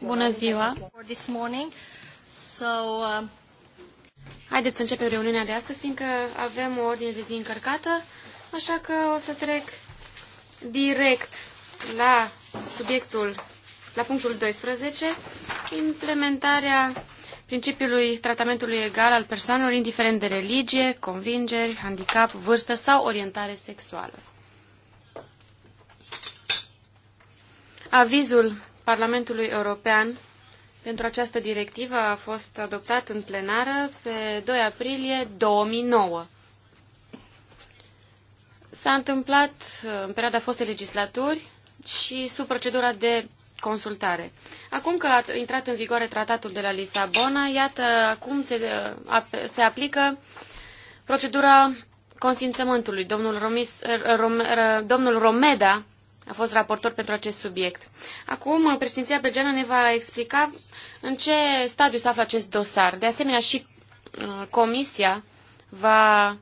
Bună ziua. Uh, Haideți să începem reuniunea de astăzi, fiindcă avem o ordine de zi încărcată, așa că o să trec direct la subiectul, la punctul 12, implementarea principiului tratamentului egal al persoanelor, indiferent de religie, convingeri, handicap, vârstă sau orientare sexuală. Avizul Parlamentului European pentru această directivă a fost adoptat în plenară pe 2 aprilie 2009. S-a întâmplat în perioada fostei legislaturi și sub procedura de consultare. Acum că a intrat în vigoare tratatul de la Lisabona, iată, acum se, se aplică procedura consimțământului. Domnul, Romis, Rom, domnul Romeda a fost raportor pentru acest subiect. Acum, președinția belgeană ne va explica în ce stadiu se află acest dosar. De asemenea, și uh, comisia va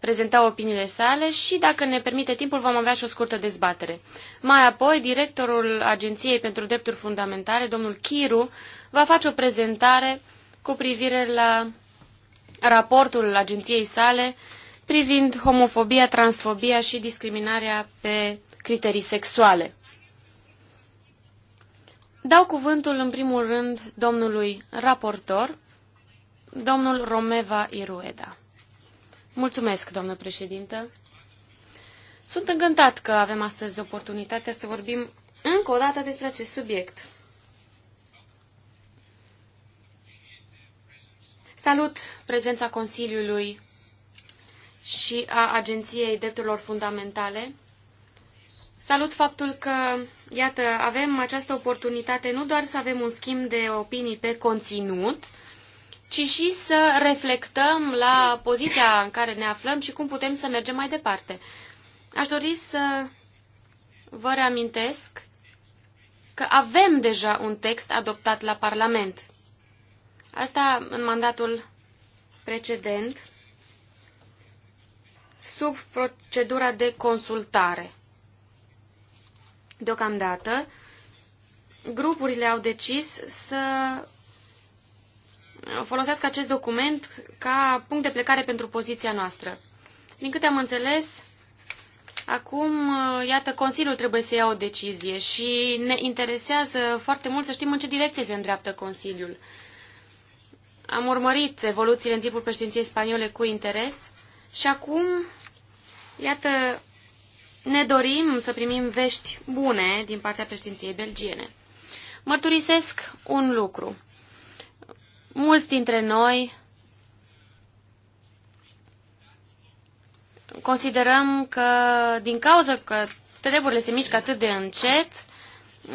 prezenta opiniile sale și, dacă ne permite timpul, vom avea și o scurtă dezbatere. Mai apoi, directorul Agenției pentru Drepturi Fundamentale, domnul Chiru, va face o prezentare cu privire la raportul agenției sale privind homofobia, transfobia și discriminarea pe criterii sexuale. Dau cuvântul în primul rând domnului raportor, domnul Romeva Irueda. Mulțumesc, doamnă președintă. Sunt încântat că avem astăzi oportunitatea să vorbim încă o dată despre acest subiect. Salut prezența Consiliului și a Agenției Drepturilor Fundamentale Salut faptul că, iată, avem această oportunitate nu doar să avem un schimb de opinii pe conținut, ci și să reflectăm la poziția în care ne aflăm și cum putem să mergem mai departe. Aș dori să vă reamintesc că avem deja un text adoptat la Parlament. Asta în mandatul precedent, sub procedura de consultare. Deocamdată, grupurile au decis să folosească acest document ca punct de plecare pentru poziția noastră. Din câte am înțeles, acum, uh, iată, Consiliul trebuie să ia o decizie și ne interesează foarte mult să știm în ce direcție se îndreaptă Consiliul. Am urmărit evoluțiile în timpul președinției spaniole cu interes și acum, iată, ne dorim să primim vești bune din partea președinției belgiene. Mărturisesc un lucru. Mulți dintre noi considerăm că din cauza că treburile se mișcă atât de încet,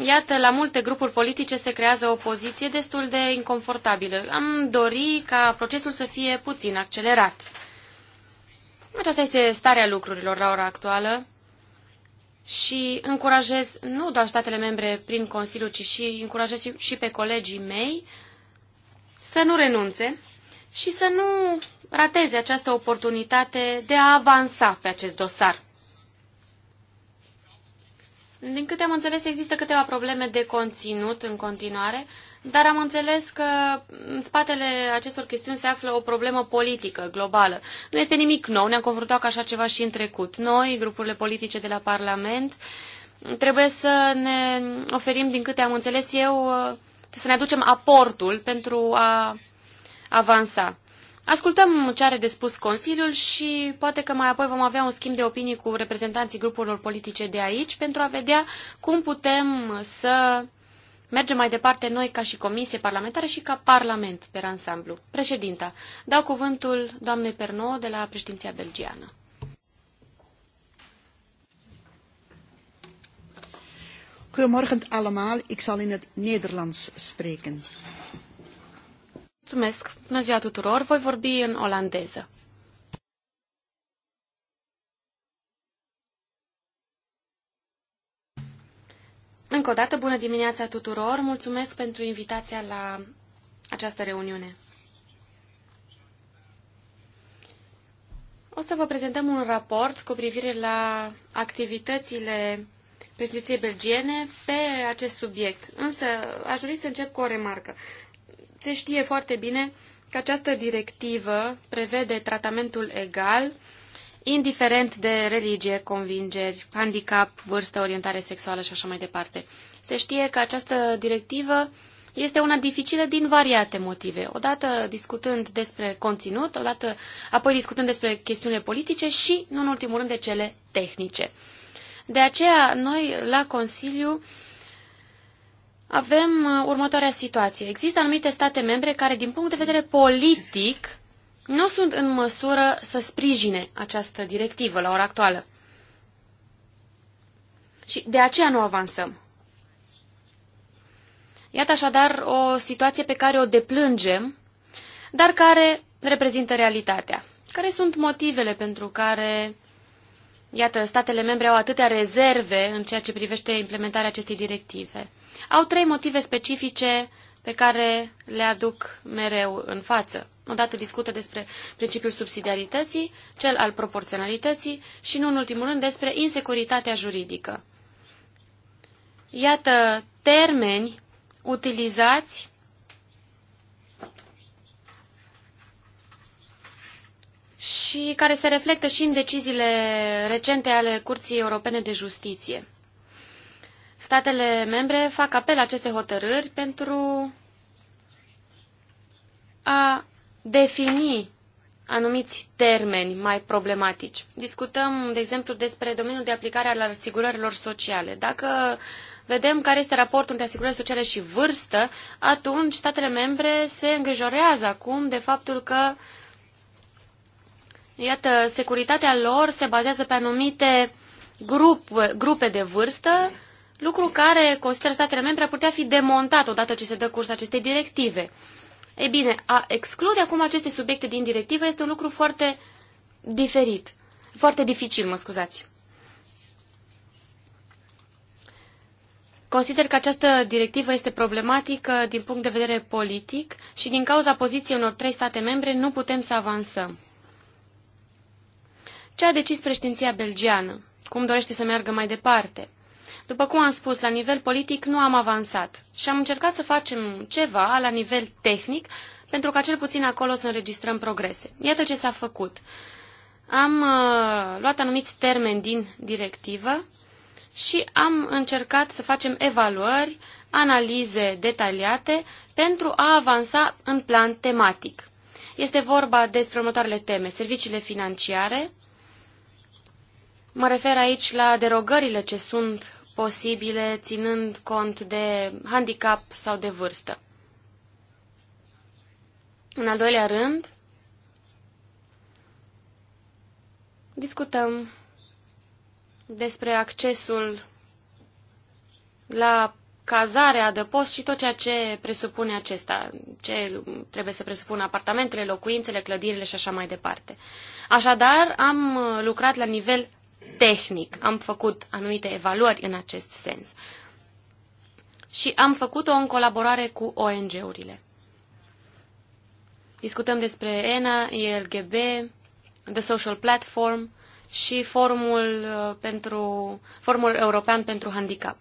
iată, la multe grupuri politice se creează o poziție destul de inconfortabilă. Am dori ca procesul să fie puțin accelerat. Aceasta este starea lucrurilor la ora actuală și încurajez nu doar statele membre prin Consiliu, ci și încurajez și pe colegii mei să nu renunțe și să nu rateze această oportunitate de a avansa pe acest dosar. Din câte am înțeles, există câteva probleme de conținut în continuare, dar am înțeles că în spatele acestor chestiuni se află o problemă politică globală. Nu este nimic nou, ne-am confruntat cu așa ceva și în trecut. Noi, grupurile politice de la Parlament, trebuie să ne oferim, din câte am înțeles eu, să ne aducem aportul pentru a avansa. Ascultăm ce are de spus Consiliul și poate că mai apoi vom avea un schimb de opinii cu reprezentanții grupurilor politice de aici pentru a vedea cum putem să mergem mai departe noi ca și Comisie Parlamentară și ca Parlament pe ansamblu. Președinta, dau cuvântul doamnei Pernouă de la președinția belgiană. Goedemorgen allemaal, ik zal in het Nederlands spreken. Mulțumesc, bună ziua tuturor, voi vorbi în olandeză. Încă o dată, bună dimineața tuturor! Mulțumesc pentru invitația la această reuniune. O să vă prezentăm un raport cu privire la activitățile președinției belgiene pe acest subiect. Însă, aș dori să încep cu o remarcă. Se știe foarte bine că această directivă prevede tratamentul egal indiferent de religie, convingeri, handicap, vârstă, orientare sexuală și așa mai departe. Se știe că această directivă este una dificilă din variate motive. Odată discutând despre conținut, odată apoi discutând despre chestiunile politice și, nu în ultimul rând, de cele tehnice. De aceea, noi la Consiliu avem uh, următoarea situație. Există anumite state membre care, din punct de vedere politic, nu sunt în măsură să sprijine această directivă la ora actuală. Și de aceea nu avansăm. Iată așadar o situație pe care o deplângem, dar care reprezintă realitatea. Care sunt motivele pentru care, iată, statele membre au atâtea rezerve în ceea ce privește implementarea acestei directive? Au trei motive specifice pe care le aduc mereu în față. Odată discută despre principiul subsidiarității, cel al proporționalității și, nu în ultimul rând, despre insecuritatea juridică. Iată termeni utilizați și care se reflectă și în deciziile recente ale Curții Europene de Justiție. Statele membre fac apel la aceste hotărâri pentru a defini anumiți termeni mai problematici. Discutăm, de exemplu, despre domeniul de aplicare al asigurărilor sociale. Dacă vedem care este raportul între asigurări sociale și vârstă, atunci statele membre se îngrijorează acum de faptul că, iată, securitatea lor se bazează pe anumite grup, grupe de vârstă lucru care, consideră statele membre, ar putea fi demontat odată ce se dă curs acestei directive. Ei bine, a exclude acum aceste subiecte din directivă este un lucru foarte diferit, foarte dificil, mă scuzați. Consider că această directivă este problematică din punct de vedere politic și din cauza poziției unor trei state membre nu putem să avansăm. Ce a decis președinția belgiană? Cum dorește să meargă mai departe? După cum am spus, la nivel politic nu am avansat și am încercat să facem ceva la nivel tehnic pentru ca cel puțin acolo să înregistrăm progrese. Iată ce s-a făcut. Am uh, luat anumiți termeni din directivă și am încercat să facem evaluări, analize detaliate pentru a avansa în plan tematic. Este vorba despre următoarele teme. Serviciile financiare. Mă refer aici la derogările ce sunt posibile, ținând cont de handicap sau de vârstă. În al doilea rând, discutăm despre accesul la cazare, de post și tot ceea ce presupune acesta, ce trebuie să presupună apartamentele, locuințele, clădirile și așa mai departe. Așadar, am lucrat la nivel tehnic. Am făcut anumite evaluări în acest sens. Și am făcut-o în colaborare cu ONG-urile. Discutăm despre ENA, ILGB, The Social Platform și Forumul, uh, pentru, Forumul European pentru Handicap.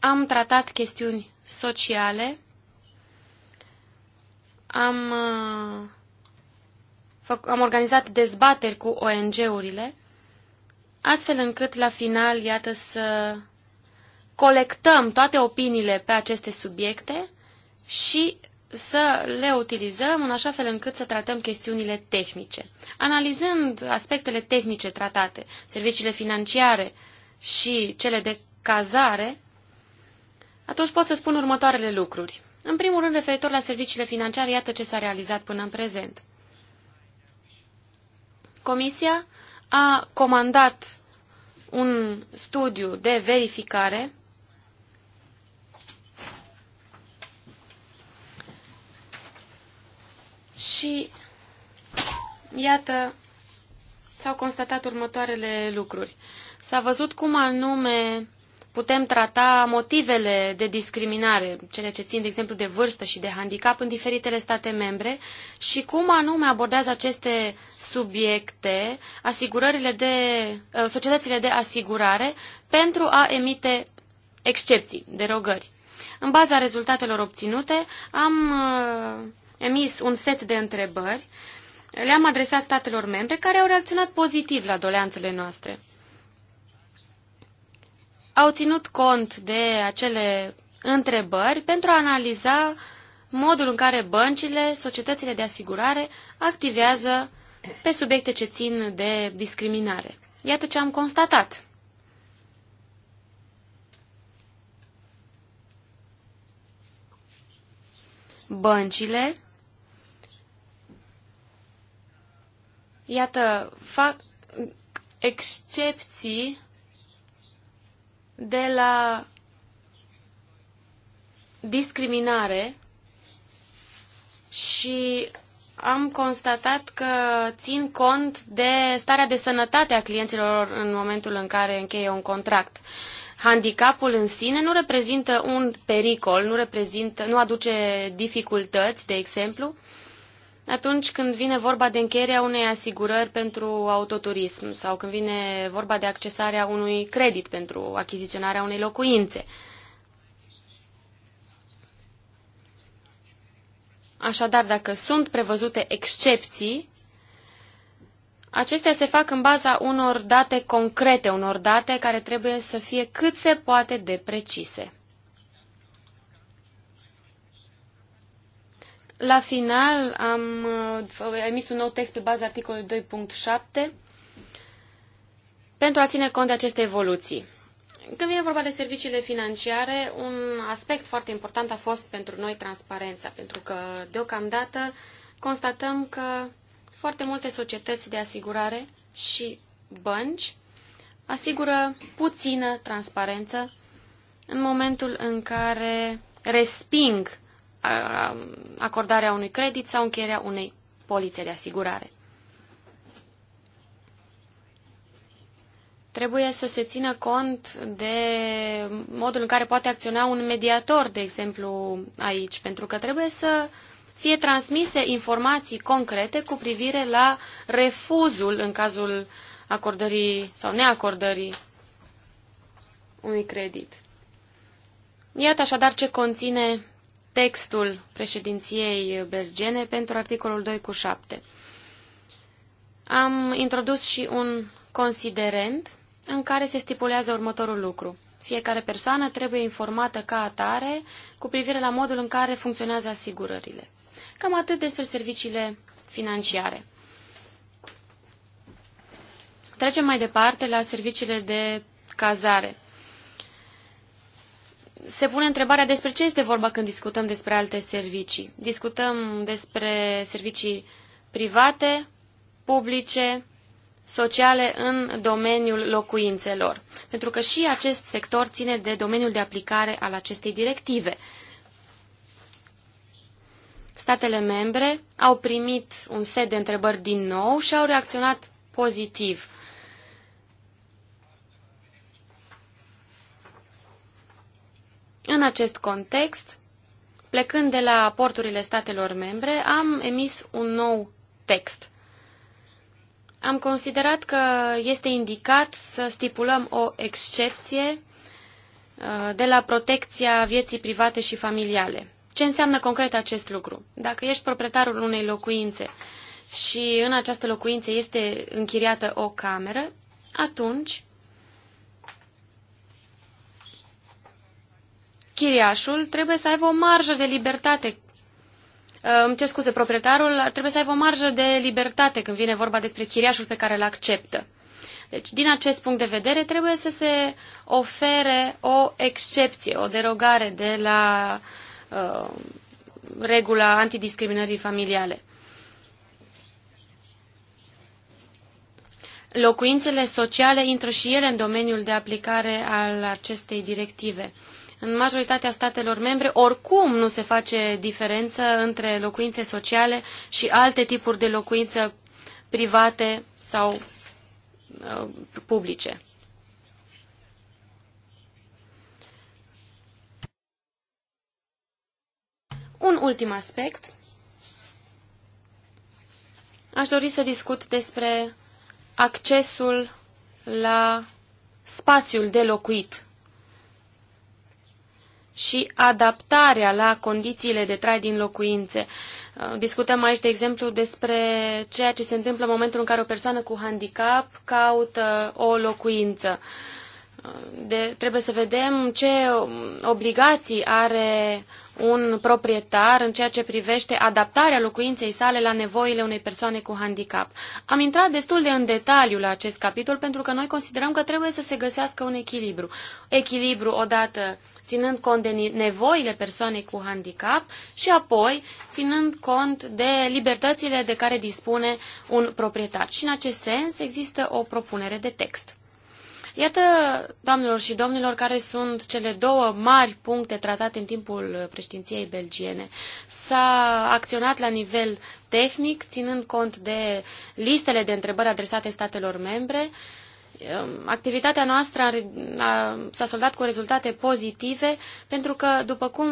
Am tratat chestiuni sociale, am uh, am organizat dezbateri cu ONG-urile, astfel încât la final, iată, să colectăm toate opiniile pe aceste subiecte și să le utilizăm în așa fel încât să tratăm chestiunile tehnice. Analizând aspectele tehnice tratate, serviciile financiare și cele de cazare, atunci pot să spun următoarele lucruri. În primul rând, referitor la serviciile financiare, iată ce s-a realizat până în prezent. Comisia a comandat un studiu de verificare și iată s-au constatat următoarele lucruri. S-a văzut cum anume putem trata motivele de discriminare, cele ce țin, de exemplu, de vârstă și de handicap în diferitele state membre și cum anume abordează aceste subiecte asigurările de, uh, societățile de asigurare pentru a emite excepții, derogări. În baza rezultatelor obținute am uh, emis un set de întrebări, le-am adresat statelor membre care au reacționat pozitiv la doleanțele noastre au ținut cont de acele întrebări pentru a analiza modul în care băncile, societățile de asigurare activează pe subiecte ce țin de discriminare. Iată ce am constatat. Băncile, iată, fac excepții de la discriminare și am constatat că țin cont de starea de sănătate a clienților în momentul în care încheie un contract. Handicapul în sine nu reprezintă un pericol, nu, reprezintă, nu aduce dificultăți, de exemplu, atunci când vine vorba de încheierea unei asigurări pentru autoturism sau când vine vorba de accesarea unui credit pentru achiziționarea unei locuințe. Așadar, dacă sunt prevăzute excepții, acestea se fac în baza unor date concrete, unor date care trebuie să fie cât se poate de precise. La final am uh, emis un nou text pe baza articolului 2.7 pentru a ține cont de aceste evoluții. Când vine vorba de serviciile financiare, un aspect foarte important a fost pentru noi transparența, pentru că deocamdată constatăm că foarte multe societăți de asigurare și bănci asigură puțină transparență în momentul în care resping acordarea unui credit sau încheierea unei polițe de asigurare. Trebuie să se țină cont de modul în care poate acționa un mediator, de exemplu, aici, pentru că trebuie să fie transmise informații concrete cu privire la refuzul în cazul acordării sau neacordării unui credit. Iată așadar ce conține textul președinției belgene pentru articolul 2 cu 7. Am introdus și un considerent în care se stipulează următorul lucru. Fiecare persoană trebuie informată ca atare cu privire la modul în care funcționează asigurările. Cam atât despre serviciile financiare. Trecem mai departe la serviciile de cazare se pune întrebarea despre ce este vorba când discutăm despre alte servicii. Discutăm despre servicii private, publice, sociale în domeniul locuințelor, pentru că și acest sector ține de domeniul de aplicare al acestei directive. Statele membre au primit un set de întrebări din nou și au reacționat pozitiv. În acest context, plecând de la aporturile statelor membre, am emis un nou text. Am considerat că este indicat să stipulăm o excepție uh, de la protecția vieții private și familiale. Ce înseamnă concret acest lucru? Dacă ești proprietarul unei locuințe și în această locuință este închiriată o cameră, atunci chiriașul trebuie să aibă o marjă de libertate. Uh, îmi cer scuze, proprietarul trebuie să aibă o marjă de libertate când vine vorba despre chiriașul pe care îl acceptă. Deci, din acest punct de vedere, trebuie să se ofere o excepție, o derogare de la uh, regula antidiscriminării familiale. Locuințele sociale intră și ele în domeniul de aplicare al acestei directive. În majoritatea statelor membre, oricum nu se face diferență între locuințe sociale și alte tipuri de locuință private sau uh, publice. Un ultim aspect. Aș dori să discut despre accesul la spațiul de locuit și adaptarea la condițiile de trai din locuințe. Uh, discutăm aici, de exemplu, despre ceea ce se întâmplă în momentul în care o persoană cu handicap caută o locuință. Uh, de, trebuie să vedem ce obligații are un proprietar în ceea ce privește adaptarea locuinței sale la nevoile unei persoane cu handicap. Am intrat destul de în detaliu la acest capitol pentru că noi considerăm că trebuie să se găsească un echilibru. Echilibru odată ținând cont de nevoile persoanei cu handicap și apoi ținând cont de libertățile de care dispune un proprietar. Și în acest sens există o propunere de text. Iată, doamnelor și domnilor, care sunt cele două mari puncte tratate în timpul președinției belgiene. S-a acționat la nivel tehnic, ținând cont de listele de întrebări adresate statelor membre, Ehm, activitatea noastră s-a soldat cu rezultate pozitive, pentru că, după cum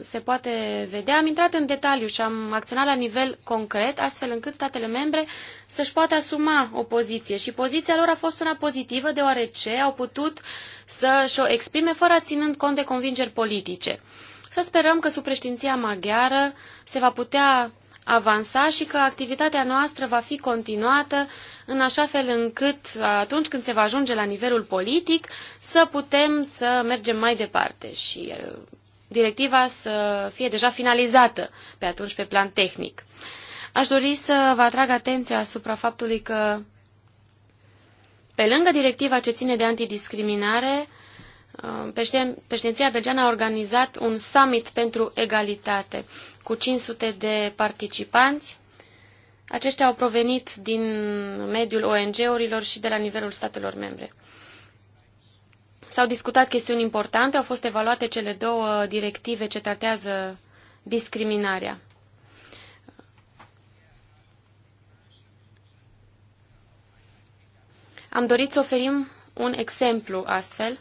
se poate vedea, am intrat în detaliu și am acționat la nivel concret, astfel încât statele membre să-și poată asuma o poziție. Și poziția lor a fost una pozitivă, deoarece au putut să-și o exprime fără a ținând cont de convingeri politice. Să sperăm că sub preștinția maghiară se va putea avansa și că activitatea noastră va fi continuată în așa fel încât atunci când se va ajunge la nivelul politic să putem să mergem mai departe și uh, directiva să fie deja finalizată pe atunci pe plan tehnic. Aș dori să vă atrag atenția asupra faptului că pe lângă directiva ce ține de antidiscriminare, uh, Peștiinția belgeană a organizat un summit pentru egalitate cu 500 de participanți aceștia au provenit din mediul ONG-urilor și de la nivelul statelor membre. S-au discutat chestiuni importante, au fost evaluate cele două directive ce tratează discriminarea. Am dorit să oferim un exemplu astfel,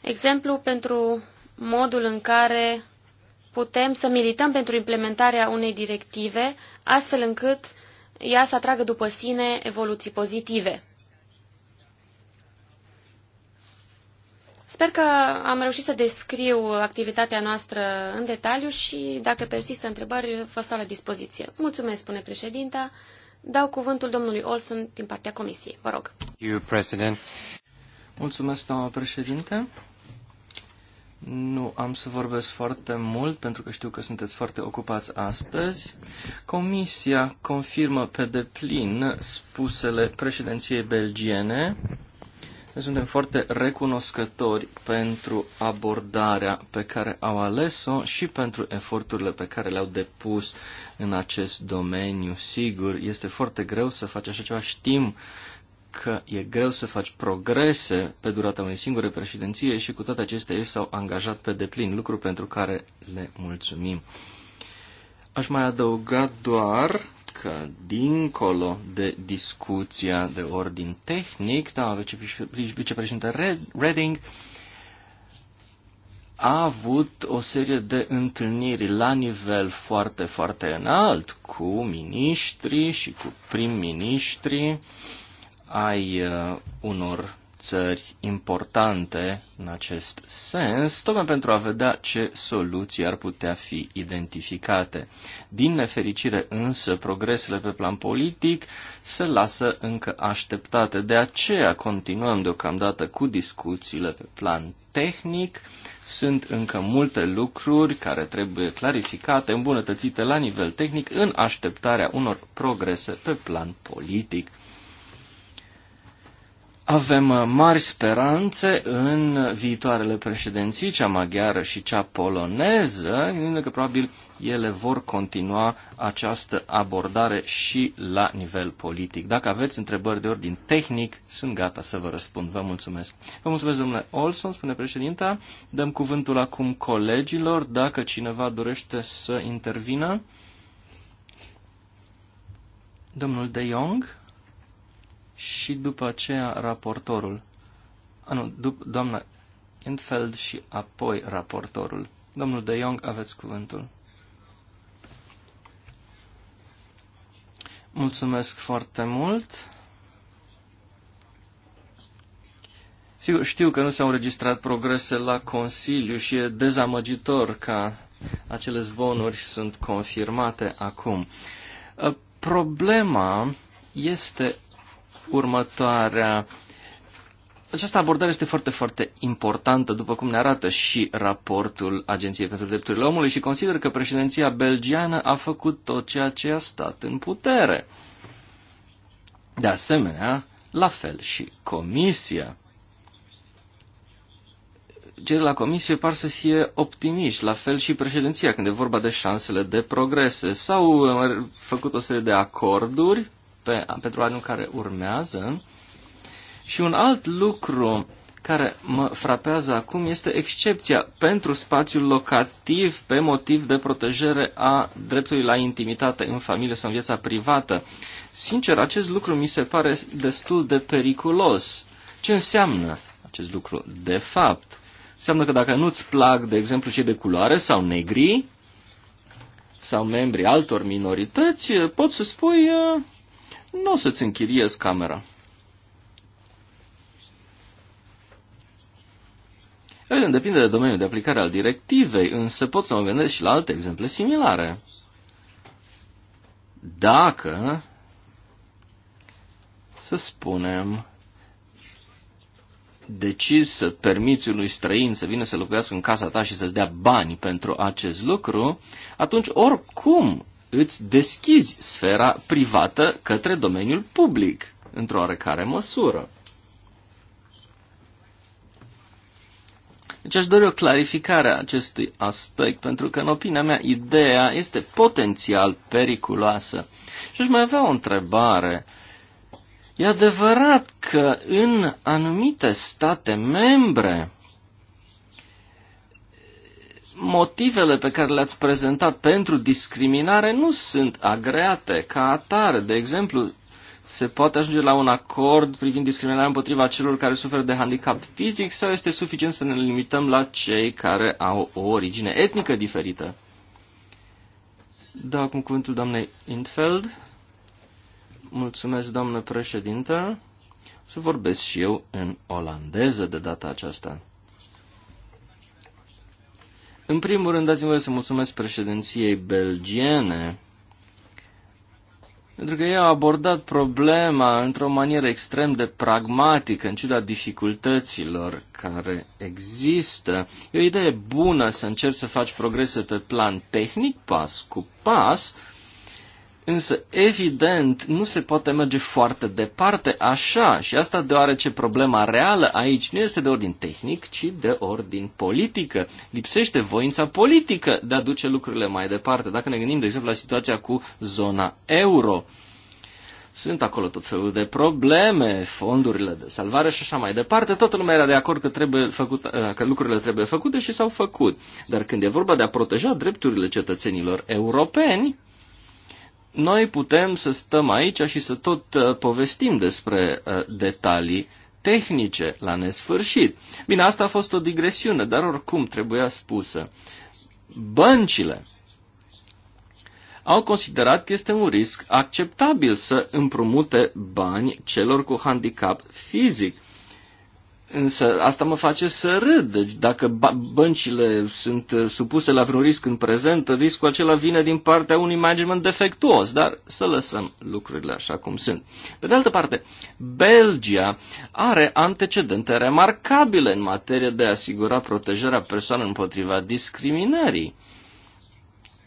exemplu pentru modul în care putem să milităm pentru implementarea unei directive, astfel încât ea să atragă după sine evoluții pozitive. Sper că am reușit să descriu activitatea noastră în detaliu și, dacă persistă întrebări, vă stau la dispoziție. Mulțumesc, spune președinta. Dau cuvântul domnului Olson din partea comisiei. Vă rog. Mulțumesc, doamnă președinte. Nu am să vorbesc foarte mult, pentru că știu că sunteți foarte ocupați astăzi. Comisia confirmă pe deplin spusele președinției belgiene. Ne suntem foarte recunoscători pentru abordarea pe care au ales-o și pentru eforturile pe care le-au depus în acest domeniu. Sigur, este foarte greu să faci așa ceva. Știm uh, că e greu să faci progrese pe durata unei singure președinție și cu toate acestea ei s-au angajat pe deplin, lucru pentru care le mulțumim. Aș mai adăuga doar că, dincolo de discuția de ordin tehnic, da, vicepreședinte Reding a avut o serie de întâlniri la nivel foarte, foarte înalt cu miniștri și cu prim-miniștri ai uh, unor țări importante în acest sens, tocmai pentru a vedea ce soluții ar putea fi identificate. Din nefericire însă, progresele pe plan politic se lasă încă așteptate. De aceea continuăm deocamdată cu discuțiile pe plan tehnic. Sunt încă multe lucruri care trebuie clarificate, îmbunătățite la nivel tehnic, în așteptarea unor progrese pe plan politic. Avem uh, mari speranțe în viitoarele președinții, cea maghiară și cea poloneză, gândindu că probabil ele vor continua această abordare și la nivel politic. Dacă aveți întrebări de ordin tehnic, sunt gata să vă răspund. Vă mulțumesc. Vă mulțumesc, domnule Olson, spune președinta. Dăm cuvântul acum colegilor, dacă cineva dorește să intervină. Domnul De Jong și după aceea raportorul. A, nu, dup, doamna Infeld și apoi raportorul. Domnul De Jong, aveți cuvântul. Mulțumesc foarte mult. Sigur, știu că nu s-au înregistrat progrese la Consiliu și e dezamăgitor că acele zvonuri sunt confirmate acum. Problema este următoarea. Această abordare este foarte, foarte importantă, după cum ne arată și raportul Agenției pentru Drepturile Omului și consider că președinția belgiană a făcut tot ceea ce a stat în putere. De asemenea, la fel și Comisia. Cei de la Comisie par să fie optimiști, la fel și președinția, când e vorba de șansele de progrese. S-au uh, făcut o serie de acorduri pe, pentru anul care urmează. Și un alt lucru care mă frapează acum este excepția pentru spațiul locativ pe motiv de protejare a dreptului la intimitate în familie sau în viața privată. Sincer, acest lucru mi se pare destul de periculos. Ce înseamnă acest lucru? De fapt, înseamnă că dacă nu-ți plac, de exemplu, cei de culoare sau negri sau membrii altor minorități, poți să spui, uh, nu o să-ți închiriez camera. Evident, depinde de domeniul de aplicare al directivei, însă pot să mă gândesc și la alte exemple similare. Dacă, să spunem, decizi să permiți unui străin să vină să locuiască în casa ta și să-ți dea bani pentru acest lucru, atunci oricum îți deschizi sfera privată către domeniul public, într-o oarecare măsură. Deci aș dori o clarificare a acestui aspect, pentru că, în opinia mea, ideea este potențial periculoasă. Și aș mai avea o întrebare. E adevărat că în anumite state membre motivele pe care le-ați prezentat pentru discriminare nu sunt agreate ca atare. De exemplu, se poate ajunge la un acord privind discriminarea împotriva celor care suferă de handicap fizic sau este suficient să ne limităm la cei care au o origine etnică diferită? Dau acum cuvântul doamnei Intfeld. Mulțumesc, doamnă președintă. Să vorbesc și eu în olandeză de data aceasta. În primul rând, dați-mi voie să mulțumesc președinției belgiene, pentru că ei au abordat problema într-o manieră extrem de pragmatică, în ciuda dificultăților care există. E o idee bună să încerci să faci progrese pe plan tehnic, pas cu pas, Însă, evident, nu se poate merge foarte departe așa și asta deoarece problema reală aici nu este de ordin tehnic, ci de ordin politică. Lipsește voința politică de a duce lucrurile mai departe. Dacă ne gândim, de exemplu, la situația cu zona euro, sunt acolo tot felul de probleme, fondurile de salvare și așa mai departe. Toată lumea era de acord că, trebuie făcut, uh, că lucrurile trebuie făcute și s-au făcut. Dar când e vorba de a proteja drepturile cetățenilor europeni, noi putem să stăm aici și să tot uh, povestim despre uh, detalii tehnice la nesfârșit. Bine, asta a fost o digresiune, dar oricum trebuia spusă. Băncile au considerat că este un risc acceptabil să împrumute bani celor cu handicap fizic. Însă asta mă face să râd. Deci dacă băncile sunt uh, supuse la vreun risc în prezent, riscul acela vine din partea unui management defectuos, dar să lăsăm lucrurile așa cum sunt. Pe de altă parte, Belgia are antecedente remarcabile în materie de a asigura protejarea persoanelor împotriva discriminării.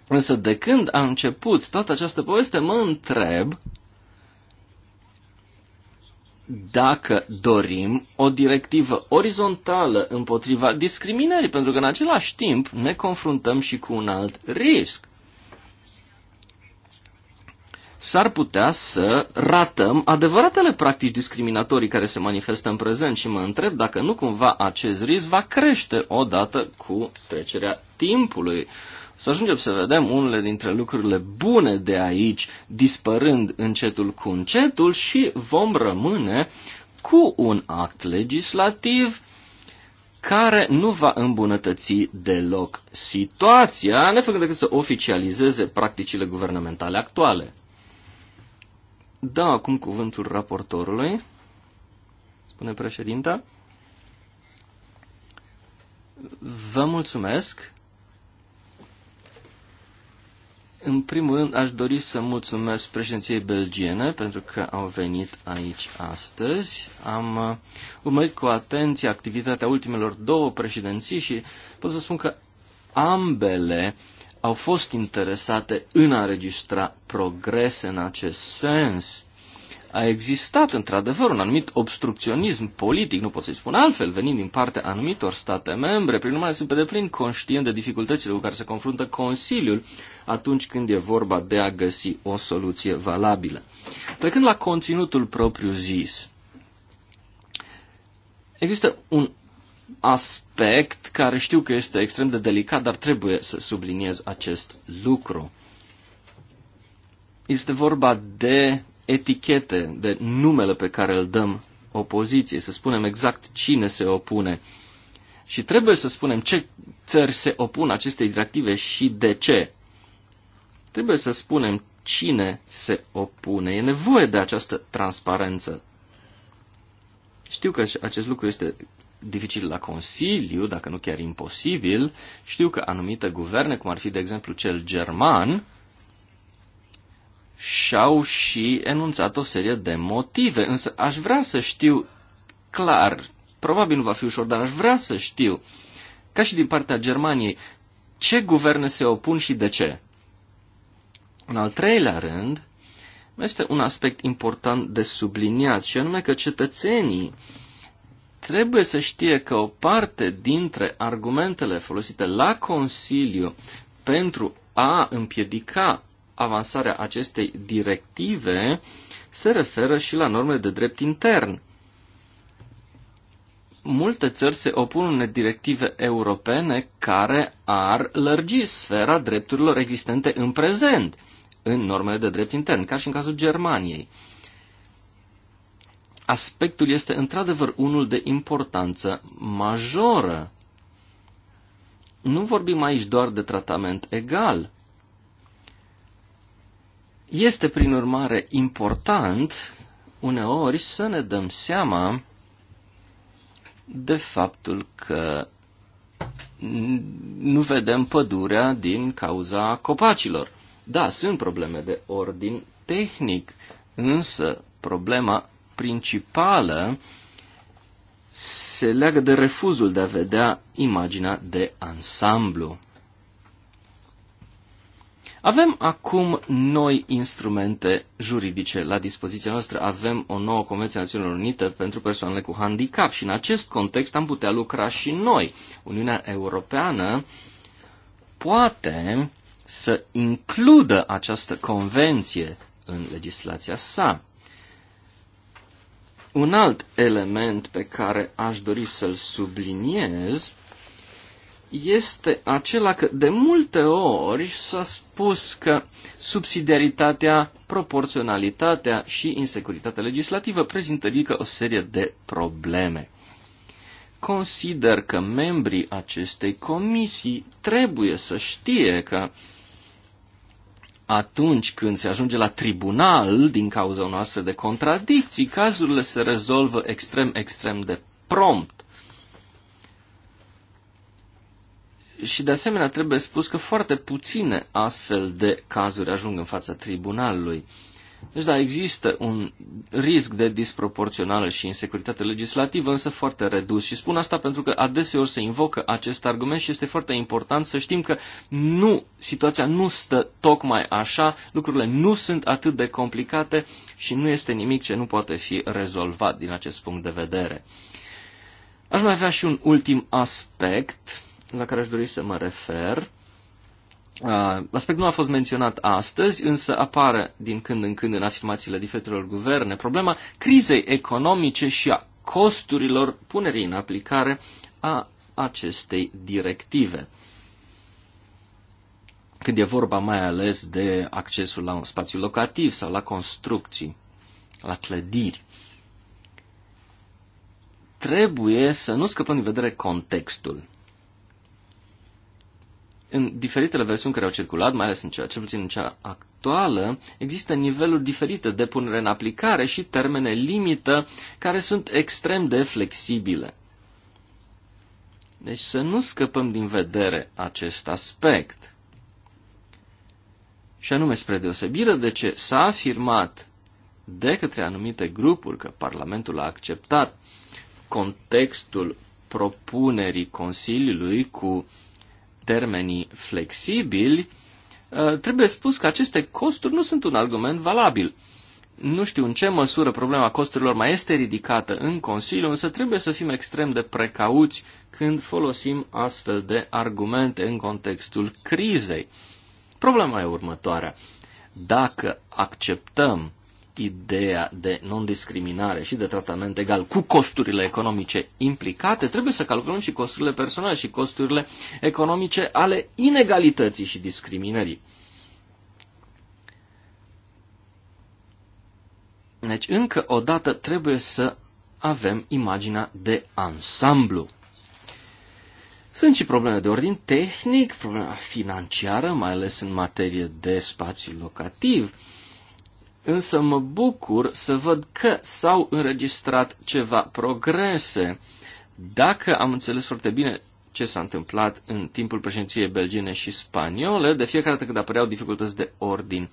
Însă de când a început toată această poveste, mă întreb dacă dorim o directivă orizontală împotriva discriminării, pentru că în același timp ne confruntăm și cu un alt risc. S-ar putea să ratăm adevăratele practici discriminatorii care se manifestă în prezent și mă întreb dacă nu cumva acest risc va crește odată cu trecerea timpului. Uh, să ajungem să vedem unele dintre lucrurile bune de aici dispărând încetul cu încetul și vom rămâne cu un act legislativ care nu va îmbunătăți deloc situația, nefăcând decât să oficializeze practicile guvernamentale actuale. Da, acum cuvântul raportorului, spune președinta. Vă mulțumesc. În primul rând, aș dori să mulțumesc președinției belgiene pentru că au venit aici astăzi. Am uh, urmărit cu atenție activitatea ultimelor două președinții și pot să spun că ambele au fost interesate în a registra progrese în acest sens a existat într-adevăr un anumit obstrucționism politic, nu pot să-i spun altfel, venind din partea anumitor state membre, prin urmare sunt pe deplin conștient de dificultățile cu care se confruntă Consiliul atunci când e vorba de a găsi o soluție valabilă. Trecând la conținutul propriu zis, există un aspect care știu că este extrem de delicat, dar trebuie să subliniez acest lucru. Este vorba de etichete, de numele pe care îl dăm opoziției, să spunem exact cine se opune. Și trebuie să spunem ce țări se opun acestei directive și de ce. Trebuie să spunem cine se opune. E nevoie de această transparență. Știu că acest lucru este dificil la Consiliu, dacă nu chiar imposibil. Știu că anumite guverne, cum ar fi de exemplu cel german, și-au și enunțat o serie de motive. Însă aș vrea să știu clar, probabil nu va fi ușor, dar aș vrea să știu, ca și din partea Germaniei, ce guverne se opun și de ce. În al treilea rând, este un aspect important de subliniat, și anume că cetățenii trebuie să știe că o parte dintre argumentele folosite la Consiliu pentru a împiedica avansarea acestei directive se referă și la normele de drept intern. Multe țări se opun unei directive europene care ar lărgi sfera drepturilor existente în prezent în normele de drept intern, ca și în cazul Germaniei. Aspectul este într-adevăr unul de importanță majoră. Nu vorbim aici doar de tratament egal, este, prin urmare, important uneori să ne dăm seama de faptul că nu vedem pădurea din cauza copacilor. Da, sunt probleme de ordin tehnic, însă problema principală se leagă de refuzul de a vedea imaginea de ansamblu. Avem acum noi instrumente juridice la dispoziția noastră. Avem o nouă Convenție Națiunilor Unite pentru persoanele cu handicap și în acest context am putea lucra și noi. Uniunea Europeană poate să includă această convenție în legislația sa. Un alt element pe care aș dori să-l subliniez este acela că de multe ori s-a spus că subsidiaritatea, proporționalitatea și insecuritatea legislativă prezintă adică o serie de probleme. Consider că membrii acestei comisii trebuie să știe că atunci când se ajunge la tribunal din cauza noastră de contradicții, cazurile se rezolvă extrem, extrem de prompt Și de asemenea trebuie spus că foarte puține astfel de cazuri ajung în fața tribunalului. Deci da, există un risc de disproporțională și insecuritate legislativă, însă foarte redus. Și spun asta pentru că adeseori se invocă acest argument și este foarte important să știm că nu, situația nu stă tocmai așa, lucrurile nu sunt atât de complicate și nu este nimic ce nu poate fi rezolvat din acest punct de vedere. Aș mai avea și un ultim aspect la care aș dori să mă refer. Aspectul nu a fost menționat astăzi, însă apare din când în când în afirmațiile diferitelor guverne problema crizei economice și a costurilor punerii în aplicare a acestei directive. Când e vorba mai ales de accesul la un spațiu locativ sau la construcții, la clădiri, trebuie să nu scăpăm din vedere contextul în diferitele versiuni care au circulat, mai ales în cea, cel puțin în cea actuală, există niveluri diferite de punere în aplicare și termene limită care sunt extrem de flexibile. Deci să nu scăpăm din vedere acest aspect. Și anume, spre deosebire de ce s-a afirmat de către anumite grupuri că Parlamentul a acceptat contextul propunerii Consiliului cu termenii flexibili, uh, trebuie spus că aceste costuri nu sunt un argument valabil. Nu știu în ce măsură problema costurilor mai este ridicată în Consiliu, însă trebuie să fim extrem de precauți când folosim astfel de argumente în contextul crizei. Problema e următoarea. Dacă acceptăm ideea de non-discriminare și de tratament egal cu costurile economice implicate, trebuie să calculăm și costurile personale și costurile economice ale inegalității și discriminării. Deci, încă o dată, trebuie să avem imaginea de ansamblu. Sunt și probleme de ordin tehnic, problema financiară, mai ales în materie de spațiu locativ. Uh, însă mă bucur să văd că s-au înregistrat ceva progrese. Dacă am înțeles foarte bine ce s-a întâmplat în timpul președinției belgiene și spaniole, de fiecare dată când apăreau dificultăți de ordin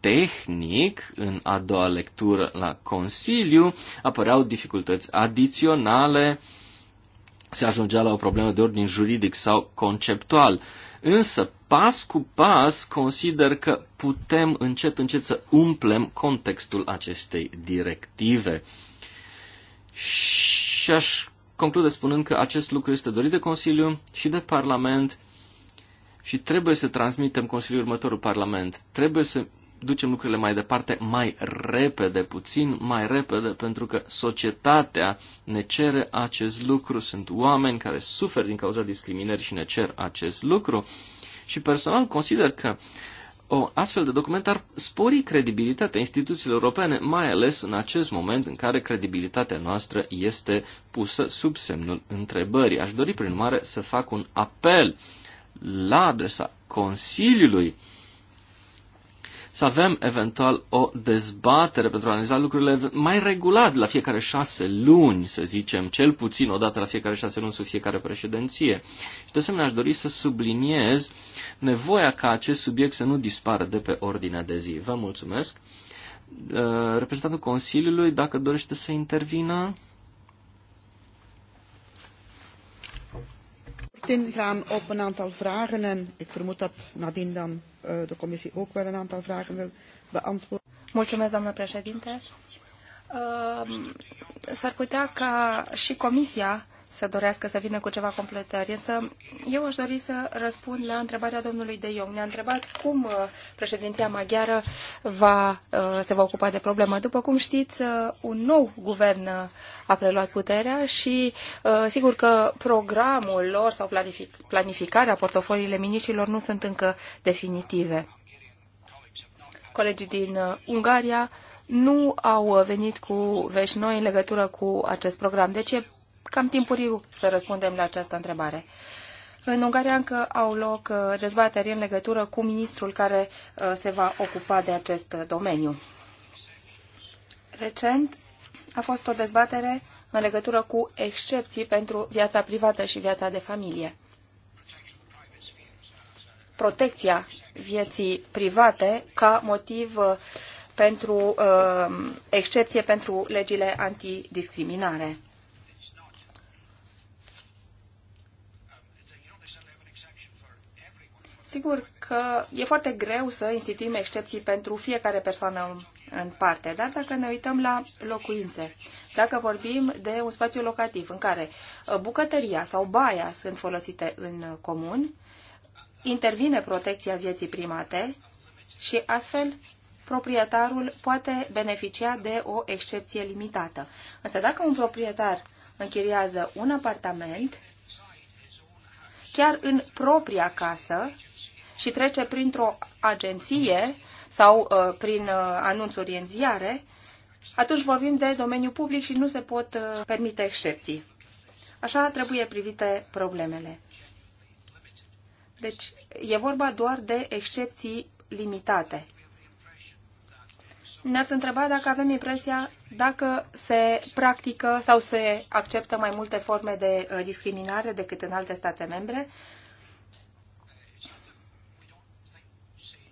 tehnic, în a doua lectură la Consiliu, apăreau dificultăți adiționale, se ajungea la o problemă de ordin juridic sau conceptual. Însă, pas cu pas, consider că putem încet, încet să umplem contextul acestei directive. Și aș conclude spunând că acest lucru este dorit de Consiliu și de Parlament și trebuie să transmitem Consiliul următorul Parlament. Trebuie să ducem lucrurile mai departe mai repede, puțin mai repede, pentru că societatea ne cere acest lucru. Sunt oameni care suferă din cauza discriminării și ne cer acest lucru. Și personal consider că o astfel de document ar spori credibilitatea instituțiilor europene, mai ales în acest moment în care credibilitatea noastră este pusă sub semnul întrebării. Aș dori, prin urmare, să fac un apel la adresa Consiliului uh, să avem eventual o dezbatere pentru a analiza lucrurile mai regulat la fiecare șase luni, să zicem, cel puțin o dată la fiecare șase luni sub fiecare președinție. Și de asemenea aș dori să subliniez nevoia ca acest subiect să nu dispară de pe ordinea de zi. Vă mulțumesc. Uh, reprezentantul Consiliului, dacă dorește să intervină. Ik ingaan op een aantal vragen en ik vermoed dat nadien dan Eh, de comisie ook wel een aantal vragen wil beantwoorden. Mulțumesc, doamnă președinte. Eh, s-ar putea ca și comisia să dorească să vină cu ceva completări, însă eu aș dori să răspund la întrebarea domnului De Jong. Ne-a întrebat cum uh, președinția maghiară va, uh, se va ocupa de problemă. După cum știți, uh, un nou guvern a preluat puterea și sigur că programul lor sau planific planificarea portofoliile minicilor nu sunt încă definitive. Colegii din Ungaria nu au venit cu vești noi în legătură cu acest program. Deci e cam timpuriu să răspundem la această întrebare. În Ungaria încă au loc uh, dezbateri în legătură cu ministrul care uh, se va ocupa de acest uh, domeniu. Recent a fost o dezbatere în legătură cu excepții pentru viața privată și viața de familie. Protecția vieții private ca motiv pentru uh, excepție pentru legile antidiscriminare. Sigur că e foarte greu să instituim excepții pentru fiecare persoană în parte, dar dacă ne uităm la locuințe, dacă vorbim de un spațiu locativ în care uh, bucătăria sau baia sunt folosite în comun, intervine protecția vieții primate și astfel proprietarul poate beneficia de o excepție limitată. Însă dacă un proprietar închiriază un apartament, chiar în propria casă, și trece printr-o agenție sau uh, prin uh, anunțuri în ziare, atunci vorbim de domeniu public și nu se pot uh, permite excepții. Așa trebuie privite problemele. Deci e vorba doar de excepții limitate. Ne-ați întrebat dacă avem impresia dacă se practică sau se acceptă mai multe forme de uh, discriminare decât în alte state membre.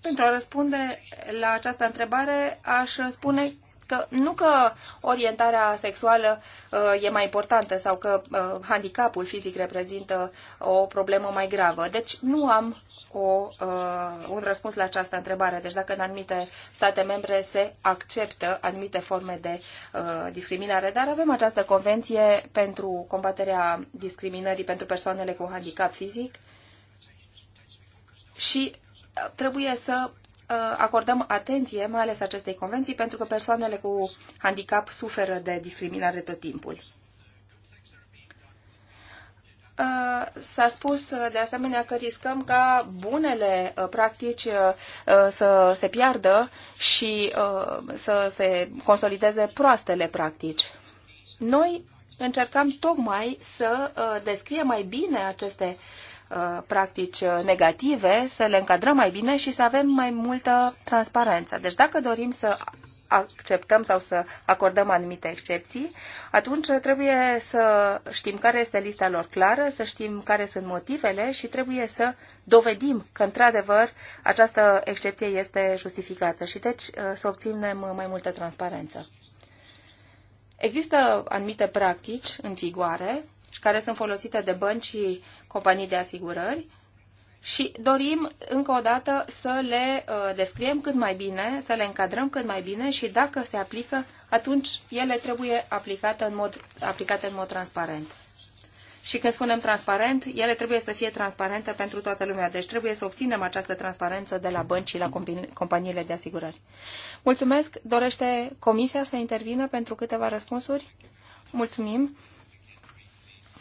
Pentru a răspunde la această întrebare, aș spune că nu că orientarea sexuală uh, e mai importantă sau că uh, handicapul fizic reprezintă o problemă mai gravă. Deci nu am o, uh, un răspuns la această întrebare. Deci dacă în anumite state membre se acceptă anumite forme de uh, discriminare, dar avem această convenție pentru combaterea discriminării pentru persoanele cu handicap fizic și trebuie să uh, acordăm atenție, mai ales acestei convenții, pentru că persoanele cu handicap suferă de discriminare tot timpul. Uh, s-a spus uh, de asemenea că riscăm ca bunele practici să se piardă și să se consolideze proastele practici. Noi încercăm tocmai să descriem mai bine aceste uh, Uh, practici uh, negative, să le încadrăm mai bine și să avem mai multă transparență. Deci dacă dorim să acceptăm sau să acordăm anumite excepții, atunci trebuie să știm care este lista lor clară, să știm care sunt motivele și trebuie să dovedim că, într-adevăr, această excepție este justificată și, deci, uh, să obținem mai multă transparență. Există anumite practici în vigoare și care sunt folosite de bănci și companii de asigurări și dorim încă o dată să le uh, descriem cât mai bine, să le încadrăm cât mai bine și dacă se aplică, atunci ele trebuie aplicate în mod, aplicate în mod transparent. Și când spunem transparent, ele trebuie să fie transparente pentru toată lumea. Deci trebuie să obținem această transparență de la bănci și la companiile de asigurări. Mulțumesc. Dorește Comisia să intervină pentru câteva răspunsuri? Mulțumim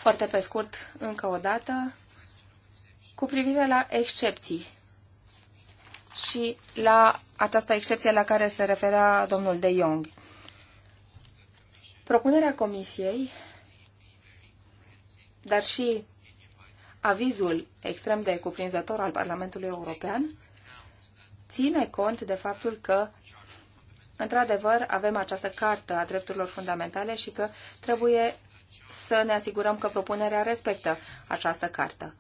foarte pe scurt, încă o dată, cu privire la excepții și la această excepție la care se referea domnul De Jong. Propunerea comisiei, dar și avizul extrem de cuprinzător al Parlamentului European, ține cont de faptul că Într-adevăr, avem această cartă a drepturilor fundamentale și că trebuie să ne asigurăm că propunerea respectă această cartă.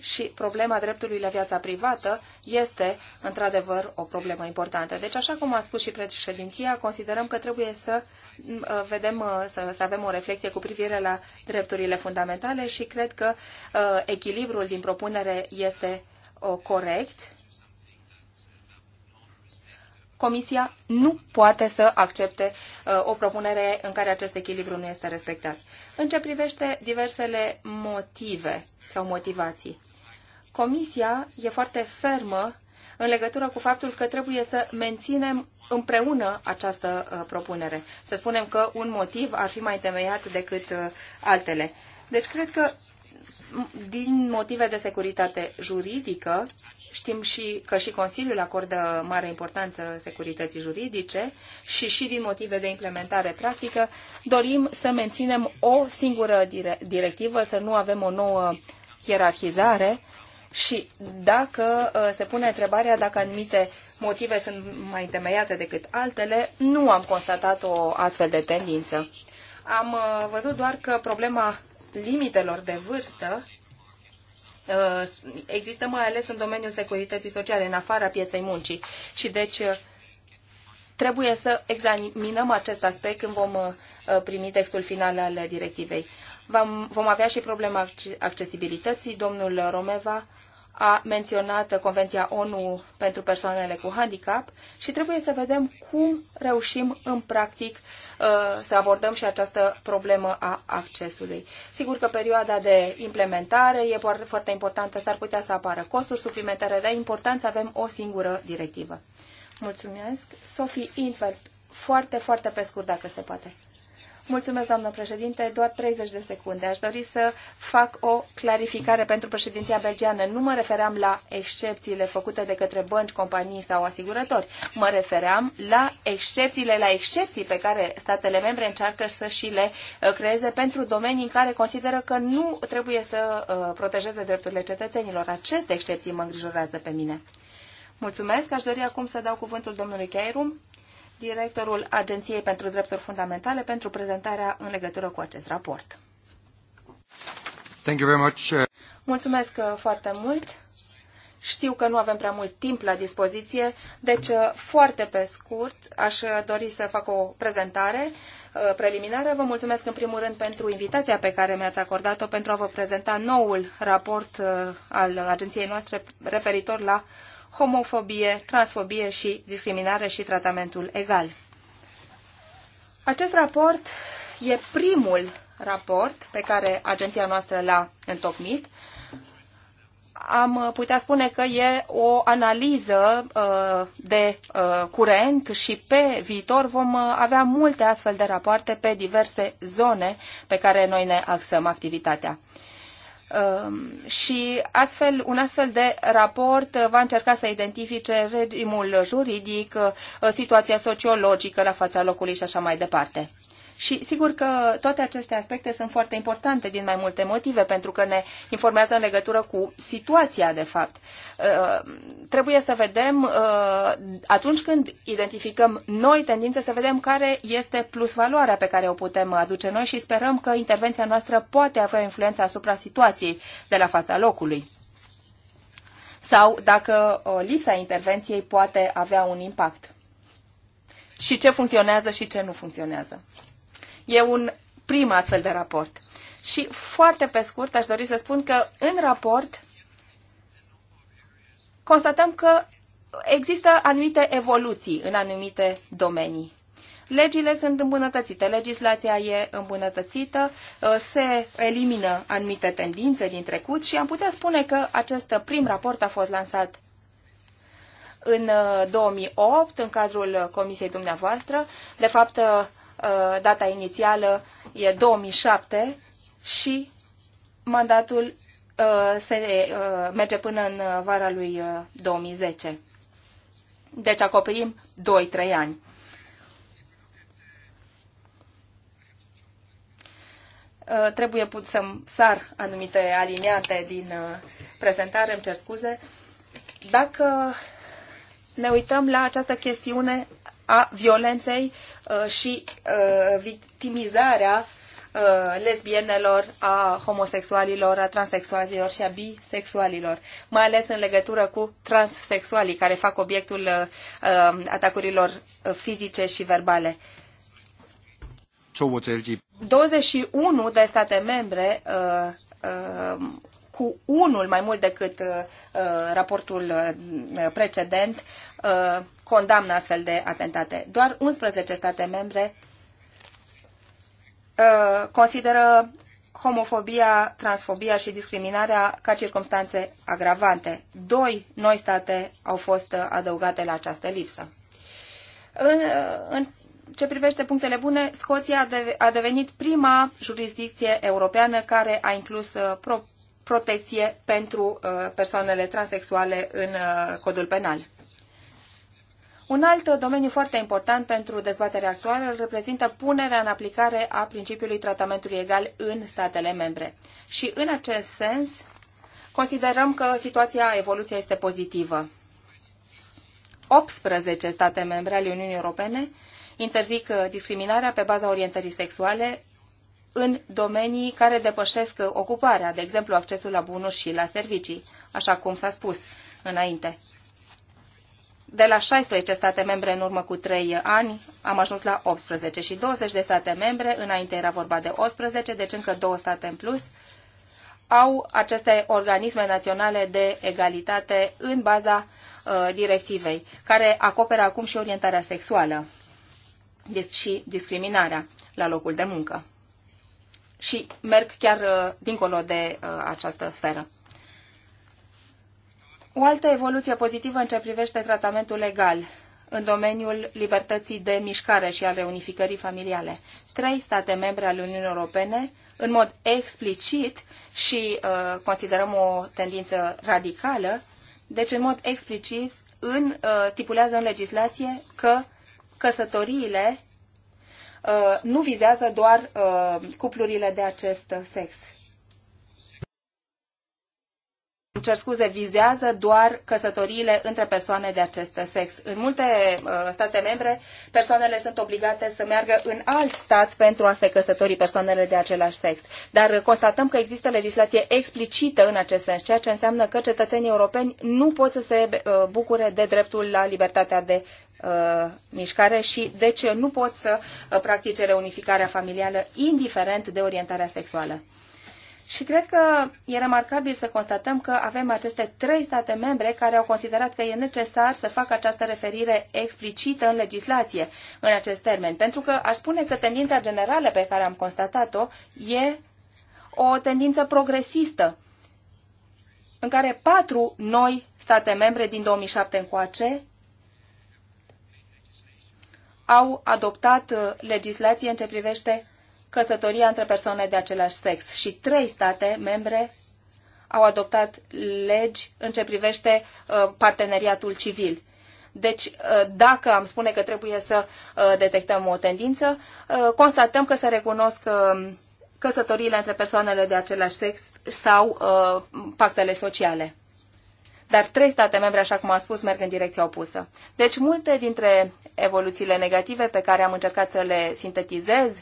Și problema dreptului la viața privată este, într-adevăr, o problemă importantă. Deci, așa cum a spus și președinția, considerăm că trebuie să uh, vedem, uh, să, să avem o reflexie cu privire la drepturile fundamentale și cred că uh, echilibrul din propunere este corect. Comisia nu poate să accepte uh, Uh, o propunere în care acest echilibru nu este respectat. În ce privește diversele motive sau motivații, Comisia e foarte fermă în legătură cu faptul că trebuie să menținem împreună această uh, propunere. Să spunem că un motiv ar fi mai temeiat decât uh, altele. Deci cred că din motive de securitate juridică, știm și că și Consiliul acordă mare importanță securității juridice și și din motive de implementare practică, dorim să menținem o singură directivă, să nu avem o nouă ierarhizare și dacă uh, se pune întrebarea dacă anumite motive sunt mai temeiate decât altele, nu am constatat o astfel de tendință. Am uh, văzut doar că problema limitelor de vârstă uh, există mai ales în domeniul securității sociale, în afara pieței muncii. Și deci uh, trebuie să examinăm acest aspect când vom uh, primi textul final al directivei. Vom avea și problema accesibilității. Domnul Romeva a menționat Convenția ONU pentru persoanele cu handicap și trebuie să vedem cum reușim în practic Uh, să abordăm și această problemă a accesului. Sigur că perioada de implementare e foarte importantă, s-ar putea să apară costuri suplimentare, dar e important să avem o singură directivă. Mulțumesc. Sofie Infeld, foarte, foarte pe scurt, dacă se poate. Mulțumesc, doamnă președinte. Doar 30 de secunde. Aș dori să fac o clarificare pentru președinția belgiană. Nu mă refeream la excepțiile făcute de către bănci, companii sau asigurători. Mă refeream la excepțiile, la excepții pe care statele membre încearcă să și le uh, creeze pentru domenii în care consideră că nu trebuie să uh, protejeze drepturile cetățenilor. Aceste excepții mă îngrijorează pe mine. Mulțumesc. Aș dori acum să dau cuvântul domnului Cheirum directorul Agenției pentru Drepturi Fundamentale, pentru prezentarea în legătură cu acest raport. Thank you very much. Uh, mulțumesc uh, foarte mult. Știu că nu avem prea mult timp la dispoziție, deci uh, foarte pe scurt aș dori să fac o prezentare preliminară. Vă mulțumesc în primul rând pentru invitația pe care mi-ați acordat-o pentru a vă prezenta noul raport al agenției noastre referitor la homofobie, transfobie și discriminare și tratamentul egal. Acest raport e primul raport pe care agenția noastră l-a întocmit. Am putea spune că e o analiză uh, de uh, curent și pe viitor vom uh, avea multe astfel de rapoarte pe diverse zone pe care noi ne axăm activitatea. Um, și astfel, un astfel de raport uh, va încerca să identifice regimul juridic, uh, situația sociologică la fața locului și așa mai departe. Și sigur că toate aceste aspecte sunt foarte importante din mai multe motive, pentru că ne informează în legătură cu situația, de fapt. Uh, trebuie să vedem, uh, atunci când identificăm noi tendințe, să vedem care este plus valoarea pe care o putem aduce noi și sperăm că intervenția noastră poate avea influență asupra situației de la fața locului sau dacă uh, lipsa intervenției poate avea un impact. Și ce funcționează și ce nu funcționează. E un prim astfel de raport. Și foarte pe scurt aș dori să spun că în raport constatăm că există anumite evoluții în anumite domenii. Legile sunt îmbunătățite, legislația e îmbunătățită, uh, se elimină anumite tendințe din trecut și am putea spune că acest prim raport a fost lansat în 2008 uh, în cadrul comisiei dumneavoastră. De fapt, uh, Uh, data inițială e 2007 și mandatul uh, se uh, merge până în vara lui 2010. Deci acoperim 2-3 ani. Trebuie să sar anumite aliniate din prezentare, îmi cer scuze. Dacă ne uităm la această chestiune a violenței uh, și uh, victimizarea uh, lesbienelor, a homosexualilor, a transexualilor și a bisexualilor, mai ales în legătură cu transsexualii care fac obiectul um, atacurilor fizice și verbale. 21 de state membre um, cu unul mai mult decât raportul precedent condamnă astfel de atentate. Doar 11 state membre uh, consideră homofobia, transfobia și discriminarea ca circumstanțe agravante. Doi noi state au fost uh, adăugate la această lipsă. În, uh, în ce privește punctele bune, Scoția a devenit prima jurisdicție europeană care a inclus pro protecție pentru persoanele transexuale în codul penal. Un alt domeniu foarte important pentru dezbaterea actuală îl reprezintă punerea în aplicare a principiului tratamentului egal în statele membre. Și în acest sens, considerăm că situația, evoluția este pozitivă. 18 state membre ale Uniunii Europene interzic uh, discriminarea pe baza orientării sexuale în domenii care depășesc uh, ocuparea, de exemplu accesul la bunuri și la servicii, așa cum s-a spus înainte de la 16 state membre în urmă cu 3 ani am ajuns la 18 și 20 de state membre, înainte era vorba de 18, deci încă două state în plus, au aceste organisme naționale de egalitate în baza uh, directivei, care acoperă acum și orientarea sexuală și discriminarea la locul de muncă. Și merg chiar uh, dincolo de uh, această sferă. O altă evoluție pozitivă în ce privește tratamentul legal în domeniul libertății de mișcare și ale unificării familiale. Trei state membre ale Uniunii Europene, în mod explicit și uh, considerăm o tendință radicală, deci în mod explicit în, uh, stipulează în legislație că căsătoriile uh, nu vizează doar uh, cuplurile de acest sex, îmi cer scuze, vizează doar căsătoriile între persoane de acest sex. În multe uh, state membre, persoanele sunt obligate să meargă în alt stat pentru a se căsători persoanele de același sex. Dar uh, constatăm că există legislație explicită în acest sens, ceea ce înseamnă că cetățenii europeni nu pot să se uh, bucure de dreptul la libertatea de uh, mișcare și deci nu pot să uh, practice reunificarea familială indiferent de orientarea sexuală. Și cred că e remarcabil să constatăm că avem aceste trei state membre care au considerat că e necesar să facă această referire explicită în legislație în acest termen, pentru că aș spune că tendința generală pe care am constatat-o e o tendință progresistă, în care patru noi state membre din 2007 încoace au adoptat uh, legislație în ce privește căsătoria între persoane de același sex și trei state membre au adoptat legi în ce privește uh, parteneriatul civil. Deci, uh, dacă am spune că trebuie să uh, detectăm o tendință, constatăm că se recunosc căsătoriile între persoanele de același sex sau pactele sociale. Dar trei state membre, așa cum am spus, merg în direcția opusă. Deci, multe dintre evoluțiile negative pe care am încercat să le sintetizez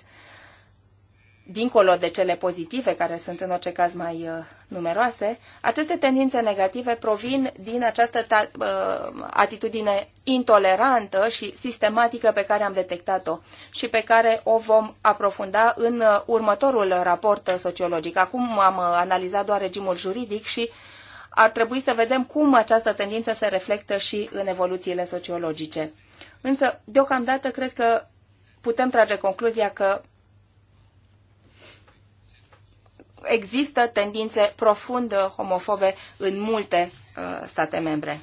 dincolo de cele pozitive, care sunt în orice caz mai uh, numeroase, aceste tendințe negative provin din această uh, atitudine intolerantă și sistematică pe care am detectat-o și pe care o vom aprofunda în uh, următorul raport sociologic. Acum am uh, analizat doar regimul juridic și ar trebui să vedem cum această tendință se reflectă și în evoluțiile sociologice. Însă, deocamdată, cred că putem trage concluzia că există tendințe profund homofobe în multe uh, state membre.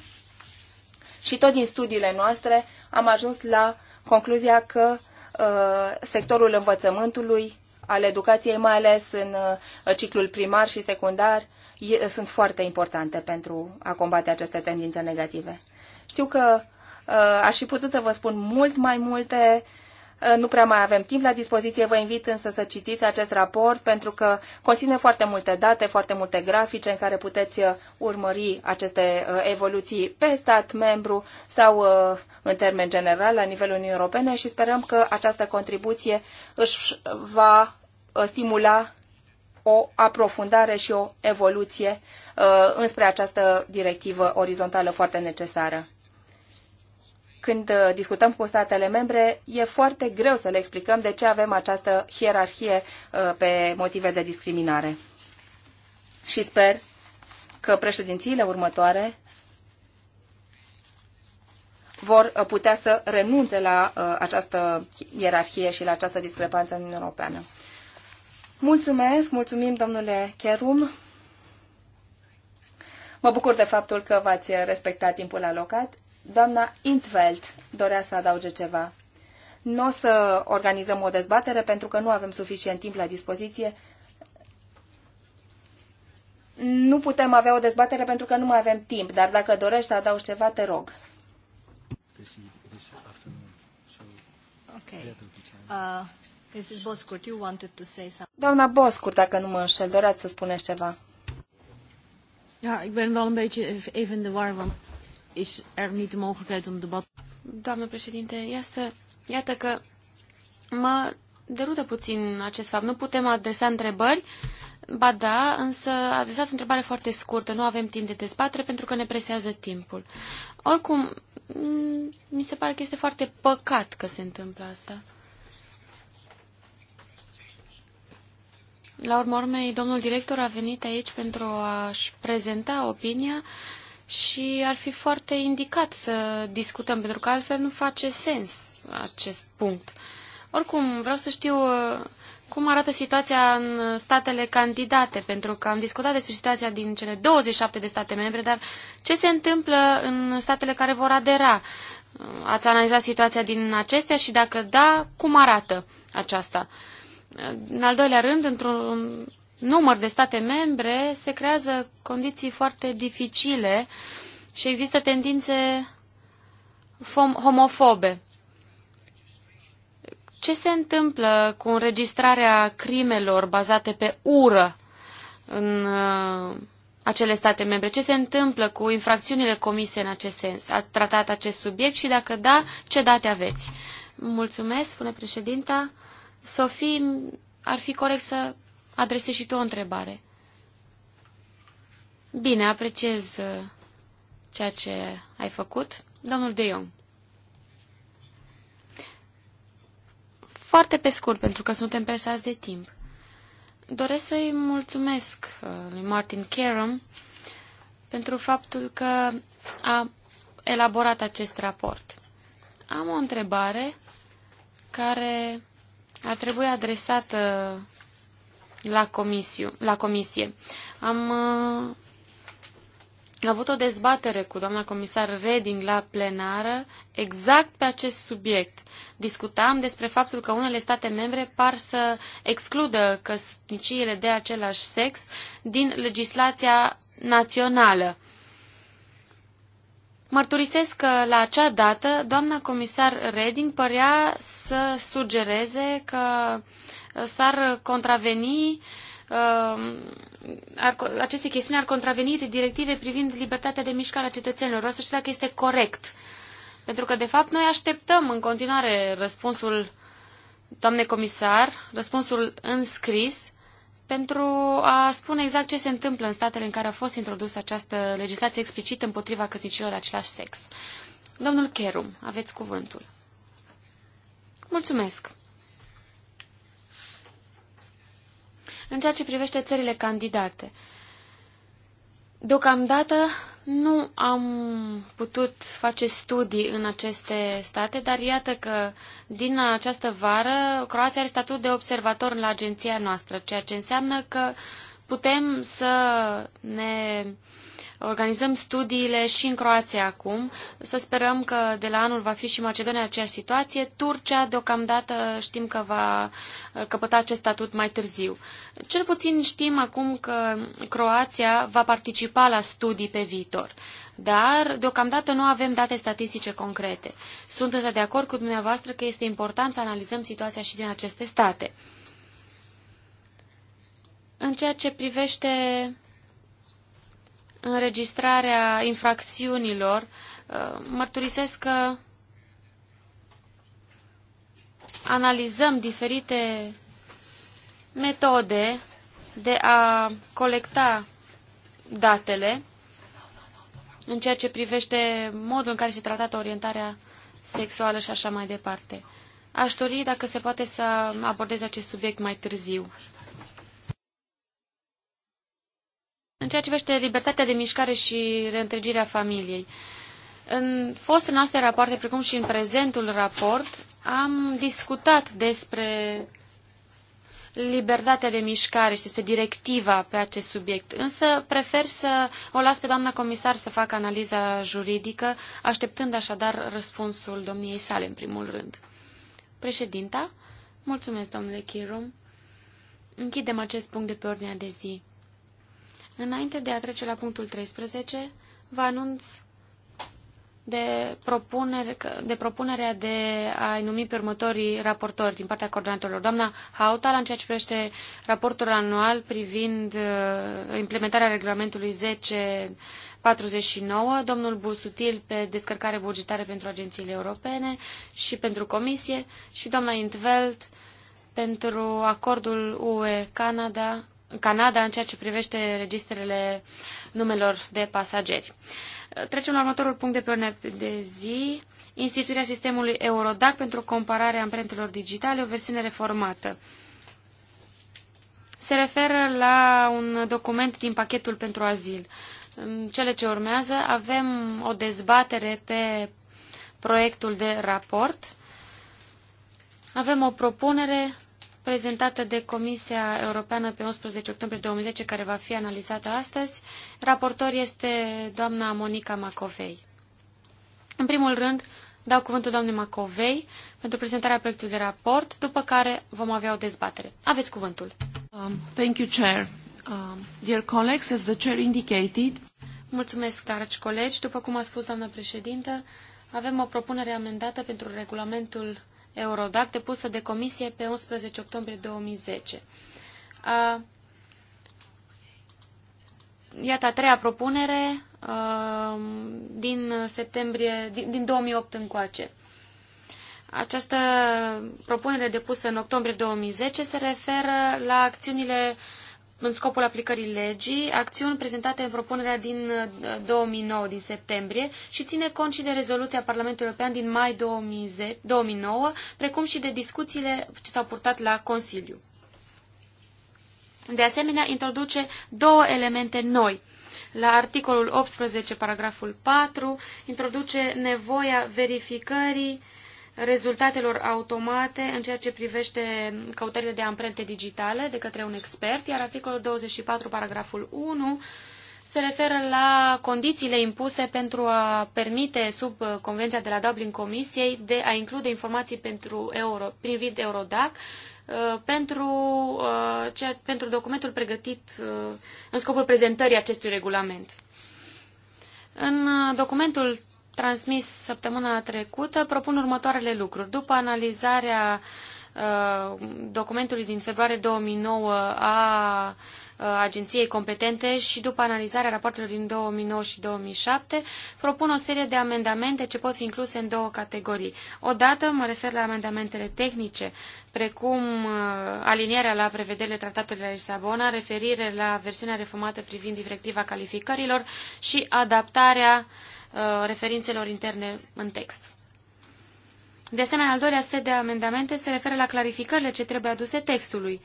Și tot din studiile noastre am ajuns la concluzia că uh, sectorul învățământului, al educației, mai ales în uh, ciclul primar și secundar, sunt foarte importante pentru a combate aceste tendințe negative. Știu că aș fi putut să vă spun mult mai multe Uh, nu prea mai avem timp la dispoziție, vă invit însă să citiți acest raport pentru că conține foarte multe date, foarte multe grafice în care puteți uh, urmări aceste uh, evoluții pe stat membru sau în termen general la nivelul Uniunii Europene și sperăm că această contribuție își va stimula o aprofundare și o evoluție înspre această directivă orizontală foarte necesară când uh, discutăm cu statele membre, e foarte greu să le explicăm de ce avem această hierarhie uh, pe motive de discriminare. Și sper că președințiile următoare vor uh, putea să renunțe la această ierarhie și la această discrepanță în Uniunea Europeană. Mulțumesc, mulțumim domnule Kerum. Mă bucur de faptul că v-ați respectat timpul alocat Doamna Intveld dorea să adauge ceva. Nu o să organizăm o dezbatere pentru că nu avem suficient timp la dispoziție. Nu putem avea o dezbatere pentru că nu mai avem timp, dar dacă dorești să adaugi ceva, te rog. Uh, Doamna Boscur, dacă nu mă înșel, doreați să spuneți ceva. Ja, ik ben wel een beetje even de war, want is er niet de mogelijkheid om debat... Doamnă președinte, iată, iată că mă derută puțin acest fapt. Nu putem adresa întrebări, ba da, însă adresați o întrebare foarte scurtă. Nu avem timp de dezbatere pentru că ne presează timpul. Oricum, mi se pare că este foarte păcat că se întâmplă asta. La urmă urmei, domnul director a venit aici pentru a-și prezenta opinia și ar fi foarte indicat să discutăm, pentru că altfel nu face sens acest punct. Oricum, vreau să știu uh, cum arată situația în statele candidate, pentru că am discutat despre situația din cele 27 de state membre, dar ce se întâmplă în statele care vor adera? Uh, ați analizat situația din acestea și dacă da, cum arată aceasta? Uh, în al doilea rând, într-un număr de state membre se creează condiții foarte dificile și există tendințe homofobe. Ce se întâmplă cu înregistrarea crimelor bazate pe ură în uh, acele state membre? Ce se întâmplă cu infracțiunile comise în acest sens? Ați tratat acest subiect și dacă da, ce date aveți? Mulțumesc, spune președinta. Sofie, ar fi corect să adresezi și tu o întrebare. Bine, apreciez uh, ceea ce ai făcut. Domnul De Jong. Foarte pe scurt, pentru că suntem presați de timp. Doresc să-i mulțumesc uh, lui Martin Karam pentru faptul că a elaborat acest raport. Am o întrebare care ar trebui adresată la, comisiu, la comisie. Am uh, avut o dezbatere cu doamna comisar Reding la plenară exact pe acest subiect. Discutam despre faptul că unele state membre par să excludă căsniciile de același sex din legislația națională. Mărturisesc că la acea dată doamna comisar Reding părea să sugereze că uh, s-ar contraveni um, ar, aceste chestiuni ar contraveni directive privind libertatea de mișcare a cetățenilor. O să știu dacă este corect. Pentru că, de fapt, noi așteptăm în continuare răspunsul, doamne comisar, răspunsul înscris, pentru a spune exact ce se întâmplă în statele în care a fost introdusă această legislație explicită împotriva căsnicilor același sex. Domnul Kerum, aveți cuvântul. Mulțumesc. în ceea ce privește țările candidate. Deocamdată nu am putut face studii în aceste state, dar iată că din această vară Croația are statut de observator la agenția noastră, ceea ce înseamnă că uh, putem să ne organizăm studiile și în Croația acum. Să sperăm că de la anul va fi și Macedonia aceeași situație. Turcia, deocamdată, știm că va uh, căpăta acest statut mai târziu. Cel puțin știm acum că Croația va participa la studii pe viitor. Dar, deocamdată, nu avem date statistice concrete. Sunt însă de acord cu dumneavoastră că este important să analizăm situația și din aceste state. În ceea ce privește înregistrarea infracțiunilor, uh, mărturisesc că analizăm diferite metode de a colecta datele în ceea ce privește modul în care se tratată orientarea sexuală și așa mai departe. Aș dori, dacă se poate, să abordez acest subiect mai târziu. în ceea ce vește libertatea de mișcare și reîntregirea familiei. În fostele noastre rapoarte, precum și în prezentul raport, am discutat despre libertatea de mișcare și despre directiva pe acest subiect. Însă prefer să o las pe doamna comisar să facă analiza juridică, așteptând așadar răspunsul domniei sale, în primul rând. Președinta, mulțumesc, domnule Chirum. Închidem acest punct de pe ordinea de zi. Înainte de a trece la punctul 13, vă anunț de, propunere, de propunerea de a numi pe următorii raportori din partea coordonatorilor. Doamna Hautal, în ceea ce privește raportul anual privind uh, implementarea regulamentului 1049, domnul Busutil pe descărcare bugetară pentru agențiile europene și pentru comisie și doamna Intveld pentru acordul UE-Canada Canada în ceea ce privește registrele numelor de pasageri. Trecem la următorul punct de pe ordine de zi, instituirea sistemului Eurodac pentru compararea amprentelor digitale, o versiune reformată. Se referă la un document din pachetul pentru azil. În cele ce urmează avem o dezbatere pe proiectul de raport. Avem o propunere prezentată de Comisia Europeană pe 11 octombrie 2010, care va fi analizată astăzi. Raportor este doamna Monica Macovei. În primul rând, dau cuvântul doamnei Macovei pentru prezentarea proiectului de raport, după care vom avea o dezbatere. Aveți cuvântul. Um, thank you, Chair. Um, dear colleagues, as the Chair indicated... Mulțumesc, dragi colegi. După cum a spus doamna președintă, avem o propunere amendată pentru regulamentul Eurodac depusă de comisie pe 11 octombrie 2010. A, iată a treia propunere a, din septembrie, din, din 2008 încoace. Această propunere depusă în octombrie 2010 se referă la acțiunile în scopul aplicării legii, acțiuni prezentate în propunerea din 2009, uh, din septembrie, și ține cont și de rezoluția Parlamentului European din mai 2010, 2009, precum și de discuțiile ce s-au purtat la Consiliu. De asemenea, introduce două elemente noi. La articolul 18, paragraful 4, introduce nevoia verificării uh, rezultatelor automate în ceea ce privește căutările de amprente digitale de către un expert, iar articolul 24, paragraful 1, se referă la condițiile impuse pentru a permite sub Convenția de la Dublin Comisiei de a include informații pentru Euro, privind Eurodac uh, pentru, uh, pentru documentul pregătit uh, în scopul prezentării acestui regulament. În documentul transmis săptămâna trecută propun următoarele lucruri. După analizarea uh, documentului din februarie 2009 a uh, agenției competente și după analizarea raportelor din 2009 și 2007, propun o serie de amendamente ce pot fi incluse în două categorii. Odată mă refer la amendamentele tehnice, precum uh, alinierea la prevederile tratatului la Lisabona, referire la versiunea reformată privind directiva calificărilor și adaptarea uh, Uh, referințelor interne în text. De asemenea, al doilea set de amendamente se referă la clarificările ce trebuie aduse textului.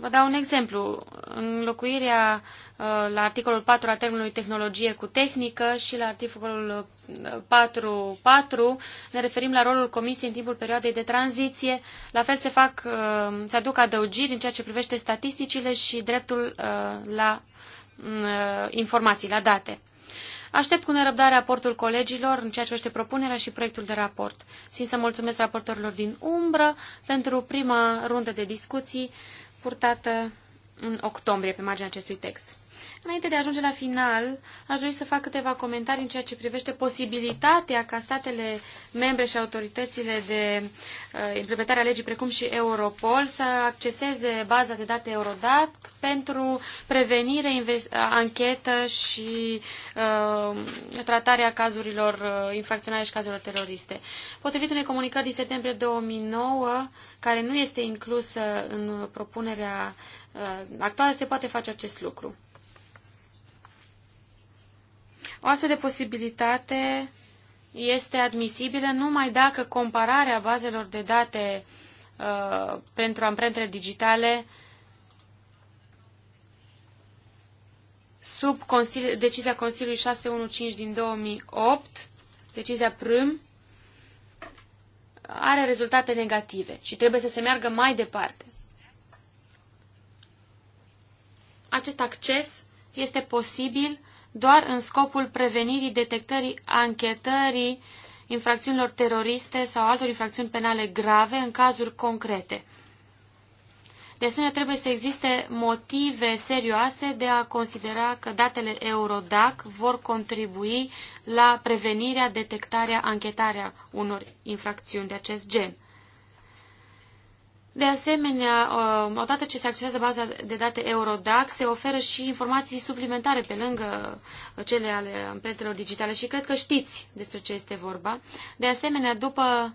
Vă dau un exemplu. Înlocuirea uh, la articolul 4 a termenului tehnologie cu tehnică și la articolul 4.4 uh, ne referim la rolul comisiei în timpul perioadei de tranziție. La fel se, fac, se aduc adăugiri în ceea ce privește statisticile și dreptul la mm, informații, la date. Aștept cu nerăbdare raportul colegilor în ceea ce vește propunerea și proiectul de raport. Țin să mulțumesc raportorilor din umbră pentru prima rundă de discuții purtată în octombrie pe marginea acestui text. Înainte de a ajunge la final, aș dori să fac câteva comentarii în ceea ce privește posibilitatea ca statele membre și autoritățile de uh, implementare a legii, precum și Europol, să acceseze baza de date Eurodat pentru prevenire, uh, anchetă și uh, tratarea cazurilor uh, infracționale și cazurilor teroriste. Potrivit unei comunicări din septembrie 2009, care nu este inclusă în propunerea uh, actuală, se poate face acest lucru. O astfel de posibilitate este admisibilă numai dacă compararea bazelor de date uh, pentru amprentele digitale sub consili decizia Consiliului 615 din 2008, decizia Prüm, are rezultate negative și trebuie să se meargă mai departe. Acest acces este posibil doar în scopul prevenirii, detectării, anchetării infracțiunilor teroriste sau altor infracțiuni penale grave în cazuri concrete. De asemenea, trebuie să existe motive serioase de a considera că datele Eurodac vor contribui la prevenirea, detectarea, anchetarea unor infracțiuni de acest gen. De asemenea, um, odată ce se accesează baza de date Eurodac, se oferă și informații suplimentare pe lângă cele ale amprentelor digitale și cred că știți despre ce este vorba. De asemenea, după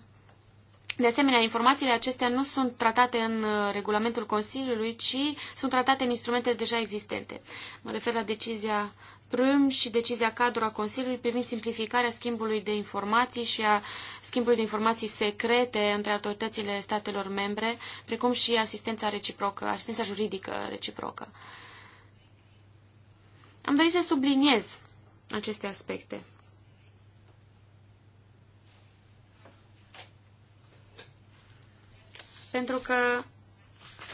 de asemenea, informațiile acestea nu sunt tratate în uh, regulamentul Consiliului, ci sunt tratate în instrumente deja existente. Mă refer la decizia Prüm și decizia cadru a Consiliului privind simplificarea schimbului de informații și a schimbului de informații secrete între autoritățile statelor membre, precum și asistența reciprocă, asistența juridică reciprocă. Am dorit să subliniez aceste aspecte. Pentru că,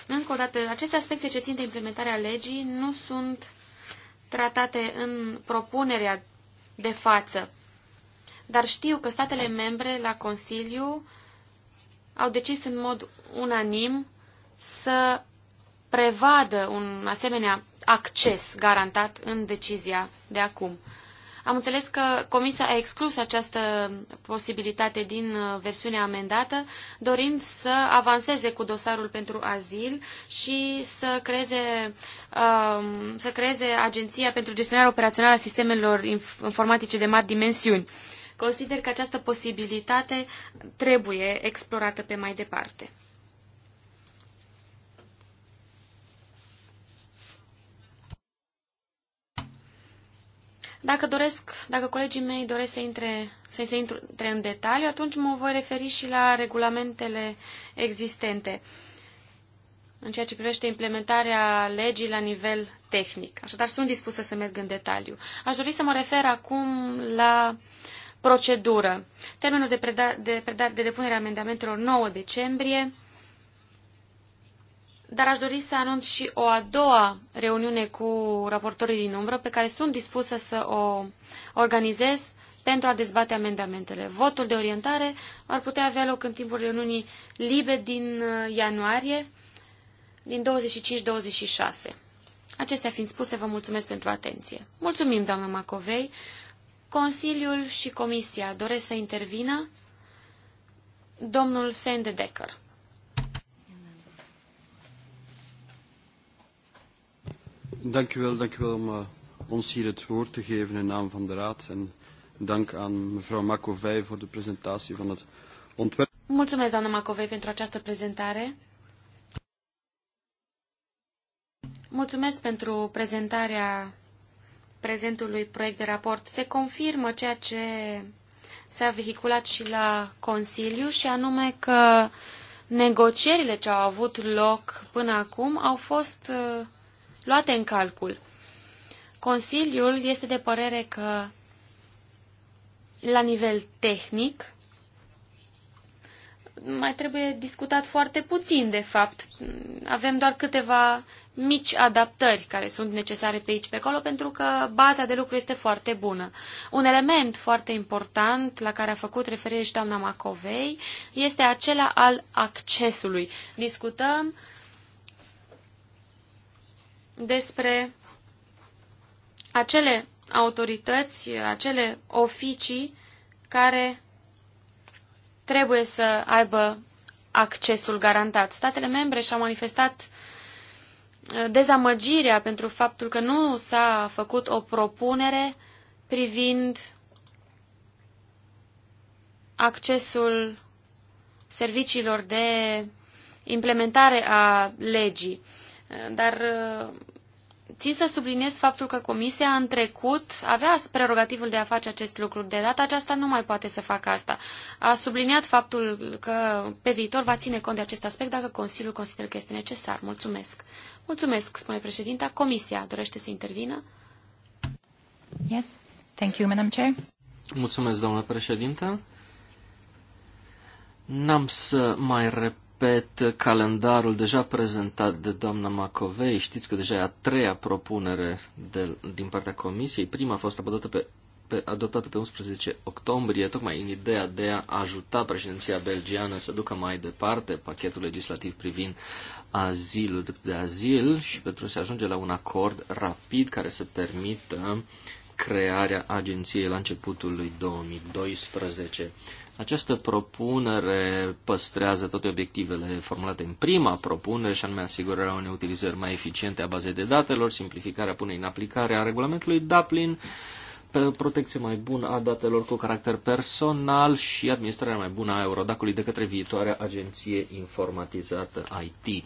încă o dată, aceste aspecte ce țin de implementarea legii nu sunt tratate în propunerea de față. Dar știu că statele membre la Consiliu au decis în mod unanim să prevadă un asemenea acces garantat în decizia de acum. Am înțeles că Comisia a exclus această posibilitate din uh, versiunea amendată, dorind să avanseze cu dosarul pentru azil și să creeze, um, să creeze Agenția pentru gestionarea operațională a sistemelor informatice de mari dimensiuni. Consider că această posibilitate trebuie explorată pe mai departe. Dacă doresc, dacă colegii mei doresc să intre, să se intre în detaliu, atunci mă voi referi și la regulamentele existente în ceea ce privește implementarea legii la nivel tehnic. Așadar, sunt dispusă să merg în detaliu. Aș dori să mă refer acum la procedură. Termenul de, preda, de, preda, de depunere a amendamentelor 9 decembrie dar aș dori să anunț și o a doua reuniune cu raportorii din umbră, pe care sunt dispusă să o organizez pentru a dezbate amendamentele. Votul de orientare ar putea avea loc în timpul reuniunii libe din uh, ianuarie, din 25-26. Acestea fiind spuse, vă mulțumesc pentru atenție. Mulțumim, doamnă Macovei. Consiliul și Comisia doresc să intervină. Domnul Sende Decker. Dank u wel, dank u wel om uh, ons hier het woord te geven in naam van de Raad. En dank aan mevrouw Macovei voor de presentatie van het ontwerp. Mulțumesc, doamna Macovei, pentru această prezentare. Mulțumesc pentru prezentarea prezentului proiect de raport. Se confirmă ceea ce s-a vehiculat și la Consiliu și anume că negocierile ce au avut loc până acum au fost uh, luate în calcul. Consiliul este de părere că la nivel tehnic mai trebuie discutat foarte puțin, de fapt. Avem doar câteva mici adaptări care sunt necesare pe aici, pe acolo, pentru că baza de lucru este foarte bună. Un element foarte important la care a făcut referire și doamna Macovei este acela al accesului. Discutăm uh, despre acele autorități, acele oficii care trebuie să aibă accesul garantat. Statele membre și-au manifestat uh, dezamăgirea pentru faptul că nu s-a făcut o propunere privind accesul serviciilor de implementare a legii. Dar uh, Țin să subliniez faptul că Comisia în trecut avea prerogativul de a face acest lucru. De data aceasta nu mai poate să facă asta. A subliniat faptul că pe viitor va ține cont de acest aspect dacă Consiliul consideră că este necesar. Mulțumesc. Mulțumesc, spune președinta. Comisia dorește să intervină? Yes. Thank you, Madam Chair. Mulțumesc, doamnă președintă. N-am să mai repet repet calendarul deja prezentat de doamna Macovei. Știți că deja e a treia propunere de, din partea Comisiei. Prima a fost adoptată pe, pe, adoptată pe 11 octombrie, tocmai în ideea de a ajuta președinția belgiană să ducă mai departe pachetul legislativ privind azilul de azil și pentru a se ajunge la un acord rapid care să permită crearea agenției la începutul lui 2012. Această propunere păstrează toate obiectivele formulate în prima propunere, și anume asigurarea unei utilizări mai eficiente a bazei de datelor, simplificarea punei în aplicare a regulamentului Dublin, pe protecție mai bună a datelor cu caracter personal și administrarea mai bună a Eurodacului de către viitoarea agenție informatizată IT.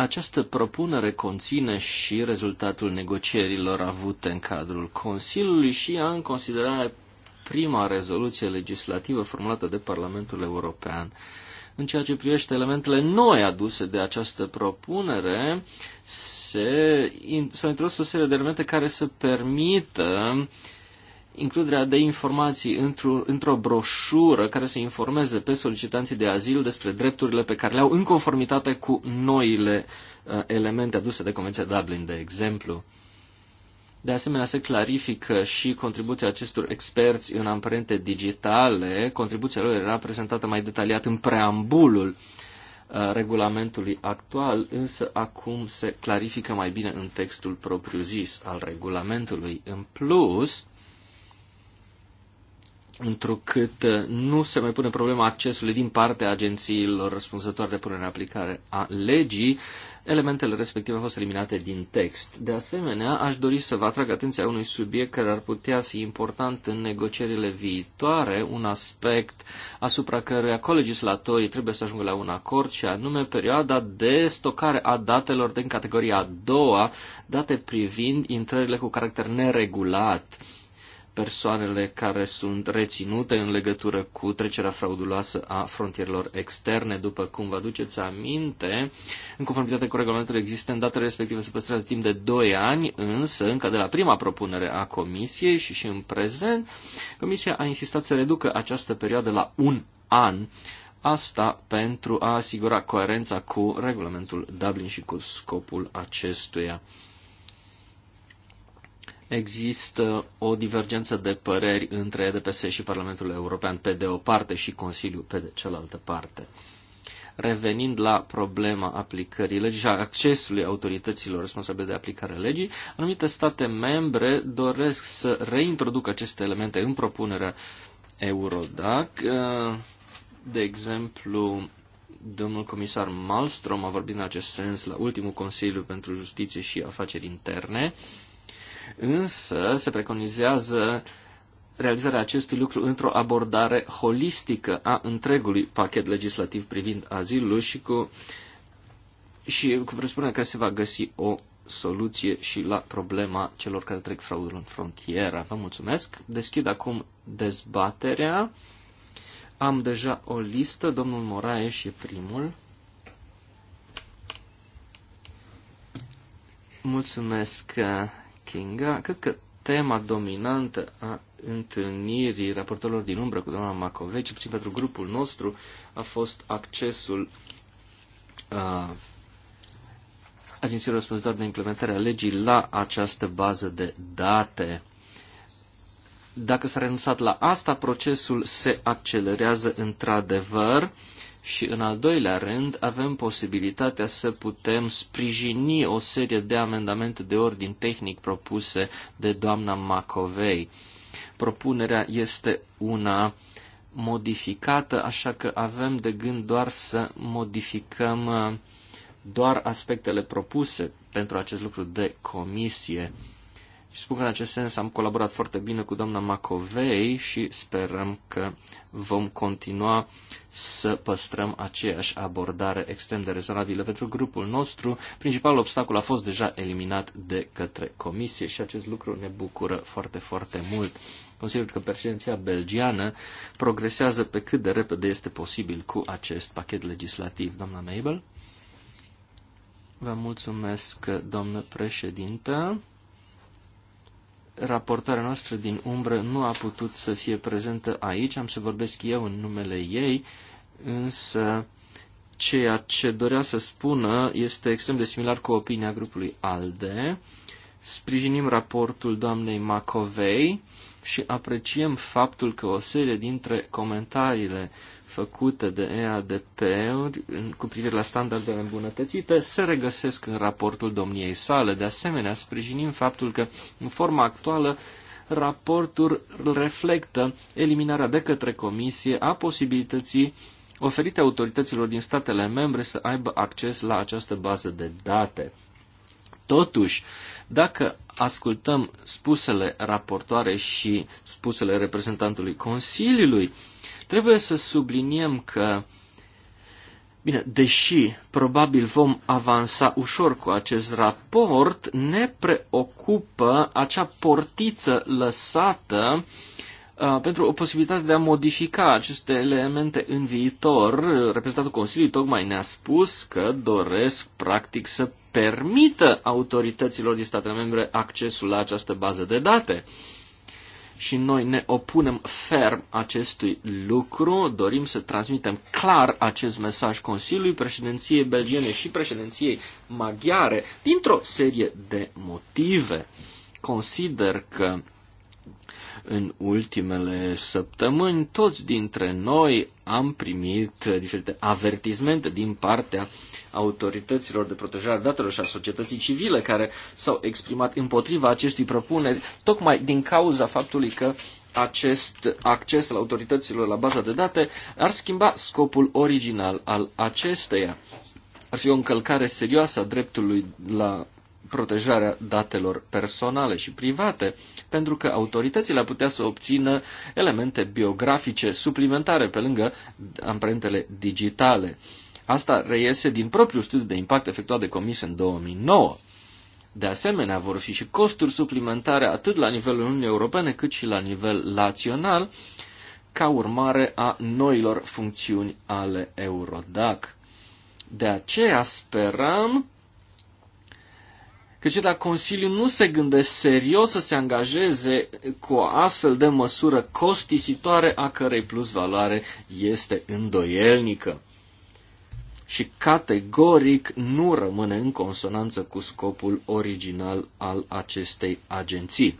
Această propunere conține și rezultatul negocierilor avute în cadrul Consiliului și ia în considerare prima rezoluție legislativă formulată de Parlamentul European. În ceea ce privește elementele noi aduse de această propunere, se, s-au introdus o serie de elemente care să permită includerea de informații într-o, într broșură care să informeze pe solicitanții de azil despre drepturile pe care le au în conformitate cu noile uh, elemente aduse de Convenția Dublin, de exemplu. De asemenea, se clarifică și contribuția acestor experți în amprente digitale. Contribuția lor era prezentată mai detaliat în preambulul uh, regulamentului actual, însă acum se clarifică mai bine în textul propriu-zis al regulamentului. În plus, întrucât uh, nu se mai pune problema accesului din partea agențiilor răspunzătoare de punere în aplicare a legii, elementele respective au fost eliminate din text. De asemenea, aș dori să vă atrag atenția unui subiect care ar putea fi important în negocierile viitoare, un aspect asupra căruia colegislatorii trebuie să ajungă la un acord, și anume perioada de stocare a datelor din categoria a doua, date privind intrările cu caracter neregulat persoanele care sunt reținute în legătură cu trecerea frauduloasă a frontierelor externe. După cum vă aduceți aminte, în conformitate cu regulamentul existent, datele respective se păstrează timp de 2 ani, însă încă de la prima propunere a Comisiei și și în prezent, Comisia a insistat să reducă această perioadă la un an, Asta pentru a asigura coerența cu regulamentul Dublin și cu scopul acestuia există o divergență de păreri între EDPS și Parlamentul European pe de o parte și Consiliul pe de cealaltă parte. Revenind la problema aplicării legii și a accesului autorităților responsabile de aplicare a legii, anumite state membre doresc să reintroducă aceste elemente în propunerea Eurodac. Eh, de exemplu, domnul comisar Malmström a vorbit în acest sens la ultimul Consiliu pentru Justiție și Afaceri Interne. Uh, însă se preconizează realizarea acestui lucru într-o abordare holistică a întregului pachet legislativ privind azilul și cu, și cu presupunerea că se va găsi o soluție și la problema celor care trec fraudul în frontieră. Vă mulțumesc. Deschid acum dezbaterea. Am deja o listă. Domnul Moraes e primul. Mulțumesc, Kinga. Cred că tema dominantă a întâlnirii raportorilor din umbră cu doamna Macovei, puțin pentru grupul nostru, a fost accesul uh, agențiilor răspunzătoare de implementare a legii la această bază de date. Dacă s-a renunțat la asta, procesul se accelerează într-adevăr. Uh, și în al doilea rând, avem posibilitatea să putem sprijini o serie de amendamente de ordin tehnic propuse de doamna Macovei. Propunerea este una modificată, așa că avem de gând doar să modificăm uh, doar aspectele propuse pentru acest lucru de comisie și spun că în acest sens am colaborat foarte bine cu doamna Macovei și sperăm că vom continua să păstrăm aceeași abordare extrem de rezonabilă pentru grupul nostru. Principalul obstacol a fost deja eliminat de către comisie și acest lucru ne bucură foarte, foarte mult. Consider că președinția belgiană progresează pe cât de repede este posibil cu acest pachet legislativ. Doamna Mabel? Vă mulțumesc, doamnă președintă raportarea noastră din umbră nu a putut să fie prezentă aici, am să vorbesc eu în numele ei, însă ceea ce dorea să spună este extrem de similar cu opinia grupului ALDE. Sprijinim raportul doamnei Macovei și apreciem faptul că o serie dintre comentariile făcute de EADP-uri cu privire la standardele îmbunătățite se regăsesc în raportul domniei sale. De asemenea, sprijinim faptul că, în forma actuală, raportul reflectă eliminarea de către Comisie a posibilității oferite autorităților din statele membre să aibă acces la această bază de date. Totuși, dacă ascultăm spusele raportoare și spusele reprezentantului Consiliului, uh, Trebuie să subliniem că, bine, deși probabil vom avansa ușor cu acest raport, ne preocupă acea portiță lăsată uh, pentru o posibilitate de a modifica aceste elemente în viitor. Reprezentantul Consiliului tocmai ne-a spus că doresc practic să permită autorităților din statele membre accesul la această bază de date. Uh, și noi ne opunem ferm acestui lucru. Dorim să transmitem clar acest mesaj Consiliului, președinției belgiene și președinției maghiare dintr-o serie de motive. Consider că în ultimele săptămâni toți dintre noi am primit diferite avertismente din partea uh, autorităților de protejare a datelor și a societății civile care s-au exprimat împotriva acestui propuneri, tocmai din cauza faptului că acest acces al autorităților la baza de date ar schimba scopul original al acesteia. Ar fi o încălcare serioasă a dreptului la protejarea datelor personale și private, pentru că autoritățile ar putea să obțină elemente biografice suplimentare pe lângă amprentele digitale. Asta reiese din propriul studiu de impact efectuat de comisie în 2009. De asemenea, vor fi și costuri suplimentare atât la nivelul Uniunii Europene cât și la nivel național, ca urmare a noilor funcțiuni ale Eurodac. De aceea sperăm că cei de la Consiliu nu se gândesc serios să se angajeze cu o astfel de măsură costisitoare a cărei plus valoare este îndoielnică și categoric nu rămâne în consonanță cu scopul original al acestei agenții.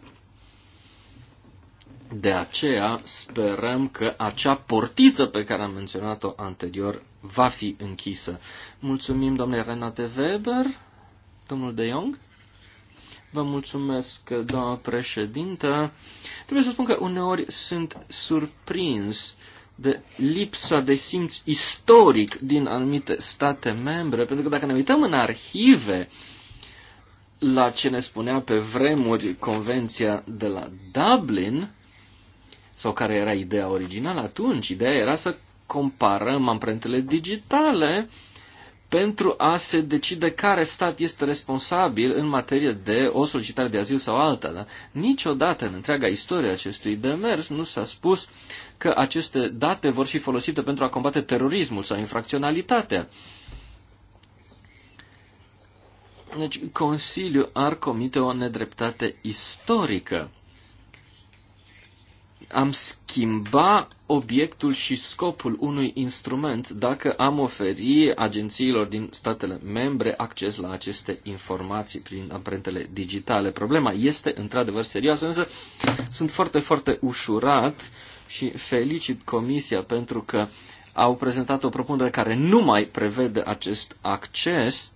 De aceea sperăm că acea portiță pe care am menționat-o anterior va fi închisă. Mulțumim, domnule Renate Weber, domnul De Jong. Vă mulțumesc, doamna președintă. Trebuie să spun că uneori sunt surprins de lipsa de simț istoric din anumite state membre, pentru că dacă ne uităm în arhive la ce ne spunea pe vremuri Convenția de la Dublin, sau care era ideea originală atunci, ideea era să comparăm amprentele digitale pentru a se decide care stat este responsabil în materie de o solicitare de azil sau alta. Dar niciodată în întreaga istorie acestui demers nu s-a spus că aceste date vor fi folosite pentru a combate terorismul sau infracționalitatea. Deci, Consiliul ar comite o nedreptate istorică. Am schimba obiectul și scopul unui instrument dacă am oferi agențiilor din statele membre acces la aceste informații prin amprentele digitale. Problema este într-adevăr serioasă, însă sunt foarte, foarte ușurat și felicit Comisia pentru că au prezentat o propunere care nu mai prevede acest acces,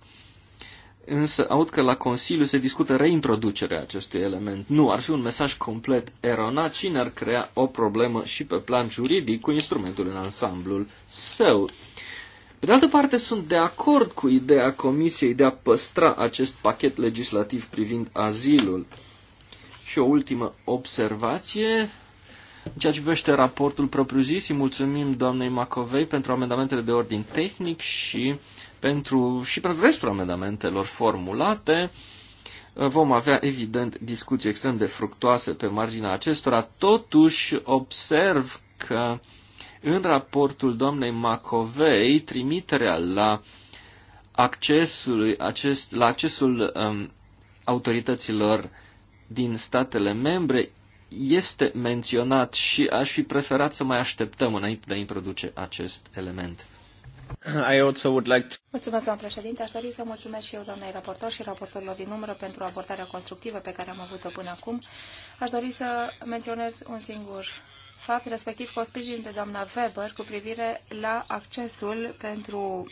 însă aud că la Consiliu se discută reintroducerea acestui element. Nu, ar fi un mesaj complet eronat și ne-ar crea o problemă și pe plan juridic cu instrumentul în ansamblul său. Pe de altă parte, sunt de acord cu ideea Comisiei de a păstra acest pachet legislativ privind azilul. Și o ultimă observație, în ceea ce privește raportul propriu-zis, îi mulțumim doamnei Macovei pentru amendamentele de ordin tehnic și pentru, și pentru restul amendamentelor formulate. Vom avea, evident, discuții extrem de fructoase pe marginea acestora. Totuși, observ că în raportul doamnei Macovei, trimiterea la accesul, acest, la accesul um, autorităților din statele membre este menționat și aș fi preferat să mai așteptăm înainte de a introduce acest element. I also would like to... Mulțumesc, doamnă președinte. Aș dori să mulțumesc și eu, doamnei raportor și raportorilor din numără, pentru abordarea constructivă pe care am avut-o până acum. Aș dori să menționez un singur fapt, respectiv cu sprijin de doamna Weber cu privire la accesul pentru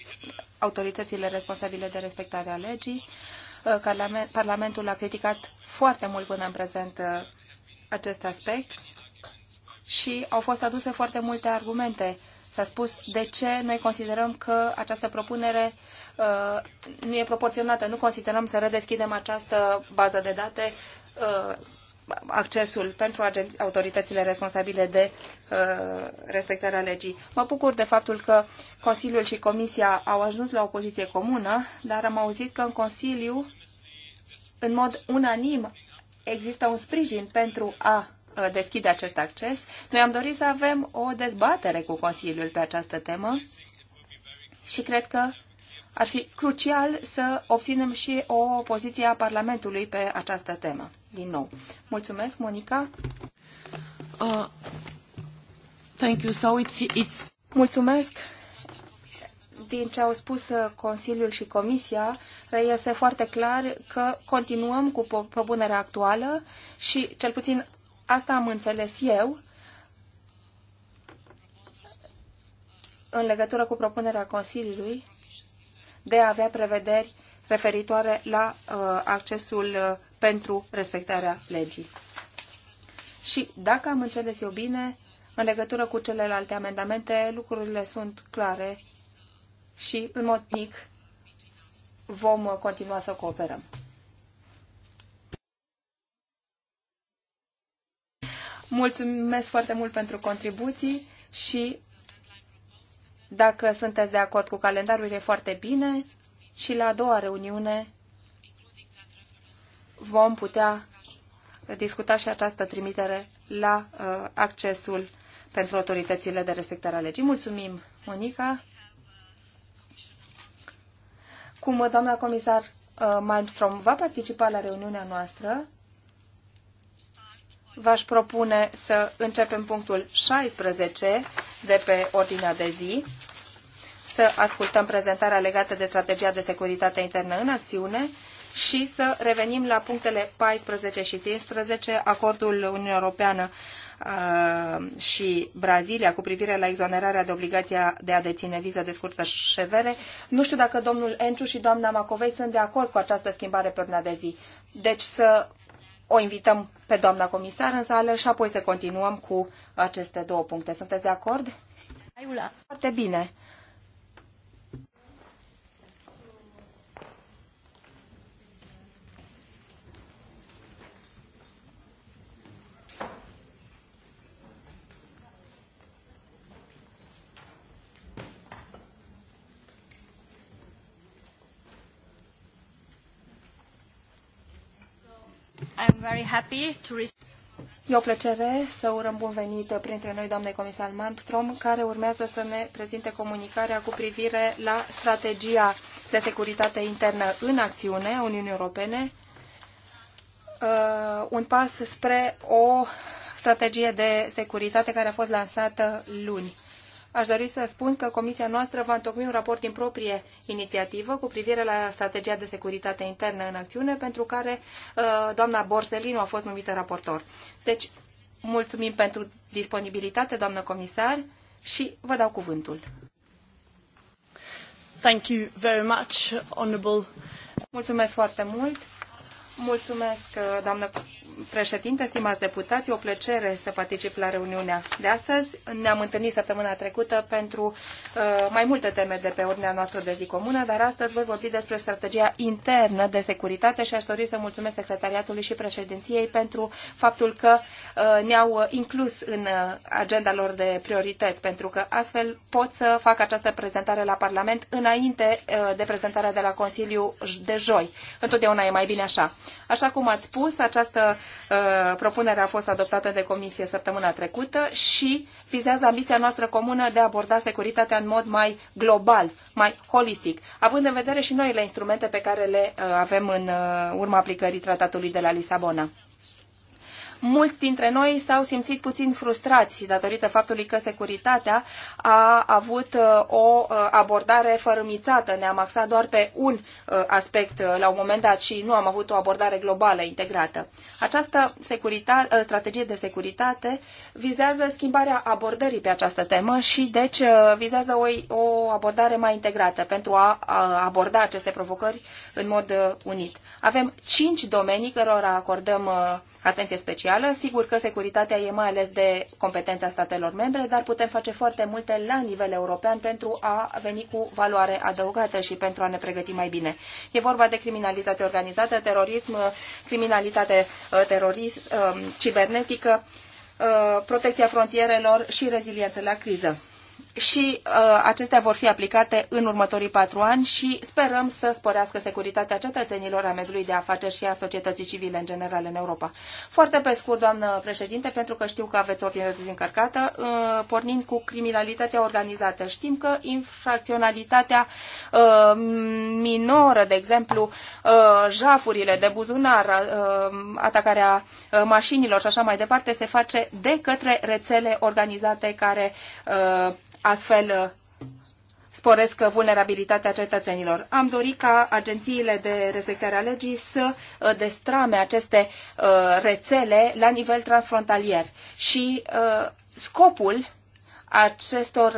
autoritățile responsabile de respectarea legii. Ă, Parlamentul a criticat foarte mult până în prezent ă, acest aspect și au fost aduse foarte multe argumente. S-a spus de ce noi considerăm că această propunere uh, nu e proporționată. Nu considerăm să redeschidem această bază de date uh, accesul pentru autoritățile responsabile de uh, respectarea legii. Mă bucur de faptul că Consiliul și Comisia au ajuns la o poziție comună, dar am auzit că în Consiliu, în mod unanim, există un sprijin pentru a deschide acest acces. Noi am dorit să avem o dezbatere cu Consiliul pe această temă și cred că ar fi crucial să obținem și o poziție a Parlamentului pe această temă. Din nou. Mulțumesc, Monica. Uh, thank you. So it's, it's... Mulțumesc din ce au spus uh, Consiliul și Comisia, reiese foarte clar că continuăm cu propunerea actuală și, cel puțin, asta am înțeles eu, în legătură cu propunerea Consiliului de a avea prevederi referitoare la uh, accesul uh, pentru respectarea legii. Și dacă am înțeles eu bine, în legătură cu celelalte amendamente, lucrurile sunt clare și, în mod mic, vom uh, continua să cooperăm. Mulțumesc foarte mult pentru contribuții și dacă sunteți de acord cu calendarul, e foarte bine și la a doua reuniune vom putea discuta și această trimitere la uh, accesul pentru autoritățile de respectare a legii. Mulțumim, Monica! cum doamna comisar uh, Malmström va participa la reuniunea noastră, v-aș propune să începem punctul 16 de pe ordinea de zi, să ascultăm prezentarea legată de strategia de securitate internă în acțiune și să revenim la punctele 14 și 15, acordul Uniunii Europeană Uh, și Brazilia cu privire la exonerarea de obligația de a deține viză de scurtă șevere. Nu știu dacă domnul Enciu și doamna Macovei sunt de acord cu această schimbare pe urmă de zi. Deci să o invităm pe doamna comisar în sală și apoi să continuăm cu aceste două puncte. Sunteți de acord? Foarte bine. I'm very happy to E o plăcere să urăm bun venit printre noi, doamnei comisar Malmström, care urmează să ne prezinte comunicarea cu privire la strategia de securitate internă în acțiune a Uniunii Europene, uh, un pas spre o strategie de securitate care a fost lansată luni aș dori să spun că Comisia noastră va întocmi un raport din proprie inițiativă cu privire la strategia de securitate internă în acțiune, pentru care uh, doamna Borsellino a fost numită raportor. Deci, mulțumim pentru disponibilitate, doamnă comisar, și vă dau cuvântul. Thank you very much, honorable. Mulțumesc foarte mult. Mulțumesc, uh, doamnă președinte, stimați deputați, o plăcere să particip la reuniunea de astăzi. Ne-am întâlnit săptămâna trecută pentru uh, mai multe teme de pe ordinea noastră de zi comună, dar astăzi voi vorbi despre strategia internă de securitate și aș dori să mulțumesc secretariatului și președinției pentru faptul că uh, ne-au inclus în uh, agenda lor de priorități, pentru că astfel pot să fac această prezentare la Parlament înainte uh, de prezentarea de la Consiliu de joi. Întotdeauna e mai bine așa. Așa cum ați spus, această Uh, propunerea a fost adoptată de comisie săptămâna trecută și vizează ambiția noastră comună de a aborda securitatea în mod mai global, mai holistic, având în vedere și noile instrumente pe care le uh, avem în uh, urma aplicării tratatului de la Lisabona mulți dintre noi s-au simțit puțin frustrați datorită faptului că securitatea a avut uh, o uh, abordare fărâmițată. Ne-am axat doar pe un uh, aspect la un moment dat și nu am avut o abordare globală integrată. Această strategie de securitate vizează schimbarea abordării pe această temă și deci vizează o, o abordare mai integrată pentru a aborda aceste provocări în mod unit. Avem cinci domenii cărora acordăm atenție specială socială. Sigur că securitatea e mai ales de competența statelor membre, dar putem face foarte multe la nivel european pentru a veni cu valoare adăugată și pentru a ne pregăti mai bine. E vorba de criminalitate organizată, terorism, criminalitate uh, terorism, um, cibernetică, uh, protecția frontierelor și reziliență la criză și uh, acestea vor fi aplicate în următorii patru ani și sperăm să sporească securitatea cetățenilor, a mediului de afaceri și a societății civile în general în Europa. Foarte pe scurt, doamnă președinte, pentru că știu că aveți ordine dezincărcată, uh, pornind cu criminalitatea organizată. Știm că infracționalitatea uh, minoră, de exemplu, uh, jafurile de buzunar, uh, atacarea uh, mașinilor și așa mai departe, se face de către rețele organizate care uh, astfel uh, sporesc vulnerabilitatea cetățenilor. Am dorit ca agențiile de respectare a legii să uh, destrame aceste uh, rețele la nivel transfrontalier și scopul acestor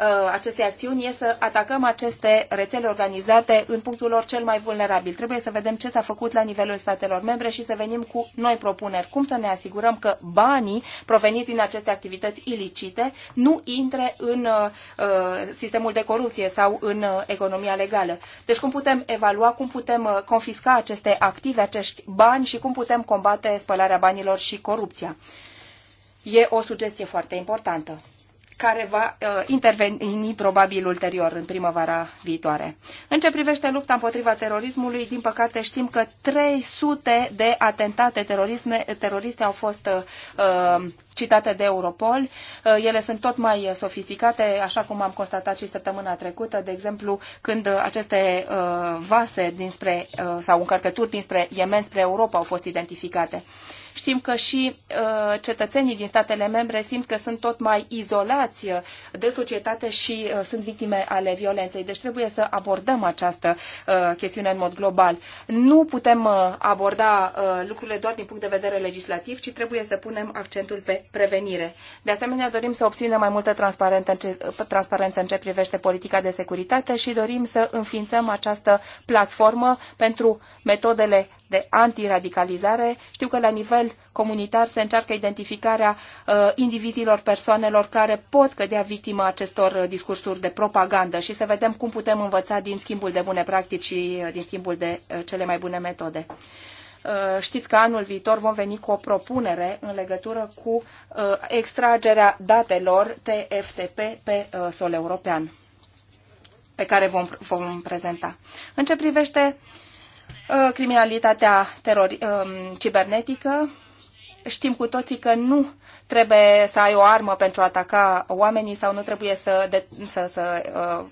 Uh, acestei acțiuni e să atacăm aceste rețele organizate în punctul lor cel mai vulnerabil. Trebuie să vedem ce s-a făcut la nivelul statelor membre și să venim cu noi propuneri. Cum să ne asigurăm că banii proveniți din aceste activități ilicite nu intre în uh, uh sistemul de corupție sau în uh, economia legală. Deci cum putem evalua, cum putem uh, confisca aceste active, acești bani și cum putem combate spălarea banilor și corupția. E o sugestie foarte importantă care va uh, interveni probabil ulterior în primăvara viitoare. În ce privește lupta împotriva terorismului, din păcate știm că 300 de atentate terorisme, teroriste au fost uh, citate de Europol. Uh, ele sunt tot mai sofisticate, așa cum am constatat și săptămâna trecută, de exemplu, când aceste uh, vase dinspre, sau încărcături dinspre Yemen spre Europa au fost identificate. Știm că și uh, cetățenii din statele membre simt că sunt tot mai izolați uh, de societate și uh, sunt victime ale violenței. Deci trebuie să abordăm această uh, chestiune în mod global. Nu putem uh, aborda uh, lucrurile doar din punct de vedere legislativ, ci trebuie să punem accentul pe prevenire. De asemenea, dorim să obținem mai multă transparență în ce, transparență în ce privește politica de securitate și dorim să înființăm această platformă pentru metodele de antiradicalizare. Știu că la nivel comunitar se încearcă identificarea uh, indivizilor, persoanelor care pot cădea victima acestor uh, discursuri de propagandă și să vedem cum putem învăța din schimbul de bune practici și uh, din schimbul de uh, cele mai bune metode. Uh, știți că anul viitor vom veni cu o propunere în legătură cu uh, extragerea datelor TFTP pe sol european pe care vom, vom prezenta. În ce privește Uh, criminalitatea terori, um, cibernetică. Știm cu toții că nu trebuie să ai o armă pentru a ataca oamenii sau nu trebuie să, de, să, să uh,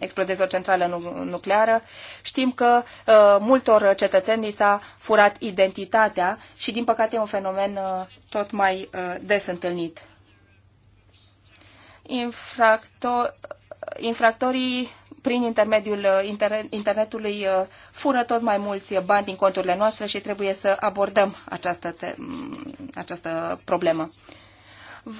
explodeze o centrală nucleară. Știm că uh, multor cetățeni s-a furat identitatea și, din păcate, e un fenomen uh, tot mai uh, des întâlnit. Infractor, infractorii prin intermediul uh, internetului uh, fură tot mai mulți bani din conturile noastre și trebuie să abordăm această, această problemă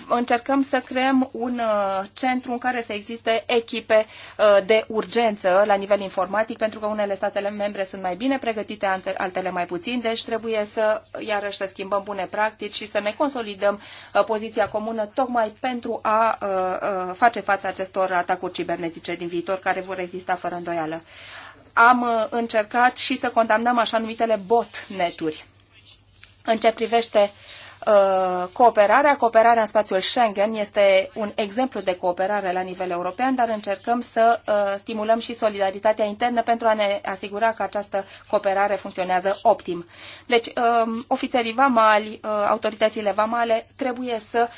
încercăm să creăm un uh, centru în care să existe echipe uh, de urgență la nivel informatic, pentru că unele statele membre sunt mai bine pregătite, altele mai puțin, deci trebuie să, iarăși, să schimbăm bune practici și să ne consolidăm uh, poziția comună tocmai pentru a face față acestor atacuri cibernetice din viitor care vor exista fără îndoială. Am încercat și să condamnăm așa numitele botneturi. În ce privește Uh, cooperarea. Cooperarea în spațiul Schengen este un exemplu de cooperare la nivel european, dar încercăm să uh, stimulăm și solidaritatea internă pentru a ne asigura că această cooperare funcționează optim. Deci, um, ofițerii vamali, uh, autoritățile vamale trebuie să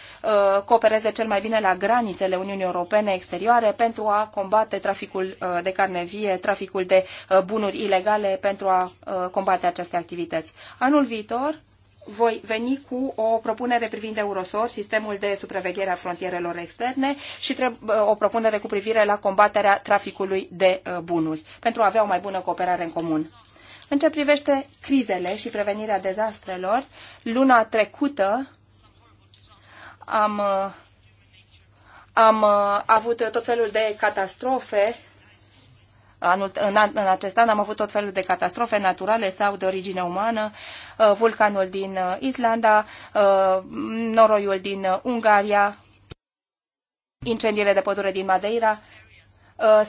coopereze cel mai bine la granițele Uniunii Europene exterioare pentru a combate traficul de carne vie, traficul de bunuri ilegale, pentru a combate aceste activități. Anul viitor, voi veni cu o propunere privind Eurosor, sistemul de supraveghere a frontierelor externe și o propunere cu privire la combaterea traficului de uh, bunuri, pentru a avea o mai bună cooperare în comun. În ce privește crizele și prevenirea dezastrelor, luna trecută am, uh, am uh, avut tot felul de catastrofe Anul, în, an, în acest an am avut tot felul de catastrofe naturale sau de origine umană, uh, vulcanul din uh, Islanda, uh, noroiul din Ungaria, incendiile de pădure din Madeira.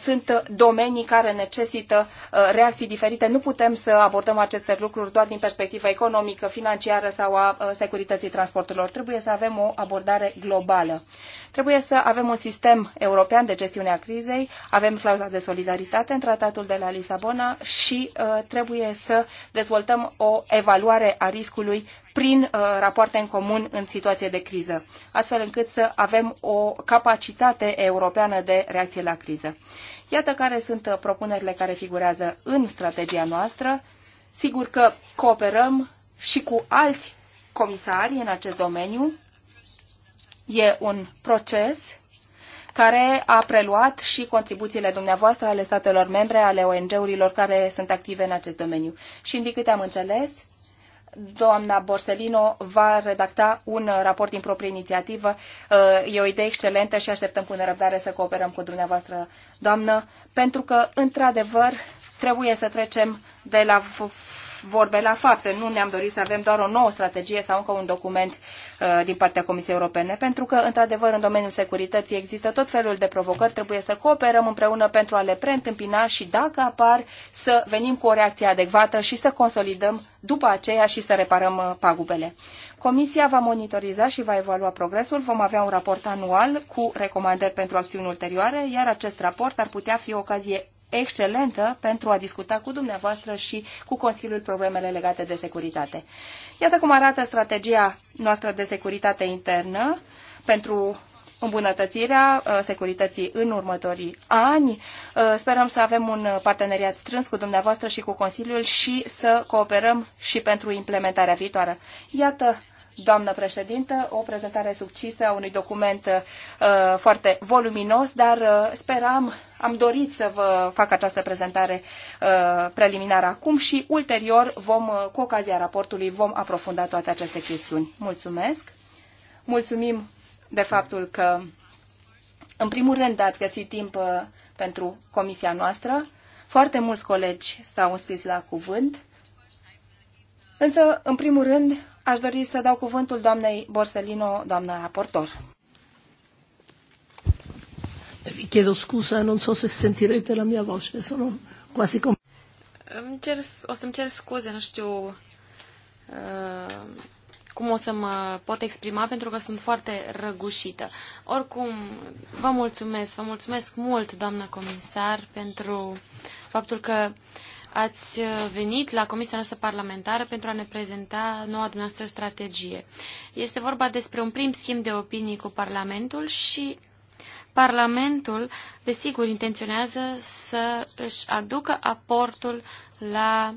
Sunt domenii care necesită reacții diferite. Nu putem să abordăm aceste lucruri doar din perspectiva economică, financiară sau a securității transporturilor. Trebuie să avem o abordare globală. Trebuie să avem un sistem european de gestiune a crizei, avem clauza de solidaritate în tratatul de la Lisabona și uh, trebuie să dezvoltăm o evaluare a riscului prin uh, rapoarte în comun în situație de criză, astfel încât să avem o capacitate europeană de reacție la criză. Iată care sunt uh, propunerile care figurează în strategia noastră. Sigur că cooperăm și cu alți comisari în acest domeniu, E un proces care a preluat și contribuțiile dumneavoastră ale statelor membre, ale ONG-urilor care sunt active în acest domeniu. Și, din câte am înțeles, doamna Borsellino va redacta un raport din proprie inițiativă. Uh, e o idee excelentă și așteptăm cu nerăbdare să cooperăm cu dumneavoastră, doamnă, pentru că, într-adevăr, trebuie să trecem de la vorbe la fapte. Nu ne-am dorit să avem doar o nouă strategie sau încă un document uh, din partea Comisiei Europene, pentru că, într-adevăr, în domeniul securității există tot felul de provocări, trebuie să cooperăm împreună pentru a le preîntâmpina și, dacă apar, să venim cu o reacție adecvată și să consolidăm după aceea și să reparăm uh, pagubele. Comisia va monitoriza și va evalua progresul. Vom avea un raport anual cu recomandări pentru acțiuni ulterioare, iar acest raport ar putea fi o ocazie excelentă pentru a discuta cu dumneavoastră și cu Consiliul problemele legate de securitate. Iată cum arată strategia noastră de securitate internă pentru îmbunătățirea uh, securității în următorii ani. Uh, sperăm să avem un parteneriat strâns cu dumneavoastră și cu Consiliul și să cooperăm și pentru implementarea viitoare. Iată doamnă președintă, o prezentare succisă a unui document uh, foarte voluminos, dar uh, speram, am dorit să vă fac această prezentare uh, preliminară acum și ulterior, vom, uh, cu ocazia raportului, vom aprofunda toate aceste chestiuni. Mulțumesc! Mulțumim de faptul că, în primul rând, ați găsit timp uh, pentru comisia noastră. Foarte mulți colegi s-au înscris la cuvânt. Însă, în primul rând, Aș dori să dau cuvântul doamnei Borsellino, doamnă raportor. Vi chiedo scusa, non so se sentirete la mia voce, sono quasi com- cer, o să-mi cer scuze, nu știu uh, cum o să mă pot exprima, pentru că sunt foarte răgușită. Oricum, vă mulțumesc, vă mulțumesc mult, doamnă comisar, pentru faptul că uh, ați venit la Comisia noastră parlamentară pentru a ne prezenta noua dumneavoastră strategie. Este vorba despre un prim schimb de opinii cu Parlamentul și Parlamentul, desigur, intenționează să își aducă aportul la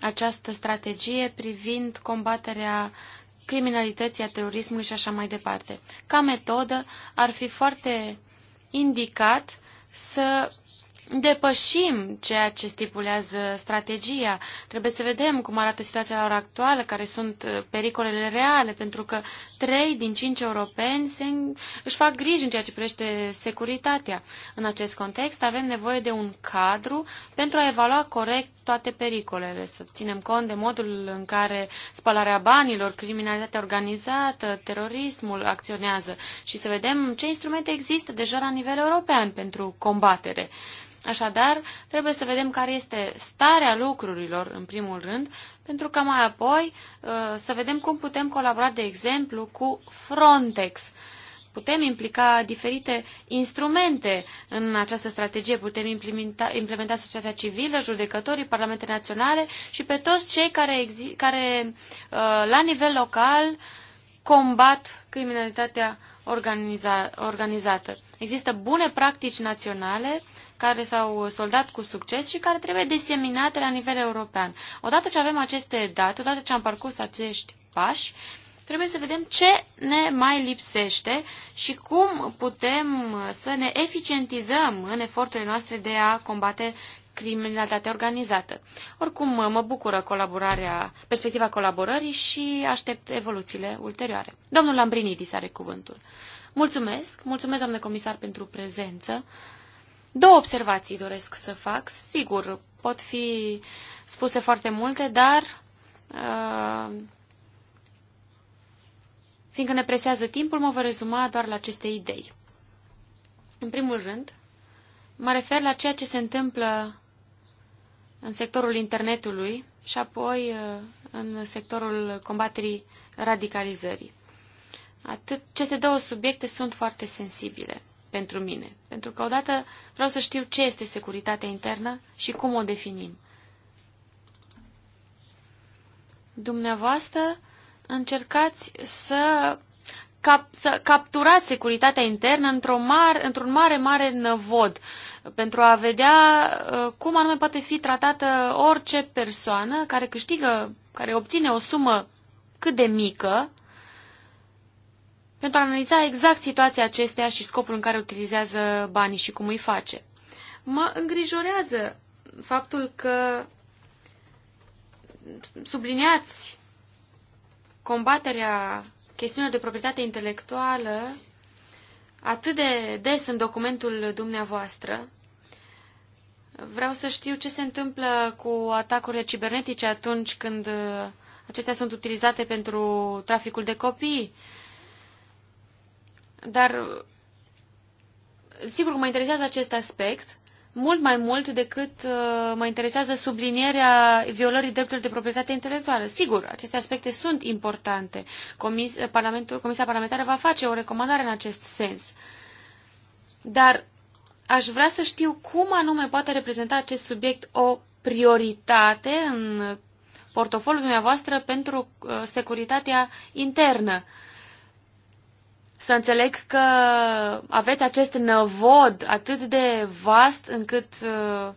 această strategie privind combaterea criminalității, a terorismului și așa mai departe. Ca metodă ar fi foarte indicat să depășim ceea ce stipulează strategia. Trebuie să vedem cum arată situația la ora actuală, care sunt uh, pericolele reale, pentru că trei din cinci europeni se, își fac griji în ceea ce privește securitatea. În acest context avem nevoie de un cadru pentru a evalua corect toate pericolele, să ținem cont de modul în care spălarea banilor, criminalitatea organizată, terorismul acționează și să vedem ce instrumente există deja la nivel european pentru combatere. Așadar, trebuie să vedem care este starea lucrurilor, în primul rând, pentru că mai apoi uh, să vedem cum putem colabora, de exemplu, cu Frontex. Putem implica diferite instrumente în această strategie, putem implementa, implementa societatea civilă, judecătorii, parlamente naționale și pe toți cei care, care uh, la nivel local combat criminalitatea organiza organizată. Există bune practici naționale care s-au soldat cu succes și care trebuie diseminate la nivel european. Odată ce avem aceste date, odată ce am parcurs acești pași, trebuie să vedem ce ne mai lipsește și cum putem să ne eficientizăm în eforturile noastre de a combate criminalitatea organizată. Oricum, mă bucură colaborarea, perspectiva colaborării și aștept evoluțiile ulterioare. Domnul Lambrinidis are cuvântul. Mulțumesc, mulțumesc, doamne comisar, pentru prezență. Două observații doresc să fac. Sigur, pot fi spuse foarte multe, dar uh, fiindcă ne presează timpul, mă voi rezuma doar la aceste idei. În primul rând, mă refer la ceea ce se întâmplă în sectorul internetului și apoi uh, în sectorul combaterii radicalizării. Atât, aceste două subiecte sunt foarte sensibile pentru mine, pentru că odată vreau să știu ce este securitatea internă și cum o definim. Dumneavoastră încercați să, cap, să capturați securitatea internă într un mare, într-un mare, mare năvod. Uh, pentru a vedea uh, cum anume poate fi tratată orice persoană care câștigă, care obține o sumă cât de mică, pentru a analiza exact situația acesteia și scopul în care utilizează banii și cum îi face. Mă îngrijorează faptul că subliniați combaterea chestiunilor de proprietate intelectuală atât de des în documentul dumneavoastră. Vreau să știu ce se întâmplă cu atacurile cibernetice atunci când uh, acestea sunt utilizate pentru traficul de copii. Dar, uh, sigur că mă interesează acest aspect, mult mai mult decât uh, mă interesează sublinierea violării drepturilor de proprietate intelectuală. Sigur, aceste aspecte sunt importante. Comis, Parlamentul, Comisia Parlamentară va face o recomandare în acest sens. Dar aș vrea să știu cum anume poate reprezenta acest subiect o prioritate în portofoliul dumneavoastră pentru uh, securitatea internă. Uh, să înțeleg că aveți acest năvod atât de vast încât uh,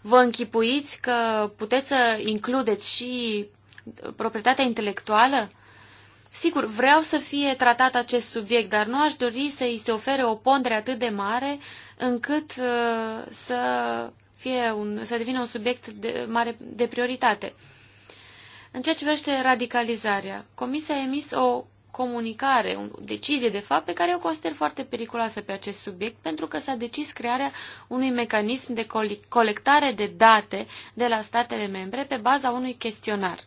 vă închipuiți că puteți să includeți și proprietatea intelectuală? Sigur, vreau să fie tratat acest subiect, dar nu aș dori să îi se ofere o pondere atât de mare încât uh, să, fie un, să devină un subiect de, mare, de prioritate. În ceea ce vrește radicalizarea, Comisia a emis o comunicare, o decizie de fapt pe care o consider foarte periculoasă pe acest subiect pentru că s-a decis crearea unui mecanism de colectare de date de la statele membre pe baza unui chestionar.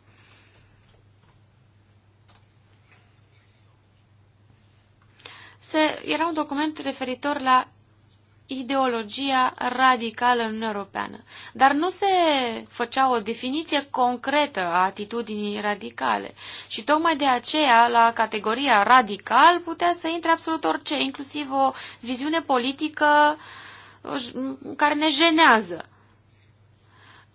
Se, era un document referitor la ideologia radicală în Uniunea Europeană. Dar nu se făcea o definiție concretă a atitudinii radicale. Și tocmai de aceea, la categoria radical, putea să intre absolut orice, inclusiv o viziune politică care ne jenează.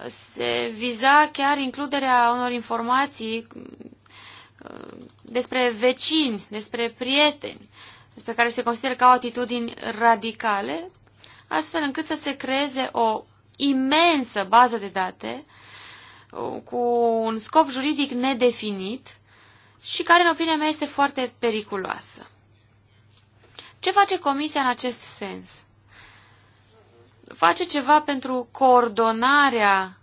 Se viza chiar includerea unor informații uh, despre vecini, despre prieteni, despre care se consideră ca o atitudini radicale, astfel încât să se creeze o imensă bază de date uh, cu un scop juridic nedefinit și care, în opinia mea, este foarte periculoasă. Ce face Comisia în acest sens? Face ceva pentru coordonarea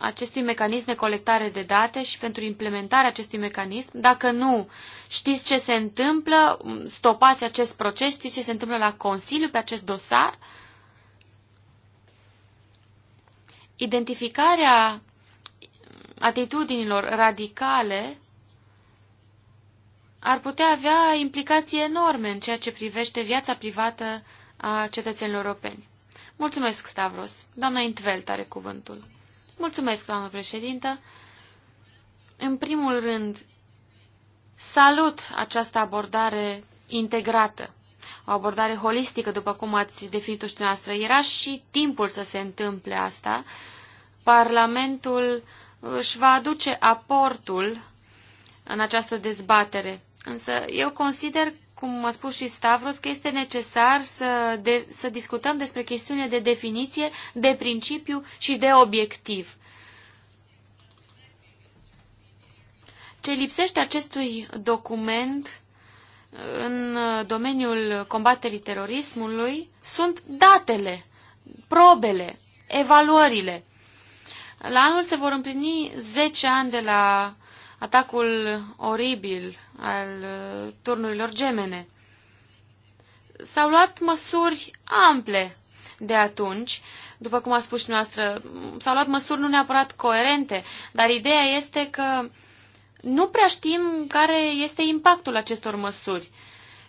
acestui mecanism de colectare de date și pentru implementarea acestui mecanism. Dacă nu știți ce se întâmplă, stopați acest proces, știți ce se întâmplă la Consiliu pe acest dosar, uh, identificarea atitudinilor radicale ar putea avea implicații enorme în ceea ce privește viața privată a cetățenilor europeni. Mulțumesc, Stavros. Doamna Intvelt are cuvântul. Mulțumesc, doamnă președintă. În primul rând, salut această abordare integrată o abordare holistică, după cum ați definit-o și dumneavoastră. Era și timpul să se întâmple asta. Parlamentul uh, își va aduce aportul în această dezbatere. Însă eu consider, cum a spus și Stavros, că este necesar să, de, să discutăm despre chestiune de definiție, de principiu și de obiectiv. Ce lipsește acestui document în domeniul combaterii terorismului sunt datele, probele, evaluările. La anul se vor împlini 10 ani de la atacul oribil al uh, turnurilor gemene. S-au luat măsuri ample de atunci, după cum a spus și noastră, s-au luat măsuri nu neapărat coerente, dar ideea este că nu prea știm care este impactul acestor măsuri.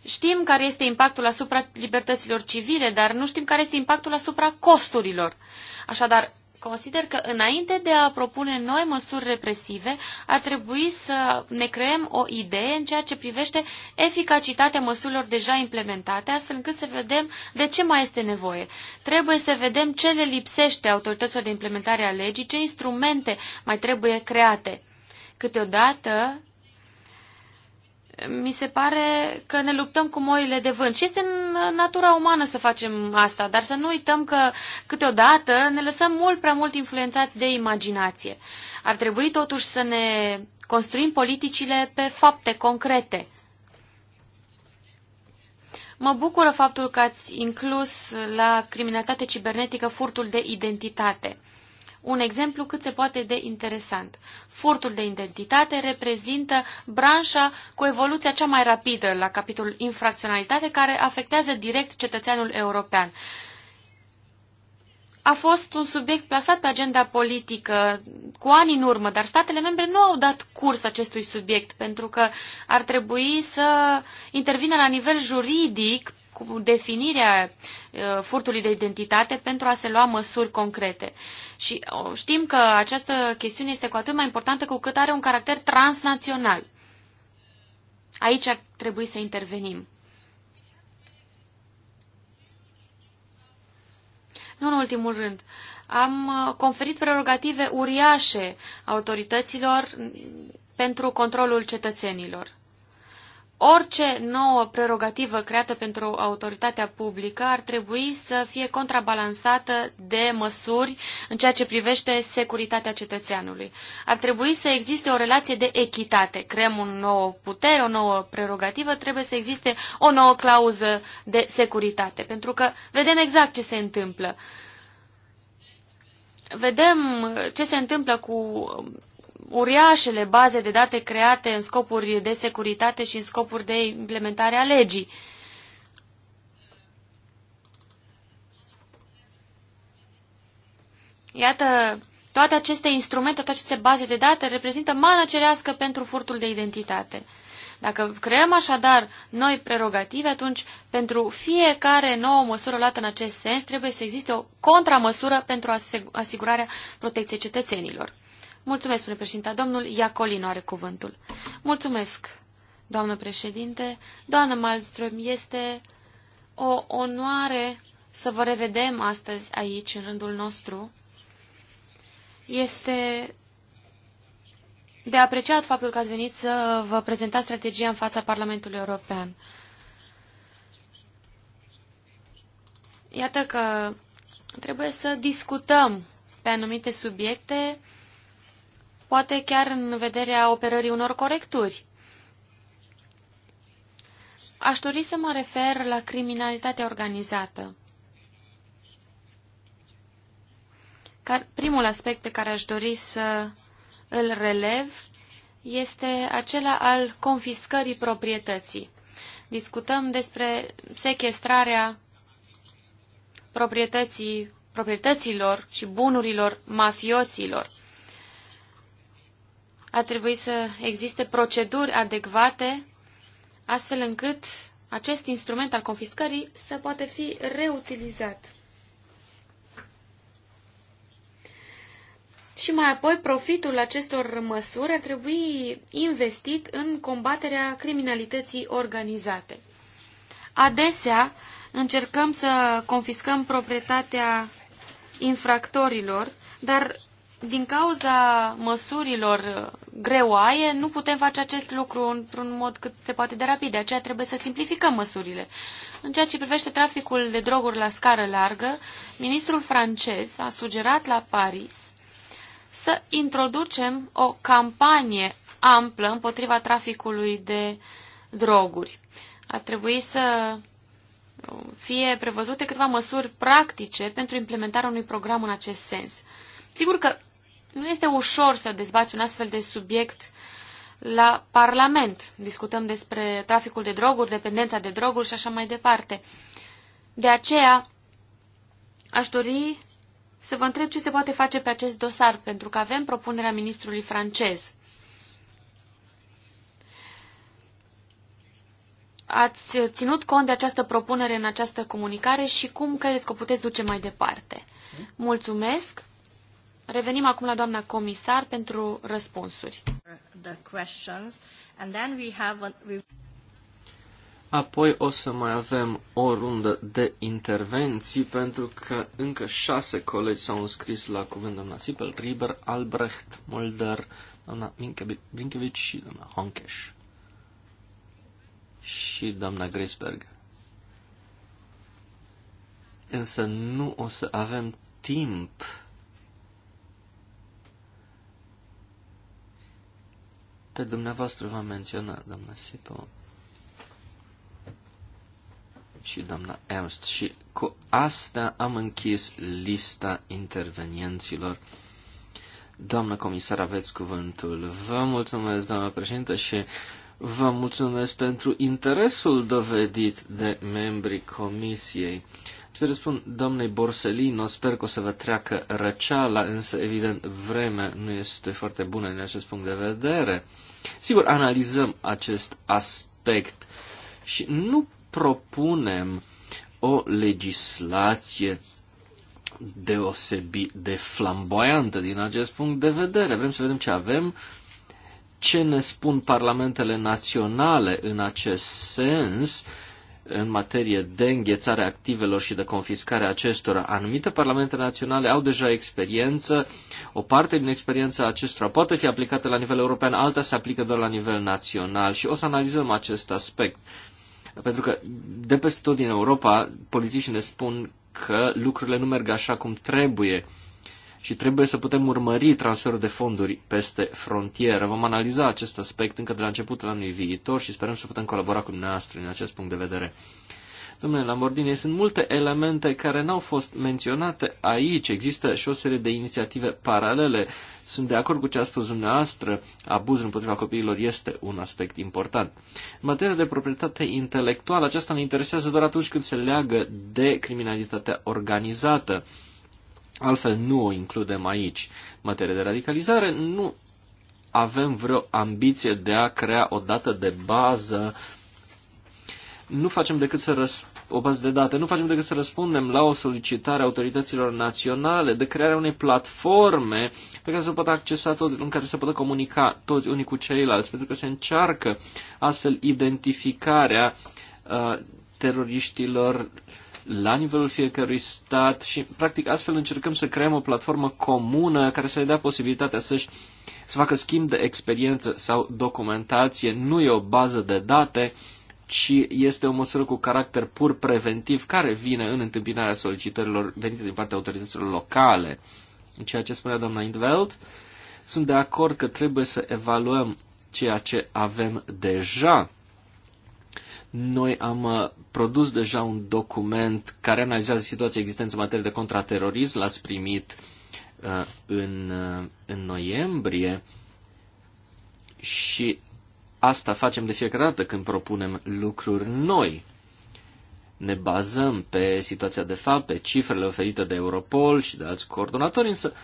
Știm care este impactul asupra libertăților civile, dar nu știm care este impactul asupra costurilor. Așadar, consider că înainte de a propune noi măsuri represive, ar trebui să ne creăm o idee în ceea ce privește eficacitatea măsurilor deja implementate, astfel încât să vedem de ce mai este nevoie. Trebuie să vedem ce le lipsește autorităților de implementare a legii, ce instrumente mai trebuie create câteodată mi se pare că ne luptăm cu moile de vânt. Și este în natura umană să facem asta, dar să nu uităm că câteodată ne lăsăm mult prea mult influențați de imaginație. Ar trebui totuși să ne construim politicile pe fapte concrete. Mă bucură faptul că ați inclus la criminalitate cibernetică furtul de identitate un exemplu cât se poate de interesant. Furtul de identitate reprezintă branșa cu evoluția cea mai rapidă la capitolul infracționalitate care afectează direct cetățeanul european. A fost un subiect plasat pe agenda politică cu ani în urmă, dar statele membre nu au dat curs acestui subiect pentru că ar trebui să intervină la nivel juridic cu definirea uh, furtului de identitate pentru a se lua măsuri concrete. Uh, și știm că această chestiune este cu atât mai importantă cu cât are un caracter transnațional. Aici ar trebui să intervenim. Nu în ultimul rând, am uh, conferit prerogative uriașe autorităților pentru controlul cetățenilor. Orice nouă prerogativă creată pentru autoritatea publică ar trebui să fie contrabalansată de măsuri în ceea ce privește securitatea cetățeanului. Ar trebui să existe o relație de echitate. Creăm o nouă putere, o nouă prerogativă, trebuie să existe o nouă clauză de securitate, pentru că vedem exact ce se întâmplă vedem ce se întâmplă cu uriașele baze de date create în scopuri de securitate și în scopuri de implementare a legii. Iată, toate aceste instrumente, toate aceste baze de date reprezintă mana cerească pentru furtul de identitate. Dacă creăm așadar noi prerogative, atunci pentru fiecare nouă măsură luată în acest sens trebuie să existe o contramăsură pentru asigurarea protecției cetățenilor. Mulțumesc, spune Domnul Iacolino are cuvântul. Mulțumesc, doamnă președinte. Doamnă Malmström, este o onoare să vă revedem astăzi aici, în rândul nostru. Este de apreciat faptul că ați venit să vă prezentați strategia în fața Parlamentului European. Iată că trebuie să discutăm pe anumite subiecte poate chiar în vederea operării unor corecturi. Aș dori să mă refer la criminalitatea organizată. Primul aspect pe care aș dori să îl relev este acela al confiscării proprietății. Discutăm despre sequestrarea proprietății, proprietăților și bunurilor mafioților ar trebui să existe proceduri adecvate astfel încât acest instrument al confiscării să poate fi reutilizat. Și mai apoi, profitul acestor măsuri ar trebui investit în combaterea criminalității organizate. Adesea încercăm să confiscăm proprietatea infractorilor, dar din cauza măsurilor uh, greoaie, nu putem face acest lucru într-un mod cât se poate de rapid, de aceea trebuie să simplificăm măsurile. În ceea ce privește traficul de droguri la scară largă, ministrul francez a sugerat la Paris să introducem o campanie amplă împotriva traficului de droguri. Ar trebui să uh, fie prevăzute câteva măsuri practice pentru implementarea unui program în acest sens. Sigur că nu este ușor să dezbați un astfel de subiect la Parlament. Discutăm despre traficul de droguri, dependența de droguri și așa mai departe. De aceea, aș dori să vă întreb ce se poate face pe acest dosar, pentru că avem propunerea ministrului francez. Ați ținut cont de această propunere în această comunicare și cum credeți că o puteți duce mai departe? Mulțumesc! Revenim acum la doamna comisar pentru răspunsuri. Apoi o să mai avem o rundă de intervenții pentru că încă șase colegi s-au înscris la cuvânt doamna Sipel, Riber, Albrecht, Mulder, doamna Brinkevici și doamna Honkeș și doamna Grisberg. Însă nu o să avem timp pe dumneavoastră v-am menționat, doamna Sipo și doamna Ernst. Și cu asta am închis lista intervenienților. Doamnă comisar, aveți cuvântul. Vă mulțumesc, doamna președintă, și vă mulțumesc pentru interesul dovedit de membrii comisiei. Să răspund doamnei Borsellino, sper că o să vă treacă răceala, însă evident vremea nu este foarte bună din acest punct de vedere. Sigur, analizăm acest aspect și nu propunem o legislație deosebit de flamboiantă din acest punct de vedere. Vrem să vedem ce avem, ce ne spun parlamentele naționale în acest sens în materie de înghețare activelor și de confiscare acestora. Anumite parlamente naționale au deja experiență, o parte din experiența acestora poate fi aplicată la nivel european, alta se aplică doar la nivel național și o să analizăm acest aspect. Pentru că de peste tot din Europa, politicieni ne spun că lucrurile nu merg așa cum trebuie și trebuie să putem urmări transferul de fonduri peste frontieră. Vom analiza acest aspect încă de la începutul anului viitor și sperăm să putem colabora cu dumneavoastră în acest punct de vedere. Domnule Lamborghini, sunt multe elemente care n-au fost menționate aici. Există și o serie de inițiative paralele. Sunt de acord cu ce a spus dumneavoastră. Abuzul împotriva copiilor este un aspect important. În materie de proprietate intelectuală, aceasta ne interesează doar atunci când se leagă de criminalitatea organizată. Altfel nu o includem aici. În materie de radicalizare nu avem vreo ambiție de a crea o dată de bază. Nu facem decât să răspundem o bază de date. Nu facem decât să răspundem la o solicitare a autorităților naționale de crearea unei platforme pe care să poată accesa tot, în care să poată comunica toți unii cu ceilalți, pentru că se încearcă astfel identificarea uh, teroriștilor la nivelul fiecărui stat și, practic, astfel încercăm să creăm o platformă comună care să le dea posibilitatea să-și să facă schimb de experiență sau documentație. Nu e o bază de date, ci este o măsură cu caracter pur preventiv care vine în întâmpinarea solicitărilor venite din partea autorităților locale. În ceea ce spunea doamna Indveld, sunt de acord că trebuie să evaluăm ceea ce avem deja noi am uh, produs deja un document care analizează situația existenței în materie de contraterorism, l-ați primit uh, în, uh, în noiembrie și asta facem de fiecare dată când propunem lucruri noi. Ne bazăm pe situația de fapt, pe cifrele oferite de Europol și de alți coordonatori, însă uh,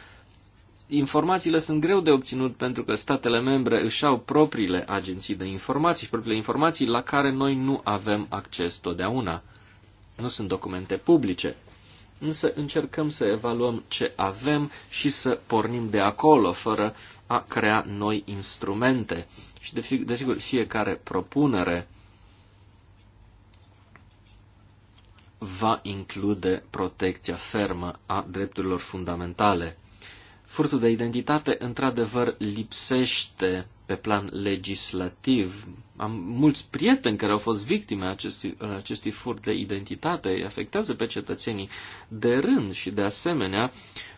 informațiile sunt greu de obținut pentru că statele membre își au propriile agenții de informații și propriile informații la care noi nu avem acces totdeauna. Nu sunt documente publice. Însă încercăm să evaluăm ce avem și să pornim de acolo, fără a crea noi instrumente. Și desigur, fiecare propunere va include protecția fermă a drepturilor fundamentale Furtul de identitate, într-adevăr, lipsește pe plan legislativ. Am mulți prieteni care au fost victime acestui, acestui furt de identitate, îi afectează pe cetățenii de rând și, de asemenea,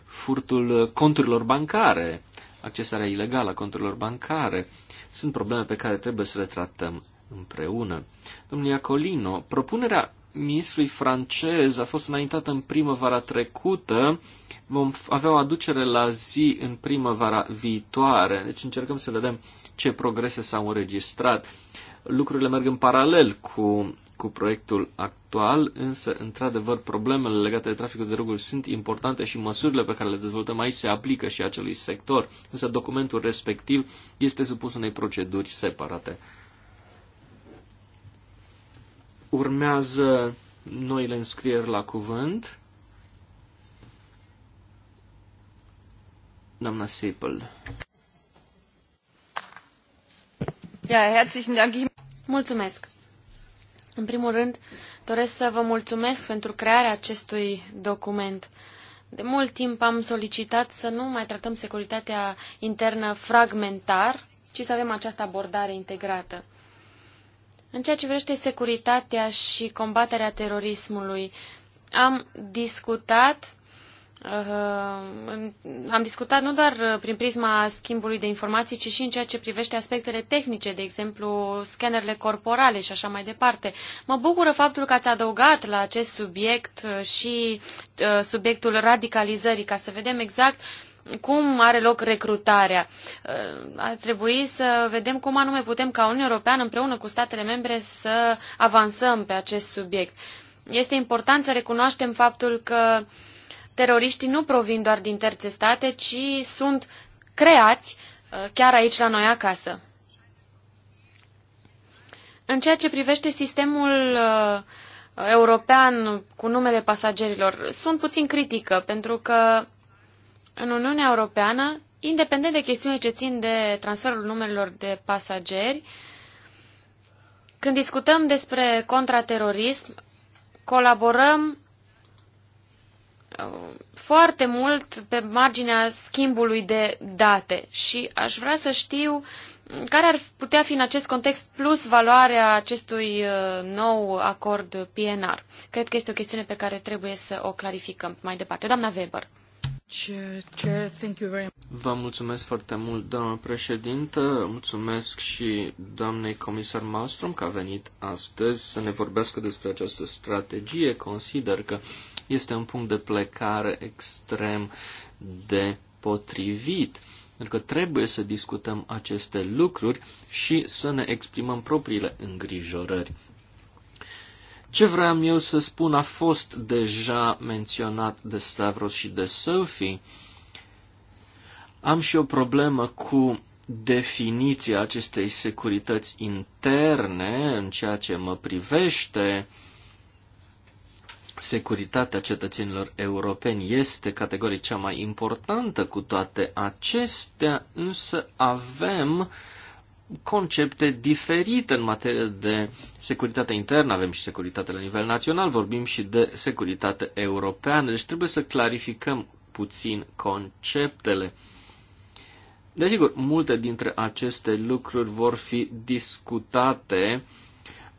furtul conturilor bancare, accesarea ilegală a conturilor bancare. Sunt probleme pe care trebuie să le tratăm împreună. Domnul Iacolino, propunerea ministrului francez a fost înaintată în primăvara trecută vom avea o aducere la zi în primăvara viitoare, deci încercăm să vedem ce progrese s-au înregistrat. Lucrurile merg în paralel cu, cu proiectul actual, însă, într-adevăr, problemele legate de traficul de droguri sunt importante și măsurile pe care le dezvoltăm aici se aplică și acelui sector, însă documentul respectiv este supus unei proceduri separate. Urmează noile înscrieri la cuvânt. Doamna Mulțumesc. În primul rând, doresc să vă mulțumesc pentru crearea acestui document. De mult timp am solicitat să nu mai tratăm securitatea internă fragmentar, ci să avem această abordare integrată. În ceea ce privește securitatea și combaterea terorismului, am discutat Uh, am discutat nu doar uh, prin prisma schimbului de informații, ci și în ceea ce privește aspectele tehnice, de exemplu scanerele corporale și așa mai departe. Mă bucură faptul că ați adăugat la acest subiect uh, și subiectul radicalizării, ca să vedem exact cum are loc recrutarea. Ar trebui să vedem cum anume putem ca Uniunea Europeană împreună cu statele membre să avansăm pe acest subiect. Este important să recunoaștem faptul că uh, teroriștii nu provin doar din terțe state, ci sunt creați uh, chiar aici la noi acasă. În ceea ce privește sistemul uh, european cu numele pasagerilor, sunt puțin critică, pentru că în Uniunea Europeană, independent de chestiunile ce țin de transferul numelor de pasageri, când discutăm despre contraterorism, colaborăm Uh, foarte mult pe marginea schimbului de date și aș vrea să știu care ar putea fi în acest context plus valoarea acestui uh, nou acord PNR. Cred că este o chestiune pe care trebuie să o clarificăm mai departe. Doamna Weber. Vă mulțumesc foarte mult, doamnă președintă. Mulțumesc și doamnei comisar Malmström că a venit astăzi să ne vorbească despre această strategie. Consider că este un punct de plecare extrem de potrivit. Pentru că trebuie să discutăm aceste lucruri și să ne exprimăm propriile îngrijorări. Ce vreau eu să spun a fost deja menționat de Stavros și de Sophie. Am și o problemă cu definiția acestei securități interne în ceea ce mă privește securitatea cetățenilor europeni este categoria cea mai importantă cu toate acestea, însă avem concepte diferite în materie de securitate internă, avem și securitate la nivel național, vorbim și de securitate europeană, deci trebuie să clarificăm puțin conceptele. Desigur, multe dintre aceste lucruri vor fi discutate uh,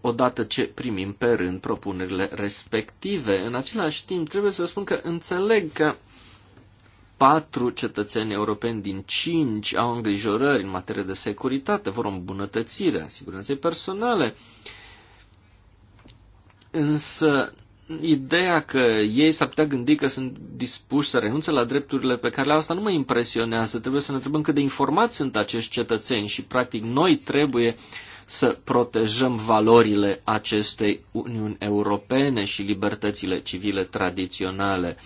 odată ce primim pe rând propunerile respective. În același timp, trebuie să spun că înțeleg că patru cetățeni europeni din cinci au îngrijorări în materie de securitate, vor o îmbunătățire a siguranței personale. Însă, ideea că ei s-ar putea gândi că sunt dispuși să renunțe la drepturile pe care le au, asta nu mă impresionează. Trebuie să ne întrebăm cât de informați sunt acești cetățeni și, practic, noi trebuie să protejăm valorile acestei Uniuni Europene și libertățile civile tradiționale.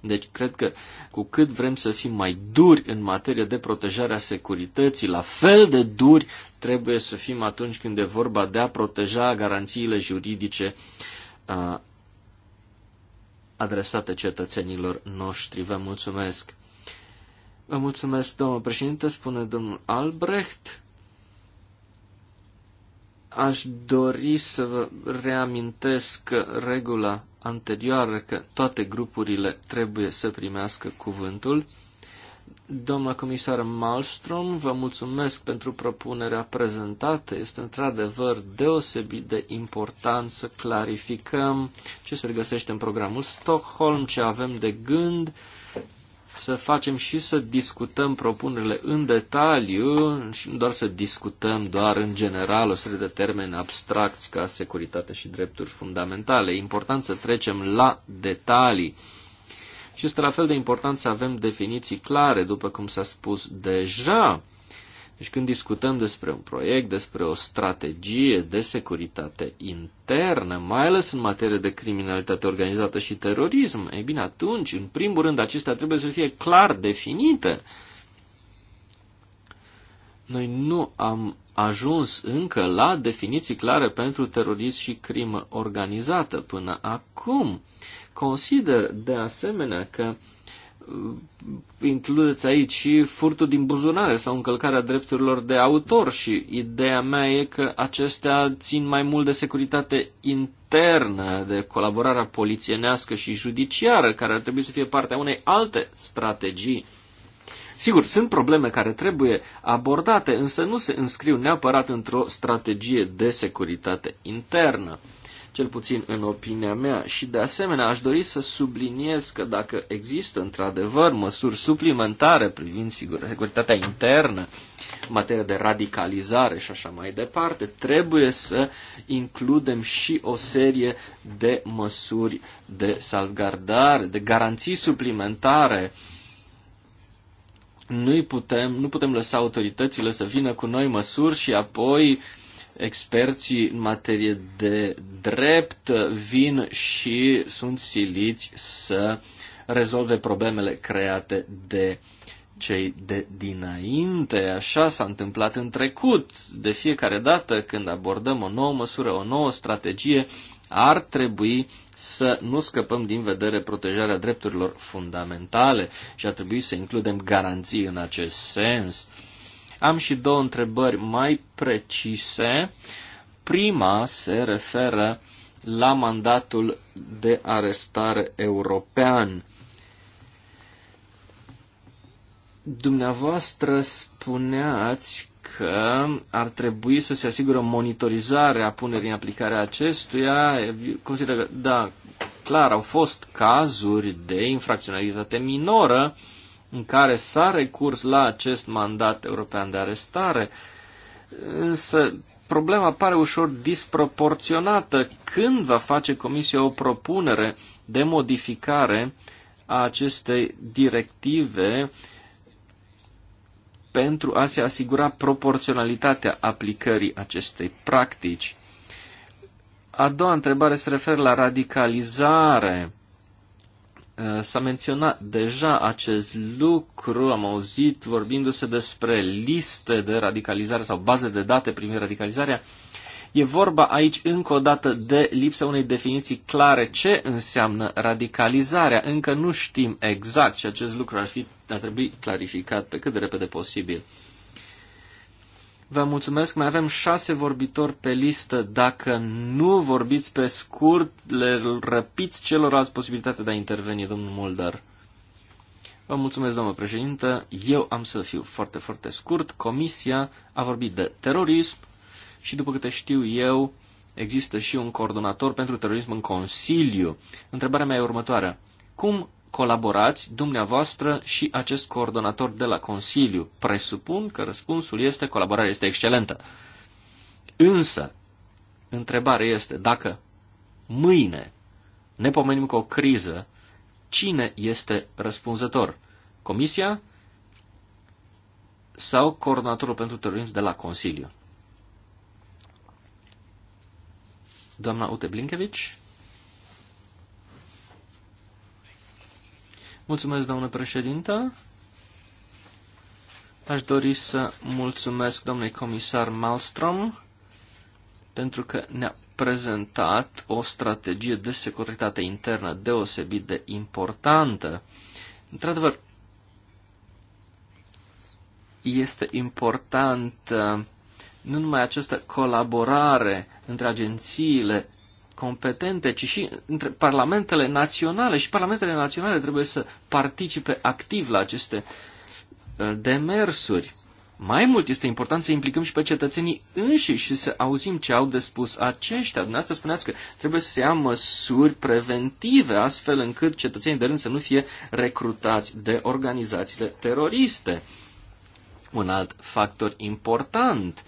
Deci cred că cu cât vrem să fim mai duri în materie de protejare a securității, la fel de duri trebuie să fim atunci când e vorba de a proteja garanțiile juridice a, uh, adresate cetățenilor noștri. Vă mulțumesc! Vă mulțumesc, domnul președinte, spune domnul Albrecht. Aș dori să vă reamintesc regula anterioară că toate grupurile trebuie să primească cuvântul. Doamna Comisar Malmström, vă mulțumesc pentru propunerea prezentată. Este într-adevăr deosebit de important să clarificăm ce se regăsește în programul Stockholm, ce avem de gând, să facem și să discutăm propunerile în detaliu și nu doar să discutăm doar în general o serie de termeni abstracți ca securitate și drepturi fundamentale. E important să trecem la detalii. Și este la fel de important să avem definiții clare, după cum s-a spus deja. Deci când discutăm despre un proiect, despre o strategie de securitate internă, mai ales în materie de criminalitate organizată și terorism, ei bine, atunci, în primul rând, acestea trebuie să fie clar definite. Noi nu am ajuns încă la definiții clare pentru terorism și crimă organizată până acum. Consider de asemenea că Uh, includeți aici și furtul din buzunare sau încălcarea drepturilor de autor și ideea mea e că acestea țin mai mult de securitate internă, de colaborarea polițienească și judiciară, care ar trebui să fie partea unei alte strategii. Sigur, sunt probleme care trebuie abordate, însă nu se înscriu neapărat într-o strategie de securitate internă cel puțin în opinia mea. Și de asemenea aș dori să subliniez că dacă există într-adevăr măsuri suplimentare privind securitatea internă, materie de radicalizare și așa mai departe, trebuie să includem și o serie de măsuri de salvgardare, de garanții suplimentare nu putem, nu putem lăsa autoritățile să vină cu noi măsuri și apoi uh, experții în materie de drept vin și sunt siliți să rezolve problemele create de cei de dinainte. Așa s-a întâmplat în trecut. De fiecare dată când abordăm o nouă măsură, o nouă strategie, ar trebui să nu scăpăm din vedere protejarea drepturilor fundamentale și ar trebui să includem garanții în acest sens. Am și două întrebări mai precise. Prima se referă la mandatul de arestare european. Dumneavoastră spuneați că ar trebui să se asigură monitorizarea punerii în aplicare a acestuia. Consider că, da, clar, au fost cazuri de infracționalitate minoră în care s-a recurs la acest mandat european de arestare, însă problema pare ușor disproporționată când va face Comisia o propunere de modificare a acestei directive pentru a se asigura proporționalitatea aplicării acestei practici. A doua întrebare se referă la radicalizare Eh, s-a menționat deja acest lucru, am auzit vorbindu-se despre liste de radicalizare sau baze de date privind radicalizarea. E vorba aici încă o dată de lipsa unei definiții clare ce înseamnă radicalizarea. Încă nu știm exact și acest lucru ar, fi, ar trebui clarificat pe cât de repede posibil. Vă mulțumesc. Mai avem șase vorbitori pe listă. Dacă nu vorbiți pe scurt, le răpiți celorlalți posibilitatea de a interveni, domnul Moldar. Vă mulțumesc, domnul președinte. Eu am să fiu foarte, foarte scurt. Comisia a vorbit de terorism și, după câte știu eu, există și un coordonator pentru terorism în Consiliu. Întrebarea mea e următoarea. Cum colaborați dumneavoastră și acest coordonator de la Consiliu? Presupun că răspunsul este colaborarea este excelentă. Însă, întrebarea este dacă mâine ne pomenim cu o criză, cine este răspunzător? Comisia sau coordonatorul pentru terorism de la Consiliu? Doamna Ute Blinkevici? Mulțumesc, doamnă președintă. Aș dori să mulțumesc domnului comisar Malmström pentru că ne-a prezentat o strategie de securitate internă deosebit de importantă. Într-adevăr, este important nu numai această colaborare între agențiile competente, ci și între parlamentele naționale. Și parlamentele naționale trebuie să participe activ la aceste uh, demersuri. Mai mult este important să implicăm și pe cetățenii înșiși și să auzim ce au de spus aceștia. Dumneavoastră spuneați că trebuie să se ia măsuri preventive, astfel încât cetățenii de rând să nu fie recrutați de organizațiile teroriste. Un alt factor important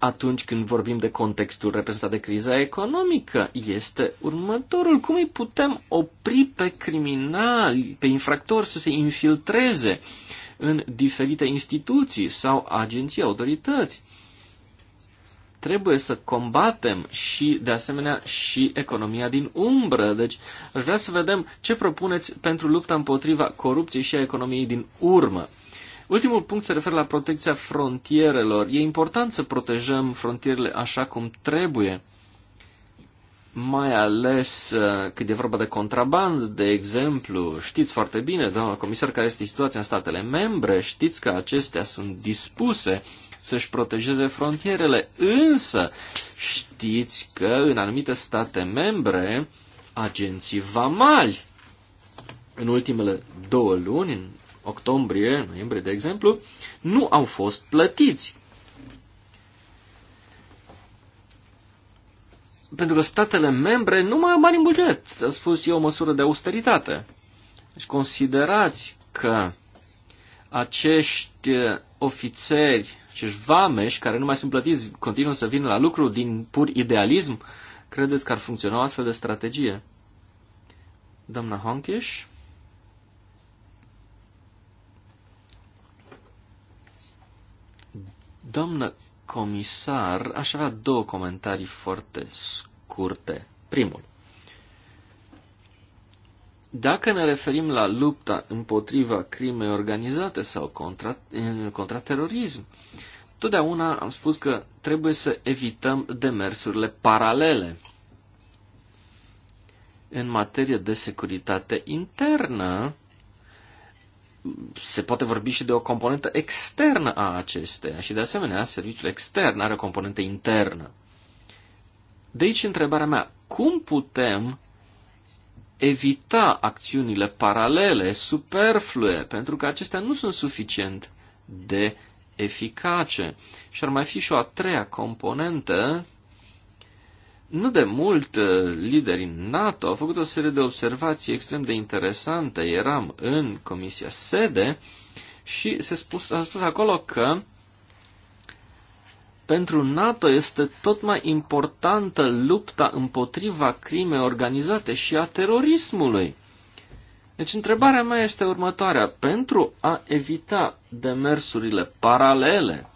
atunci când vorbim de contextul reprezentat de criza economică este următorul. Cum îi putem opri pe criminali, pe infractori să se infiltreze în diferite instituții sau agenții, autorități? Trebuie să combatem și, de asemenea, și economia din umbră. Deci, aș vrea să vedem ce propuneți pentru lupta împotriva corupției și a economiei din urmă. Ultimul punct se referă la protecția frontierelor. E important să protejăm frontierele așa cum trebuie, mai ales uh, când e vorba de contrabandă, de exemplu. Știți foarte bine, doamna comisar, care este situația în statele membre, știți că acestea sunt dispuse să-și protejeze frontierele, însă știți că în anumite state membre agenții vamali în ultimele două luni, în octombrie, noiembrie, de exemplu, nu au fost plătiți. Pentru că statele membre nu mai au bani în buget. A spus, e o măsură de austeritate. Deci considerați că acești ofițeri, acești vameși care nu mai sunt plătiți, continuă să vină la lucru din pur idealism, credeți că ar funcționa o astfel de strategie? Doamna Honkish? Doamnă comisar, aș avea două comentarii foarte scurte. Primul. Dacă ne referim la lupta împotriva crimei organizate sau contra, contra terorism, totdeauna am spus că trebuie să evităm demersurile paralele. În materie de securitate internă, se poate vorbi și de o componentă externă a acesteia și, de asemenea, serviciul extern are o componentă internă. De aici întrebarea mea, cum putem evita acțiunile paralele, superflue, pentru că acestea nu sunt suficient de eficace. Și ar mai fi și o a treia componentă nu de mult, uh, liderii NATO au făcut o serie de observații extrem de interesante. Eram în Comisia Sede și se spus, a spus acolo că pentru NATO este tot mai importantă lupta împotriva crimei organizate și a terorismului. Deci întrebarea mea este următoarea. Pentru a evita demersurile paralele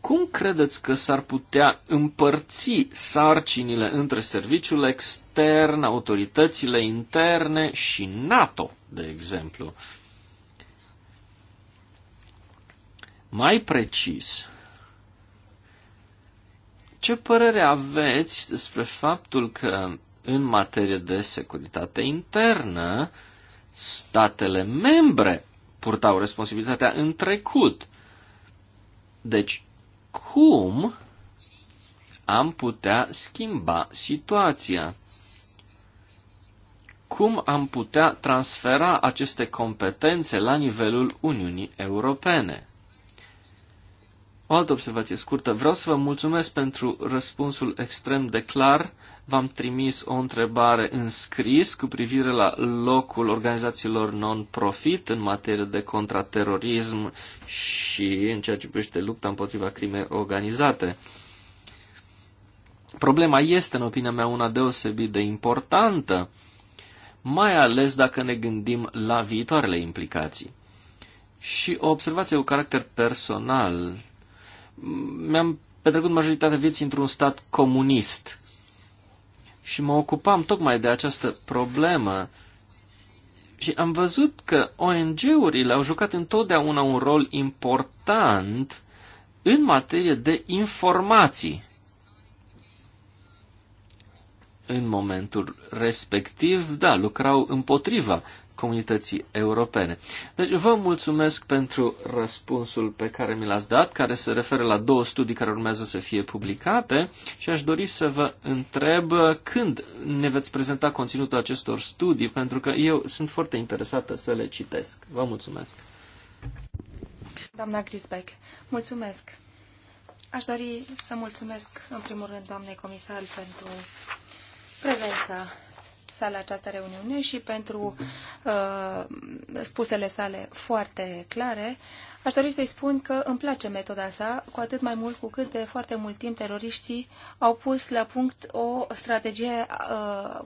cum credeți că s-ar putea împărți sarcinile între serviciul extern, autoritățile interne și NATO, de exemplu? Mai precis, ce părere aveți despre faptul că în materie de securitate internă statele membre purtau responsabilitatea în trecut? Deci, cum am putea schimba situația? Cum am putea transfera aceste competențe la nivelul Uniunii Europene? O altă observație scurtă. Vreau să vă mulțumesc pentru răspunsul extrem de clar v-am trimis o întrebare în scris cu privire la locul organizațiilor non-profit în materie de contraterorism și în ceea ce privește lupta împotriva crimei organizate. Problema este, în opinia mea, una deosebit de importantă, mai ales dacă ne gândim la viitoarele implicații. Și o observație cu caracter personal. Mi-am petrecut majoritatea vieții într-un stat comunist și mă ocupam tocmai de această problemă și am văzut că ONG-urile au jucat întotdeauna un rol important în materie de informații. În momentul respectiv, da, lucrau împotriva comunității europene. Deci vă mulțumesc pentru răspunsul pe care mi l-ați dat, care se referă la două studii care urmează să fie publicate și aș dori să vă întreb când ne veți prezenta conținutul acestor studii, pentru că eu sunt foarte interesată să le citesc. Vă mulțumesc. Doamna Grisbeck, mulțumesc. Aș dori să mulțumesc în primul rând doamnei comisar pentru prezența sa la această reuniune și pentru uh, spusele sale foarte clare. Aș dori să-i spun că îmi place metoda sa, cu atât mai mult cu cât de foarte mult timp teroriștii au pus la punct o strategie uh,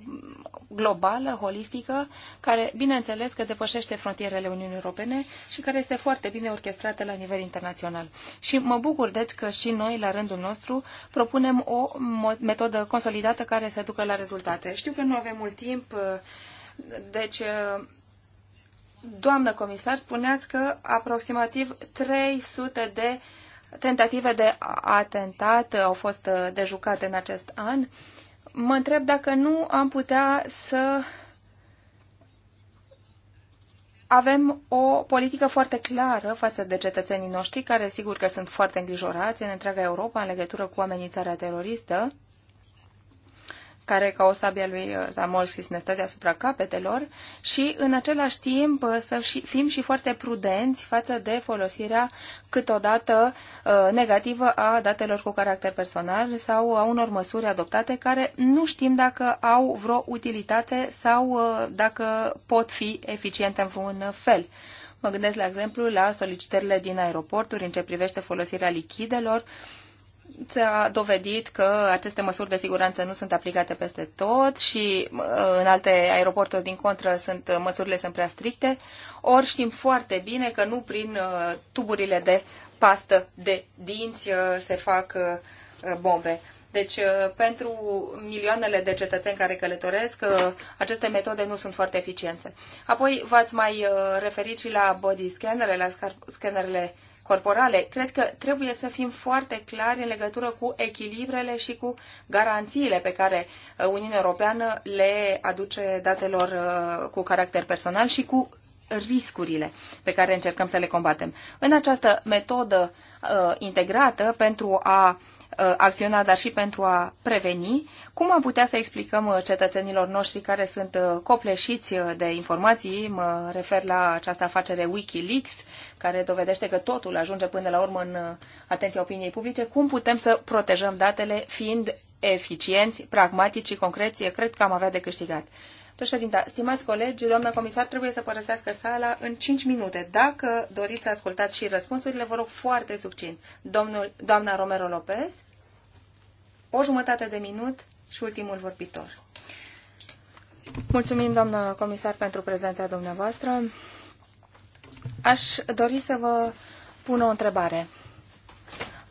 globală, holistică, care, bineînțeles, că depășește frontierele Uniunii Europene și care este foarte bine orchestrată la nivel internațional. Și mă bucur, deci, că și noi, la rândul nostru, propunem o metodă consolidată care să ducă la rezultate. Știu că nu avem mult timp, uh, deci uh, Doamnă comisar, spuneați că aproximativ 300 de tentative de atentat au fost uh, dejucate în acest an. Mă întreb dacă nu am putea să avem o politică foarte clară față de cetățenii noștri, care sigur că sunt foarte îngrijorați în întreaga Europa în legătură cu amenințarea teroristă care ca o sabia lui uh, Zamolski ne stă deasupra capetelor și în același timp uh, să fim și foarte prudenți față de folosirea câteodată uh, negativă a datelor cu caracter personal sau a unor măsuri adoptate care nu știm dacă au vreo utilitate sau dacă pot fi eficiente în vreun fel. Mă gândesc, la exemplu, la solicitările din aeroporturi în ce privește folosirea lichidelor, s-a dovedit că aceste măsuri de siguranță nu sunt aplicate peste tot și în alte aeroporturi din contră sunt, măsurile sunt prea stricte, ori știm foarte bine că nu prin uh, tuburile de pastă de dinți uh, se fac uh, bombe. Deci, pentru milioanele de cetățeni care călătoresc, aceste metode nu sunt foarte eficiente. Apoi, v-ați mai referit și la body scannerele, la scannerele corporale. Cred că trebuie să fim foarte clari în legătură cu echilibrele și cu garanțiile pe care uh, Uniunea Europeană le aduce datelor uh, cu caracter personal și cu riscurile pe care încercăm să le combatem. În această metodă uh, integrată pentru a Uh, acționa, dar și pentru a preveni. Cum am putea să explicăm uh, cetățenilor noștri care sunt uh, copleșiți de informații? Mă refer la această afacere Wikileaks, care dovedește că totul ajunge până la urmă în atenția opiniei publice. Cum putem să protejăm datele fiind eficienți, pragmatici și concreți? Cred că am avea de câștigat. Președinta, stimați colegi, doamna comisar trebuie să părăsească sala în 5 minute. Dacă doriți să ascultați și răspunsurile, vă rog foarte succint. Domnul, doamna Romero Lopez, o jumătate de minut și ultimul vorbitor. Mulțumim, doamna comisar, pentru prezența dumneavoastră. Aș dori să vă pun o întrebare.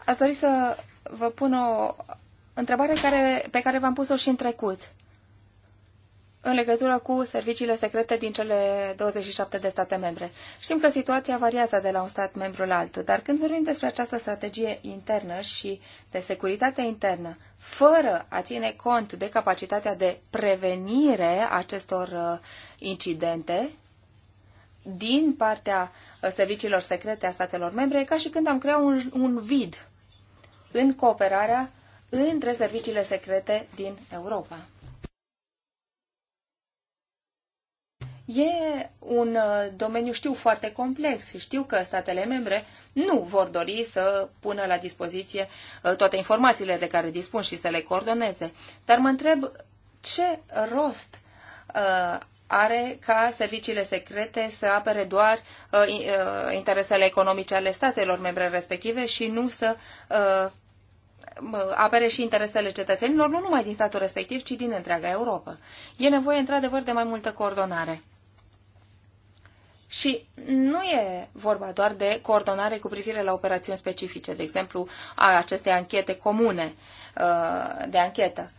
Aș dori să vă pun o întrebare care, pe care v-am pus-o și în trecut în legătură cu serviciile secrete din cele 27 de state membre. Știm că situația variază de la un stat membru la altul, dar când vorbim despre această strategie internă și de securitate internă, fără a ține cont de capacitatea de prevenire acestor uh, incidente din partea uh, serviciilor secrete a statelor membre, e ca și când am creat un, un vid în cooperarea între serviciile secrete din Europa. E un uh, domeniu, știu, foarte complex și știu că statele membre nu vor dori să pună la dispoziție uh, toate informațiile de care dispun și să le coordoneze. Dar mă întreb ce rost uh, are ca serviciile secrete să apere doar interesele economice ale statelor membre respective și nu să apere și interesele cetățenilor, nu numai din statul respectiv, ci din întreaga Europa. E nevoie, într-adevăr, de mai multă coordonare. Și nu e vorba doar de coordonare cu privire la operațiuni specifice, de exemplu, a acestei anchete comune uh, de anchetă.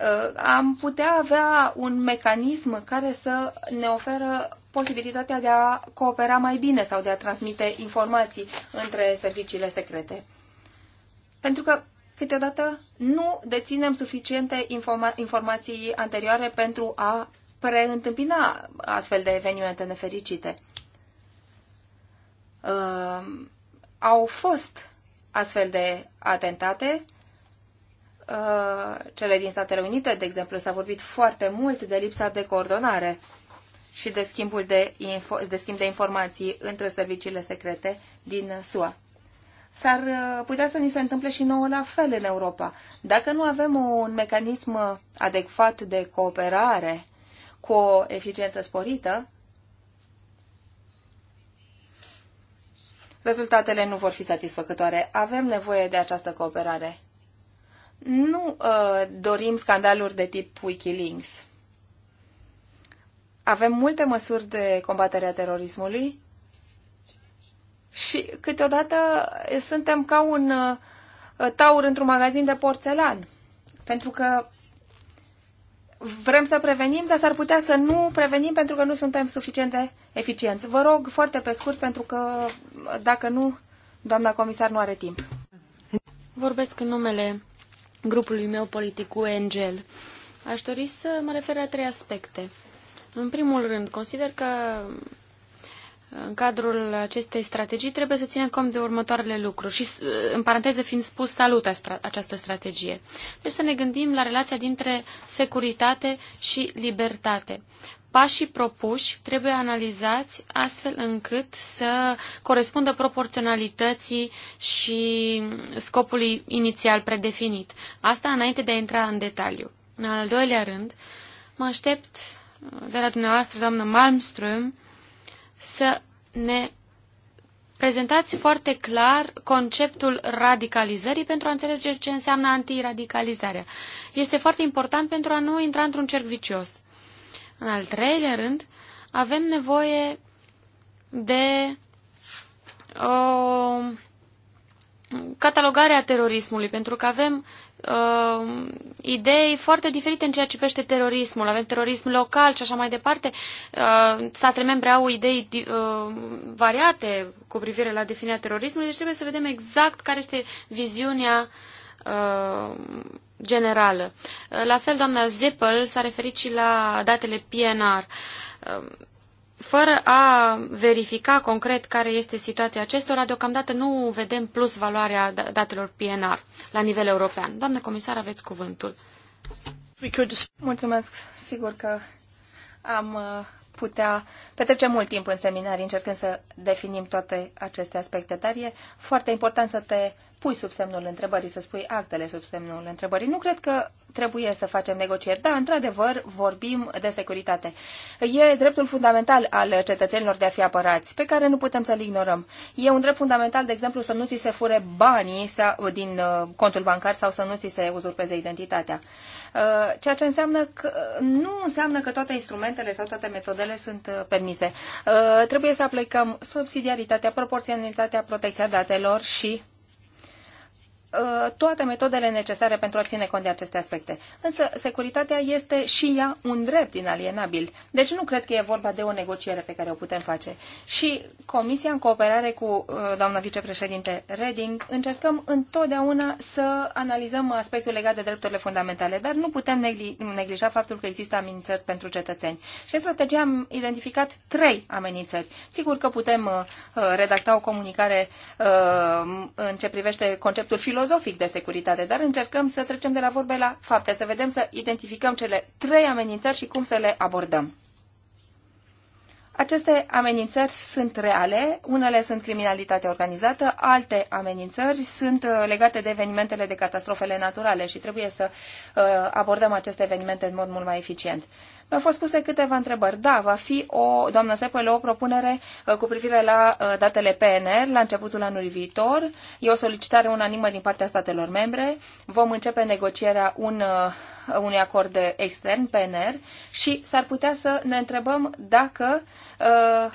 Uh, am putea avea un mecanism care să ne oferă posibilitatea de a coopera mai bine sau de a transmite informații între serviciile secrete. Pentru că câteodată nu deținem suficiente informa- informații anterioare pentru a preîntâmpina astfel de evenimente nefericite uh, au fost astfel de atentate. Uh, cele din Statele Unite, de exemplu, s-a vorbit foarte mult de lipsa de coordonare și de, schimbul de, info- de schimb de informații între serviciile secrete din SUA. S-ar uh, putea să ni se întâmple și nouă la fel în Europa. Dacă nu avem un mecanism adecvat de cooperare cu o eficiență sporită, rezultatele nu vor fi satisfăcătoare. Avem nevoie de această cooperare. Nu uh, dorim scandaluri de tip Wikileaks. Avem multe măsuri de combatere a terorismului și câteodată suntem ca un uh, taur într-un magazin de porțelan, pentru că vrem să prevenim, dar s-ar putea să nu prevenim pentru că nu suntem suficient de eficienți. Vă rog foarte pe scurt, pentru că dacă nu, doamna comisar nu are timp. Vorbesc în numele grupului meu politic UNGEL. Aș dori să mă refer la trei aspecte. În primul rând, consider că în cadrul acestei strategii trebuie să ținem cont de următoarele lucruri și, uh, în paranteză fiind spus, salut această strategie. Deci să ne gândim la relația dintre securitate și libertate. Pașii propuși trebuie analizați astfel încât să corespundă proporționalității și scopului inițial predefinit. Asta înainte de a intra în detaliu. În al doilea rând, mă aștept de la dumneavoastră, doamnă Malmström, să ne prezentați foarte clar conceptul radicalizării pentru a înțelege ce înseamnă antiradicalizarea. Este foarte important pentru a nu intra într-un cerc vicios. În al treilea rând, avem nevoie de o catalogare a terorismului, pentru că avem uh, idei foarte diferite în ceea ce privește terorismul. Avem terorism local și așa mai departe. Uh, statele membre au idei uh, variate cu privire la definirea terorismului, deci trebuie să vedem exact care este viziunea uh, generală. Uh, la fel, doamna Zeppel s-a referit și la datele PNR. Uh, fără a verifica concret care este situația acestora, deocamdată nu vedem plus valoarea da- datelor PNR la nivel european. Doamnă comisar, aveți cuvântul. Mulțumesc. Sigur că am uh, putea petrece mult timp în seminarii încercând să definim toate aceste aspecte, dar e foarte important să te pui sub semnul întrebării, să spui actele sub semnul întrebării. Nu cred că trebuie să facem negocieri. Da, într-adevăr, vorbim de securitate. E dreptul fundamental al cetățenilor de a fi apărați, pe care nu putem să-l ignorăm. E un drept fundamental, de exemplu, să nu ți se fure banii sau, din uh, contul bancar sau să nu ți se uzurpeze identitatea. Uh, ceea ce înseamnă că nu înseamnă că toate instrumentele sau toate metodele sunt uh, permise. Trebuie să aplicăm subsidiaritatea, proporționalitatea, protecția datelor și Uh, toate metodele necesare pentru a ține cont de aceste aspecte. Însă, securitatea este și ea un drept inalienabil. Deci nu cred că e vorba de o negociere pe care o putem face. Și Comisia, în cooperare cu uh, doamna vicepreședinte Reding, încercăm întotdeauna să analizăm aspectul legat de drepturile fundamentale, dar nu putem neglija faptul că există amenințări pentru cetățeni. Și în strategie am identificat trei amenințări. Sigur că putem uh, redacta o comunicare în ce privește conceptul filosofic filozofic de securitate, dar încercăm să trecem de la vorbe la fapte, să vedem, să identificăm cele trei amenințări și cum să le abordăm. Aceste amenințări sunt reale, unele sunt criminalitatea organizată, alte amenințări sunt uh, legate de evenimentele de catastrofele naturale și trebuie să uh, abordăm aceste evenimente în mod mult mai eficient. Mi-au fost puse câteva întrebări. Da, va fi o, doamnă Sepele, o propunere uh, cu privire la uh, datele PNR la începutul anului viitor. E o solicitare unanimă din partea statelor membre. Vom începe negocierea un, uh, unui acord extern PNR și s-ar putea să ne întrebăm dacă uh,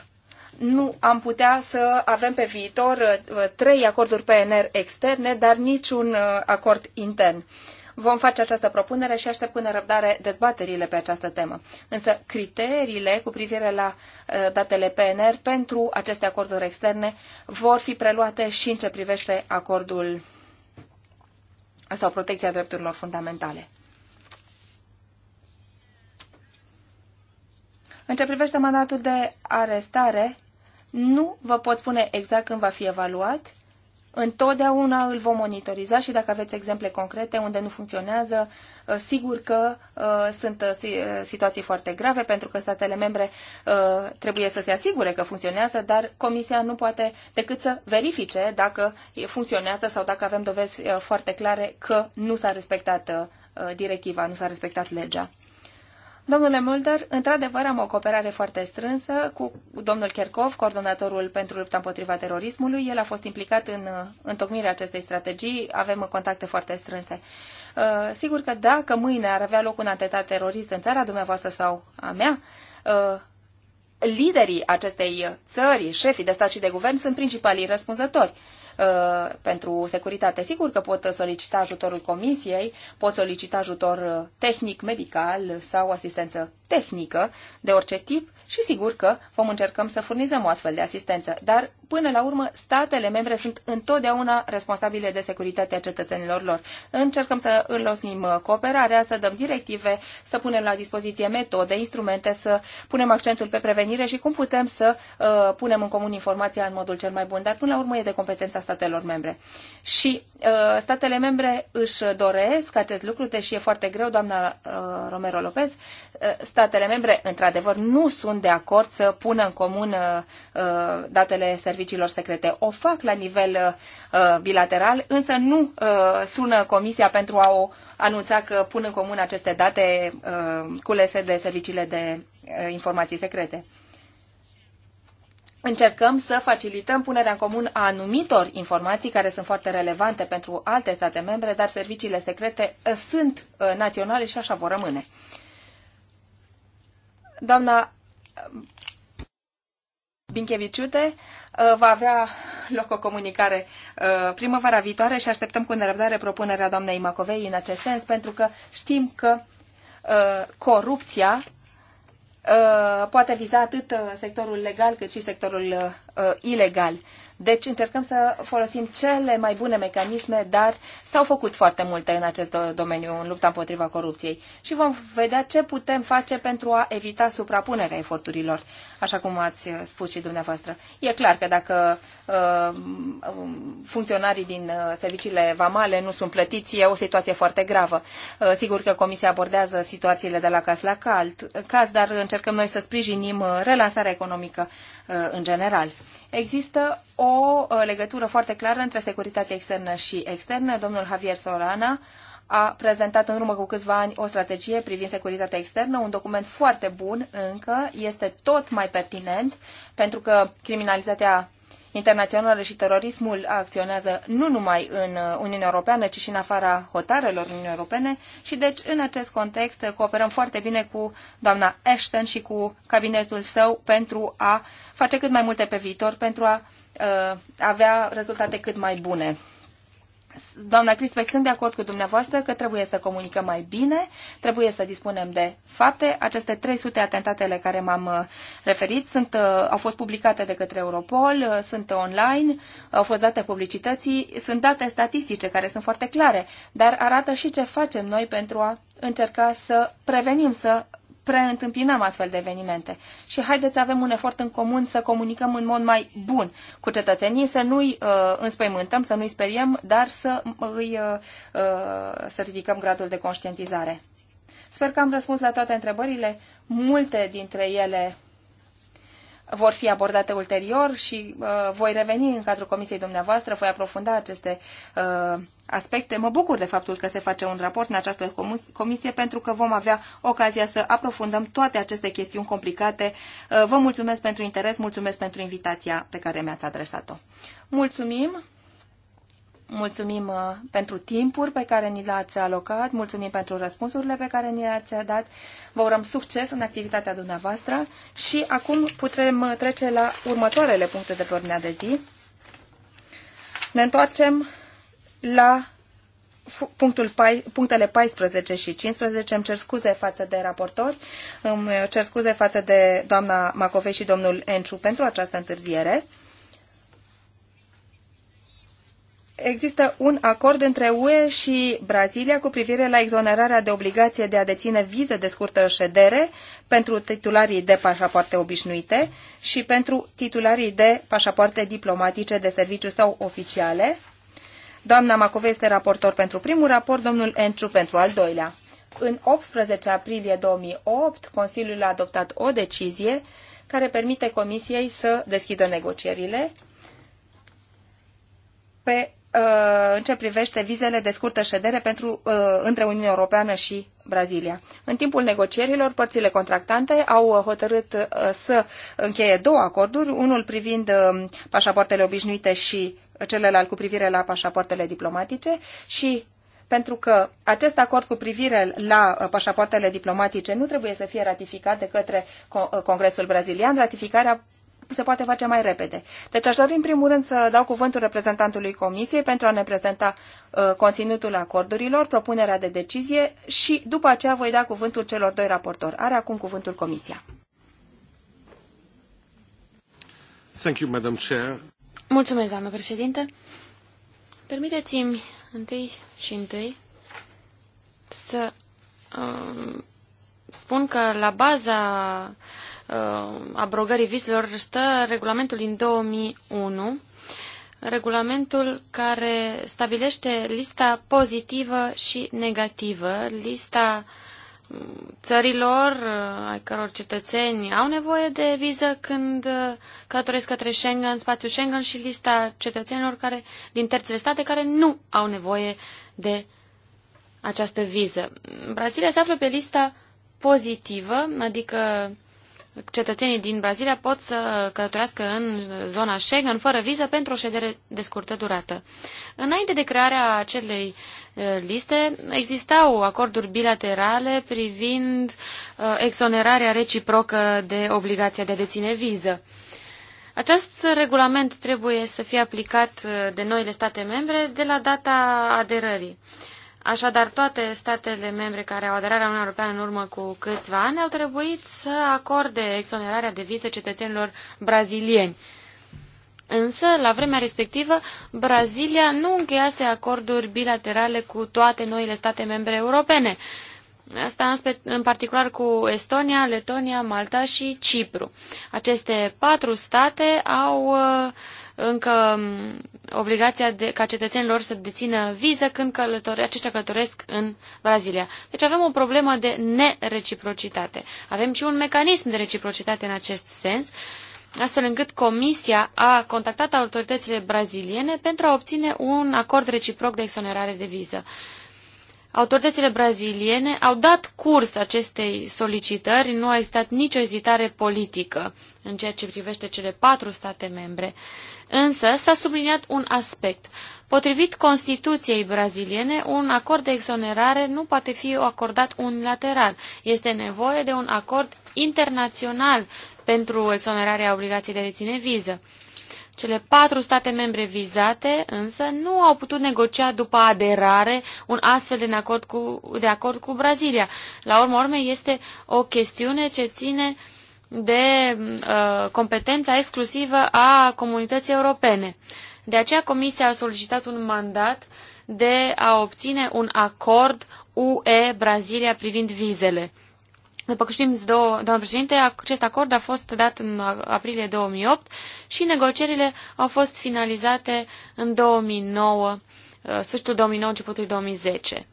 nu am putea să avem pe viitor trei acorduri PNR externe, dar niciun acord intern vom face această propunere și aștept cu nerăbdare dezbaterile pe această temă. Însă criteriile cu privire la uh, datele PNR pentru aceste acorduri externe vor fi preluate și în ce privește acordul sau protecția drepturilor fundamentale. În ce privește mandatul de arestare, nu vă pot spune exact când va fi evaluat, Întotdeauna îl vom monitoriza și dacă aveți exemple concrete unde nu funcționează, uh, sigur că uh, sunt uh, situații foarte grave pentru că statele membre trebuie să se asigure că funcționează, dar Comisia nu poate decât să verifice dacă funcționează sau dacă avem dovezi foarte clare că nu s-a respectat directiva, nu s-a respectat legea. Domnule Mulder, într-adevăr am o cooperare foarte strânsă cu domnul Kerkov, coordonatorul pentru lupta împotriva terorismului. El a fost implicat în uh, întocmirea acestei strategii. Avem contacte foarte strânse. Uh, sigur că dacă mâine ar avea loc un atentat terorist în țara dumneavoastră sau a mea, uh, liderii acestei țări, șefii de stat și de guvern, sunt principalii răspunzători. Uh, pentru securitate. Sigur că pot solicita ajutorul comisiei, pot solicita ajutor uh, tehnic, medical sau asistență tehnică de orice tip și sigur că vom încercăm să furnizăm o astfel de asistență. Dar până la urmă, statele membre sunt întotdeauna responsabile de securitatea cetățenilor lor. Încercăm să înlosnim uh, cooperarea, să dăm directive, să punem la dispoziție metode, instrumente, să punem accentul pe prevenire și cum putem să uh, punem în comun informația în modul cel mai bun, dar până la urmă e de competența statelor membre. Și uh, statele membre își doresc acest lucru, deși e foarte greu, doamna uh, Romero Lopez, uh, statele membre, într-adevăr, nu sunt de acord să pună în comun uh, uh datele serviciilor serviciilor secrete. O fac la nivel uh, bilateral, însă nu uh, sună Comisia pentru a o anunța că pun în comun aceste date uh, culese de serviciile de informații secrete. Încercăm să facilităm punerea în comun a anumitor informații care sunt foarte relevante pentru alte state membre, dar serviciile secrete sunt naționale și așa vor rămâne. Doamna Bincheviciute Uh, va avea loc o comunicare uh, primăvara viitoare și așteptăm cu nerăbdare propunerea doamnei Macovei în acest sens, pentru că știm că uh, corupția poate viza atât sectorul legal cât și sectorul ilegal. Deci încercăm să folosim cele mai bune mecanisme, dar s-au făcut foarte multe în acest domeniu, în lupta împotriva corupției. Și vom vedea ce putem face pentru a evita suprapunerea eforturilor, așa cum ați spus și dumneavoastră. E clar că dacă uh, um, funcționarii din uh, serviciile vamale nu sunt plătiți, e o situație foarte gravă. Uh, sigur că Comisia abordează situațiile de la caz la cald, caz, dar încercăm noi să sprijinim uh, relansarea economică uh, în general. Există o uh, legătură foarte clară între securitatea externă și externă. Domnul Javier Solana a prezentat în urmă cu câțiva ani o strategie privind securitatea externă, un document foarte bun încă, este tot mai pertinent pentru că criminalitatea internațională și terorismul acționează nu numai în uh, Uniunea Europeană, ci și în afara hotarelor Uniunii Europene și deci în acest context uh, cooperăm foarte bine cu doamna Ashton și cu cabinetul său pentru a face cât mai multe pe viitor pentru a Uh, avea rezultate cât mai bune. Doamna Crispec, sunt de acord cu dumneavoastră că trebuie să comunicăm mai bine, trebuie să dispunem de fapte. Aceste 300 atentatele care m-am uh, referit sunt, uh, au fost publicate de către Europol, sunt online, au fost date publicității, sunt date statistice care sunt foarte clare, dar arată și ce facem noi pentru a încerca să prevenim, să preîntâmpinăm astfel de evenimente. Și haideți să avem un efort în comun să comunicăm în mod mai bun cu cetățenii, să nu-i uh, înspăimântăm, să nu-i speriem, dar să, îi, uh, uh, să ridicăm gradul de conștientizare. Sper că am răspuns la toate întrebările. Multe dintre ele vor fi abordate ulterior și uh, voi reveni în cadrul comisiei dumneavoastră, voi aprofunda aceste uh, aspecte. Mă bucur de faptul că se face un raport în această comisie pentru că vom avea ocazia să aprofundăm toate aceste chestiuni complicate. Uh, vă mulțumesc pentru interes, mulțumesc pentru invitația pe care mi-ați adresat-o. Mulțumim! Mulțumim uh, pentru timpul pe care ni l-ați alocat, mulțumim pentru răspunsurile pe care ni le-ați dat. Vă urăm succes în activitatea dumneavoastră și acum putem uh, trece la următoarele puncte de pe ordinea de zi. Ne întoarcem la punctul, punctele 14 și 15. Îmi cer scuze față de raportori, îmi cer scuze față de doamna Macovei și domnul Enciu pentru această întârziere. există un acord între UE și Brazilia cu privire la exonerarea de obligație de a deține vize de scurtă ședere pentru titularii de pașapoarte obișnuite și pentru titularii de pașapoarte diplomatice de serviciu sau oficiale. Doamna Macove este raportor pentru primul raport, domnul Enciu pentru al doilea. În 18 aprilie 2008, Consiliul a adoptat o decizie care permite Comisiei să deschidă negocierile pe Uh, în ce privește vizele de scurtă ședere pentru, uh, între Uniunea Europeană și Brazilia. În timpul negocierilor, părțile contractante au uh, hotărât să încheie două acorduri, unul privind pașapoartele obișnuite și celălalt cu privire la pașapoartele diplomatice și pentru că acest acord cu privire la pașapoartele diplomatice nu trebuie să fie ratificat de către Congresul Brazilian. Ratificarea se poate face mai repede. Deci aș dori în primul rând să dau cuvântul reprezentantului Comisiei pentru a ne prezenta uh, conținutul acordurilor, propunerea de decizie și după aceea voi da cuvântul celor doi raportori. Are acum cuvântul Comisia. Thank you, Madam Chair. Mulțumesc, doamnă președinte. Permiteți-mi întâi și întâi să uh, spun că la baza uh, Uh, abrogării vizelor stă regulamentul din 2001, regulamentul care stabilește lista pozitivă și negativă, lista uh, țărilor uh, ai căror cetățeni au nevoie de viză când călătoresc către Schengen, spațiul Schengen și lista cetățenilor care, din terțele state care nu au nevoie de această viză. Brazilia se află pe lista pozitivă, adică cetățenii din Brazilia pot să călătorească în zona Schengen fără viză pentru o ședere de scurtă durată. Înainte de crearea acelei liste, existau acorduri bilaterale privind exonerarea reciprocă de obligația de a deține viză. Acest regulament trebuie să fie aplicat de noile state membre de la data aderării. Așadar, toate statele membre care au aderat la Uniunea Europeană în urmă cu câțiva ani au trebuit să acorde exonerarea de vize cetățenilor brazilieni. Însă, la vremea respectivă, Brazilia nu încheiase acorduri bilaterale cu toate noile state membre europene. Asta în particular cu Estonia, Letonia, Malta și Cipru. Aceste patru state au uh, încă mm, obligația de, ca cetățenilor să dețină viză când călători, aceștia călătoresc în Brazilia. Deci avem o problemă de nereciprocitate. Avem și un mecanism de reciprocitate în acest sens, astfel încât Comisia a contactat autoritățile braziliene pentru a obține un acord reciproc de exonerare de viză. Autoritățile braziliene au dat curs acestei solicitări, nu a existat nicio ezitare politică în ceea ce privește cele patru state membre. Însă s-a subliniat un aspect. Potrivit Constituției braziliene, un acord de exonerare nu poate fi acordat unilateral. Este nevoie de un acord internațional pentru exonerarea obligației de a deține viză. Cele patru state membre vizate însă nu au putut negocia după aderare un astfel de acord cu, de acord cu Brazilia. La urmă urmei este o chestiune ce ține uh, de uh, competența exclusivă a comunității europene. De aceea Comisia a solicitat un mandat de a obține un acord UE-Brazilia privind vizele. După cum știm, doamnă președinte, acest acord a fost dat în aprilie 2008 și negocierile au fost finalizate în 2009, uh, sfârșitul 2009, începutul 2010.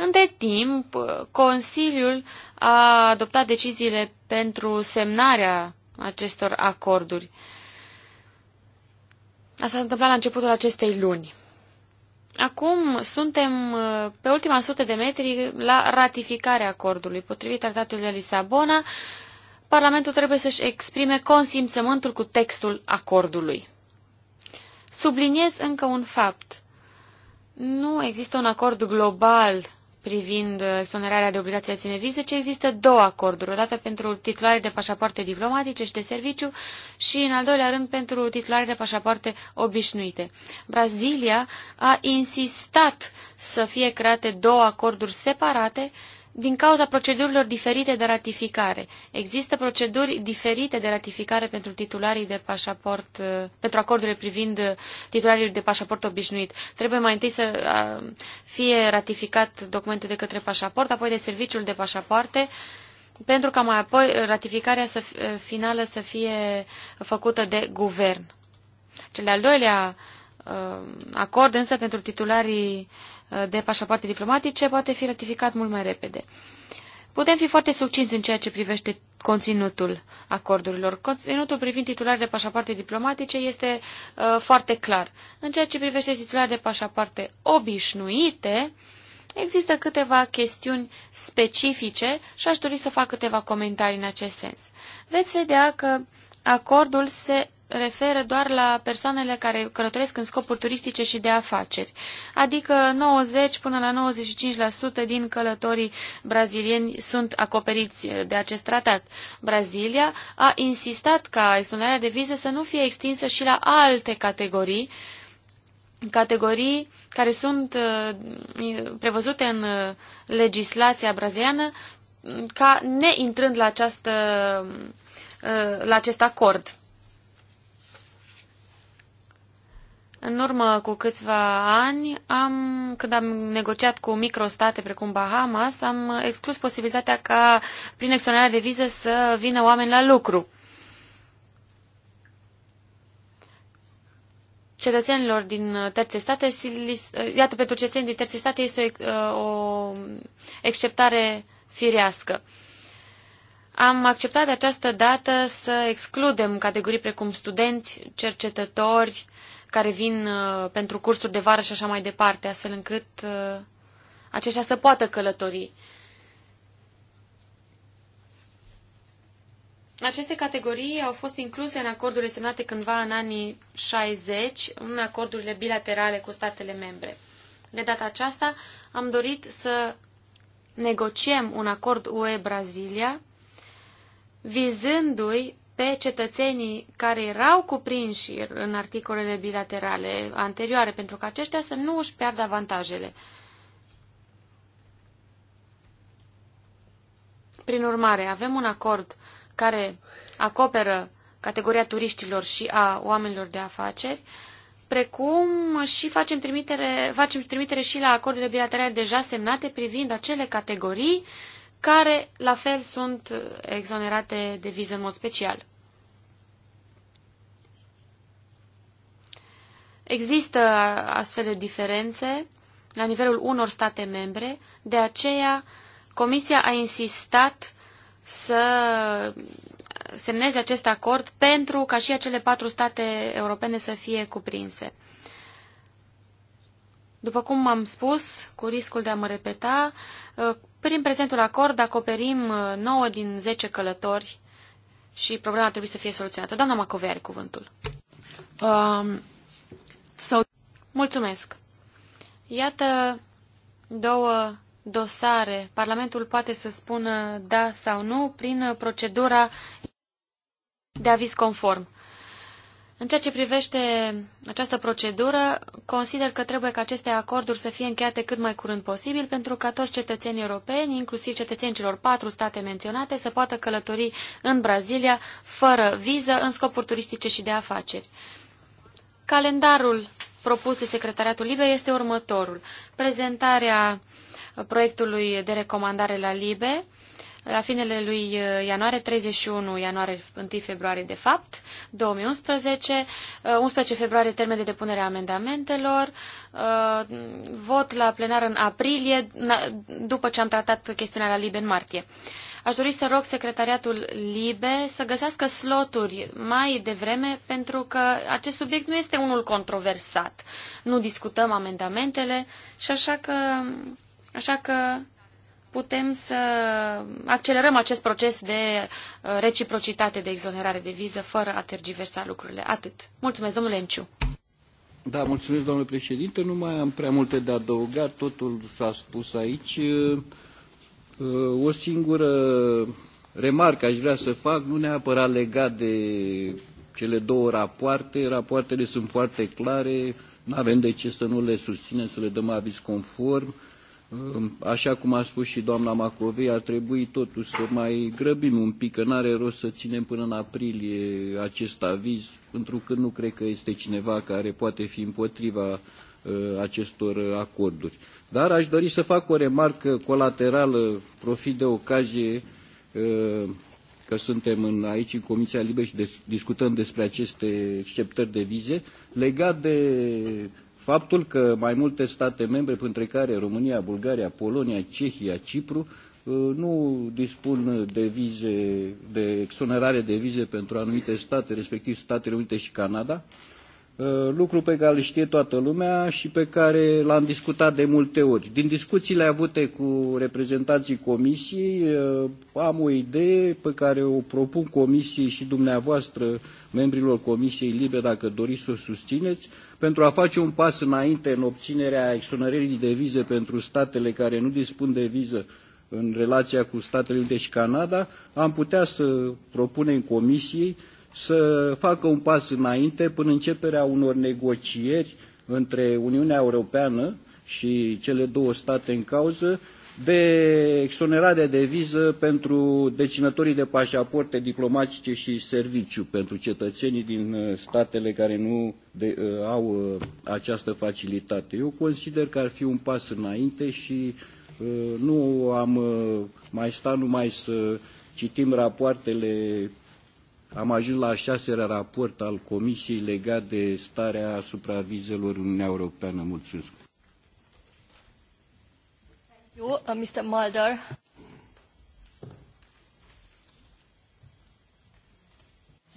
Între timp, Consiliul a adoptat deciziile pentru semnarea acestor acorduri. Asta s-a întâmplat la începutul acestei luni. Acum suntem uh, pe ultima sută de metri la ratificarea acordului. Potrivit tratatului de Lisabona, Parlamentul trebuie să-și exprime consimțământul cu textul acordului. Subliniez încă un fapt. Nu există un acord global privind uh, exonerarea de obligația de ține vize, deci ce există două acorduri, odată pentru titulari de pașapoarte diplomatice și de serviciu și, în al doilea rând, pentru titulari de pașapoarte obișnuite. Brazilia a insistat să fie create două acorduri separate din cauza procedurilor diferite de ratificare. Există proceduri diferite de ratificare pentru titularii de pașaport, uh, pentru acordurile privind uh, titularii de pașaport obișnuit. Trebuie mai întâi să uh, fie ratificat documentul de către pașaport, apoi de serviciul de pașapoarte, pentru ca mai apoi ratificarea să, finală să fie făcută de guvern. Cel de-al doilea acord, însă, pentru titularii Uh, de pașapoarte diplomatice poate fi ratificat mult mai repede. Putem fi foarte succinți în ceea ce privește conținutul acordurilor. Conținutul privind titulari de pașapoarte diplomatice este uh, foarte clar. În ceea ce privește titulari de pașapoarte obișnuite, există câteva chestiuni specifice și aș dori să fac câteva comentarii în acest sens. Veți vedea că acordul se referă doar la persoanele care călătoresc în scopuri turistice și de afaceri, adică 90 până la 95% din călătorii brazilieni sunt acoperiți de acest tratat. Brazilia a insistat ca exonerarea de vize să nu fie extinsă și la alte categorii, categorii care sunt uh, prevăzute în uh, legislația braziliană ca neintrând la, această, uh, la acest acord. În urmă cu câțiva ani, am, când am negociat cu microstate precum Bahamas, am exclus posibilitatea ca prin exonerarea de vize să vină oameni la lucru. Cetățenilor din terțe state, eh, iată, pentru cetățenii din terțe state este o, eh, o exceptare firească. Am acceptat de această dată să excludem categorii precum studenți, cercetători, uh, care vin uh, pentru cursuri de vară și așa mai departe, astfel încât uh, aceștia să poată călători. Aceste categorii au fost incluse în acordurile semnate cândva în anii 60, în acordurile bilaterale cu statele membre. De data aceasta am dorit să negociem un acord UE-Brazilia, vizându-i pe cetățenii care erau cuprinși în articolele bilaterale anterioare, pentru că aceștia să nu își piardă avantajele. Prin urmare, avem un acord care acoperă categoria turiștilor și a oamenilor de afaceri, precum și facem trimitere, facem trimitere și la acordurile bilaterale deja semnate privind acele categorii care, la fel, sunt exonerate de viză în mod special. Există astfel de diferențe la nivelul unor state membre, de aceea Comisia a insistat să semneze acest acord pentru ca și acele patru state europene să fie cuprinse. După cum am spus, cu riscul de a mă repeta, prin prezentul acord acoperim 9 din 10 călători și problema trebuie să fie soluționată. Doamna Macovei are cuvântul. Um, sau... Mulțumesc! Iată două dosare. Parlamentul poate să spună da sau nu prin procedura de aviz conform. În ceea ce privește această procedură, consider că trebuie ca aceste acorduri să fie încheiate cât mai curând posibil pentru ca toți cetățenii europeni, inclusiv cetățenii celor patru state menționate, să poată călători în Brazilia fără viză în scopuri turistice și de afaceri. Calendarul propus de Secretariatul Libe este următorul. Prezentarea proiectului de recomandare la Libe la finele lui uh, ianuarie, 31 ianuarie, 1 februarie de fapt, 2011, 11 uh, februarie termen de depunere a amendamentelor, uh, vot la plenar în aprilie, după ce am tratat chestiunea la Libe în martie. Aș dori să rog secretariatul LIBE să găsească sloturi mai devreme, pentru că acest subiect nu este unul controversat. Nu discutăm amendamentele și așa că, așa că putem să accelerăm acest proces de uh, reciprocitate, de exonerare de viză, fără a tergiversa lucrurile. Atât. Mulțumesc, domnule Enciu. Da, mulțumesc, domnule președinte. Nu mai am prea multe de adăugat. Totul s-a spus aici. Uh, o singură remarcă aș vrea să fac, nu neapărat legat de cele două rapoarte. Rapoartele sunt foarte clare, nu avem de ce să nu le susținem, să le dăm aviz conform. Uh, așa cum a spus și doamna Macovei, ar trebui totuși să mai grăbim un pic, că n-are rost să ținem până în aprilie acest aviz, pentru că nu cred că este cineva care poate fi împotriva Uh, acestor acorduri. Dar aș dori să fac o remarcă colaterală, profit de ocazie uh, că suntem în, aici în Comisia Libe și des, discutăm despre aceste acceptări de vize, legat de faptul că mai multe state membre, printre care România, Bulgaria, Polonia, Cehia, Cipru, uh, nu dispun de vize, de exonerare de vize pentru anumite state, respectiv Statele Unite și Canada, Uh, lucru pe care îl știe toată lumea și pe care l-am discutat de multe ori. Din discuțiile avute cu reprezentanții comisiei, uh, am o idee pe care o propun comisiei și dumneavoastră, membrilor comisiei libe, dacă doriți să o susțineți, pentru a face un pas înainte în obținerea exonerării de vize pentru statele care nu dispun de viză în relația cu Statele Unite și Canada, am putea să propunem comisiei să facă un pas înainte până începerea unor negocieri între Uniunea Europeană și cele două state în cauză de exonerare de viză pentru deținătorii de pașapoarte diplomatice și serviciu pentru cetățenii din uh, statele care nu de, uh, au uh, această facilitate. Eu consider că ar fi un pas înainte și nu am mai sta numai să citim rapoartele am ajuns la a șaselea raport al Comisiei legat de starea supravizelor în Uniunea Europeană. Mulțumesc. You, uh, Mr. Mulder.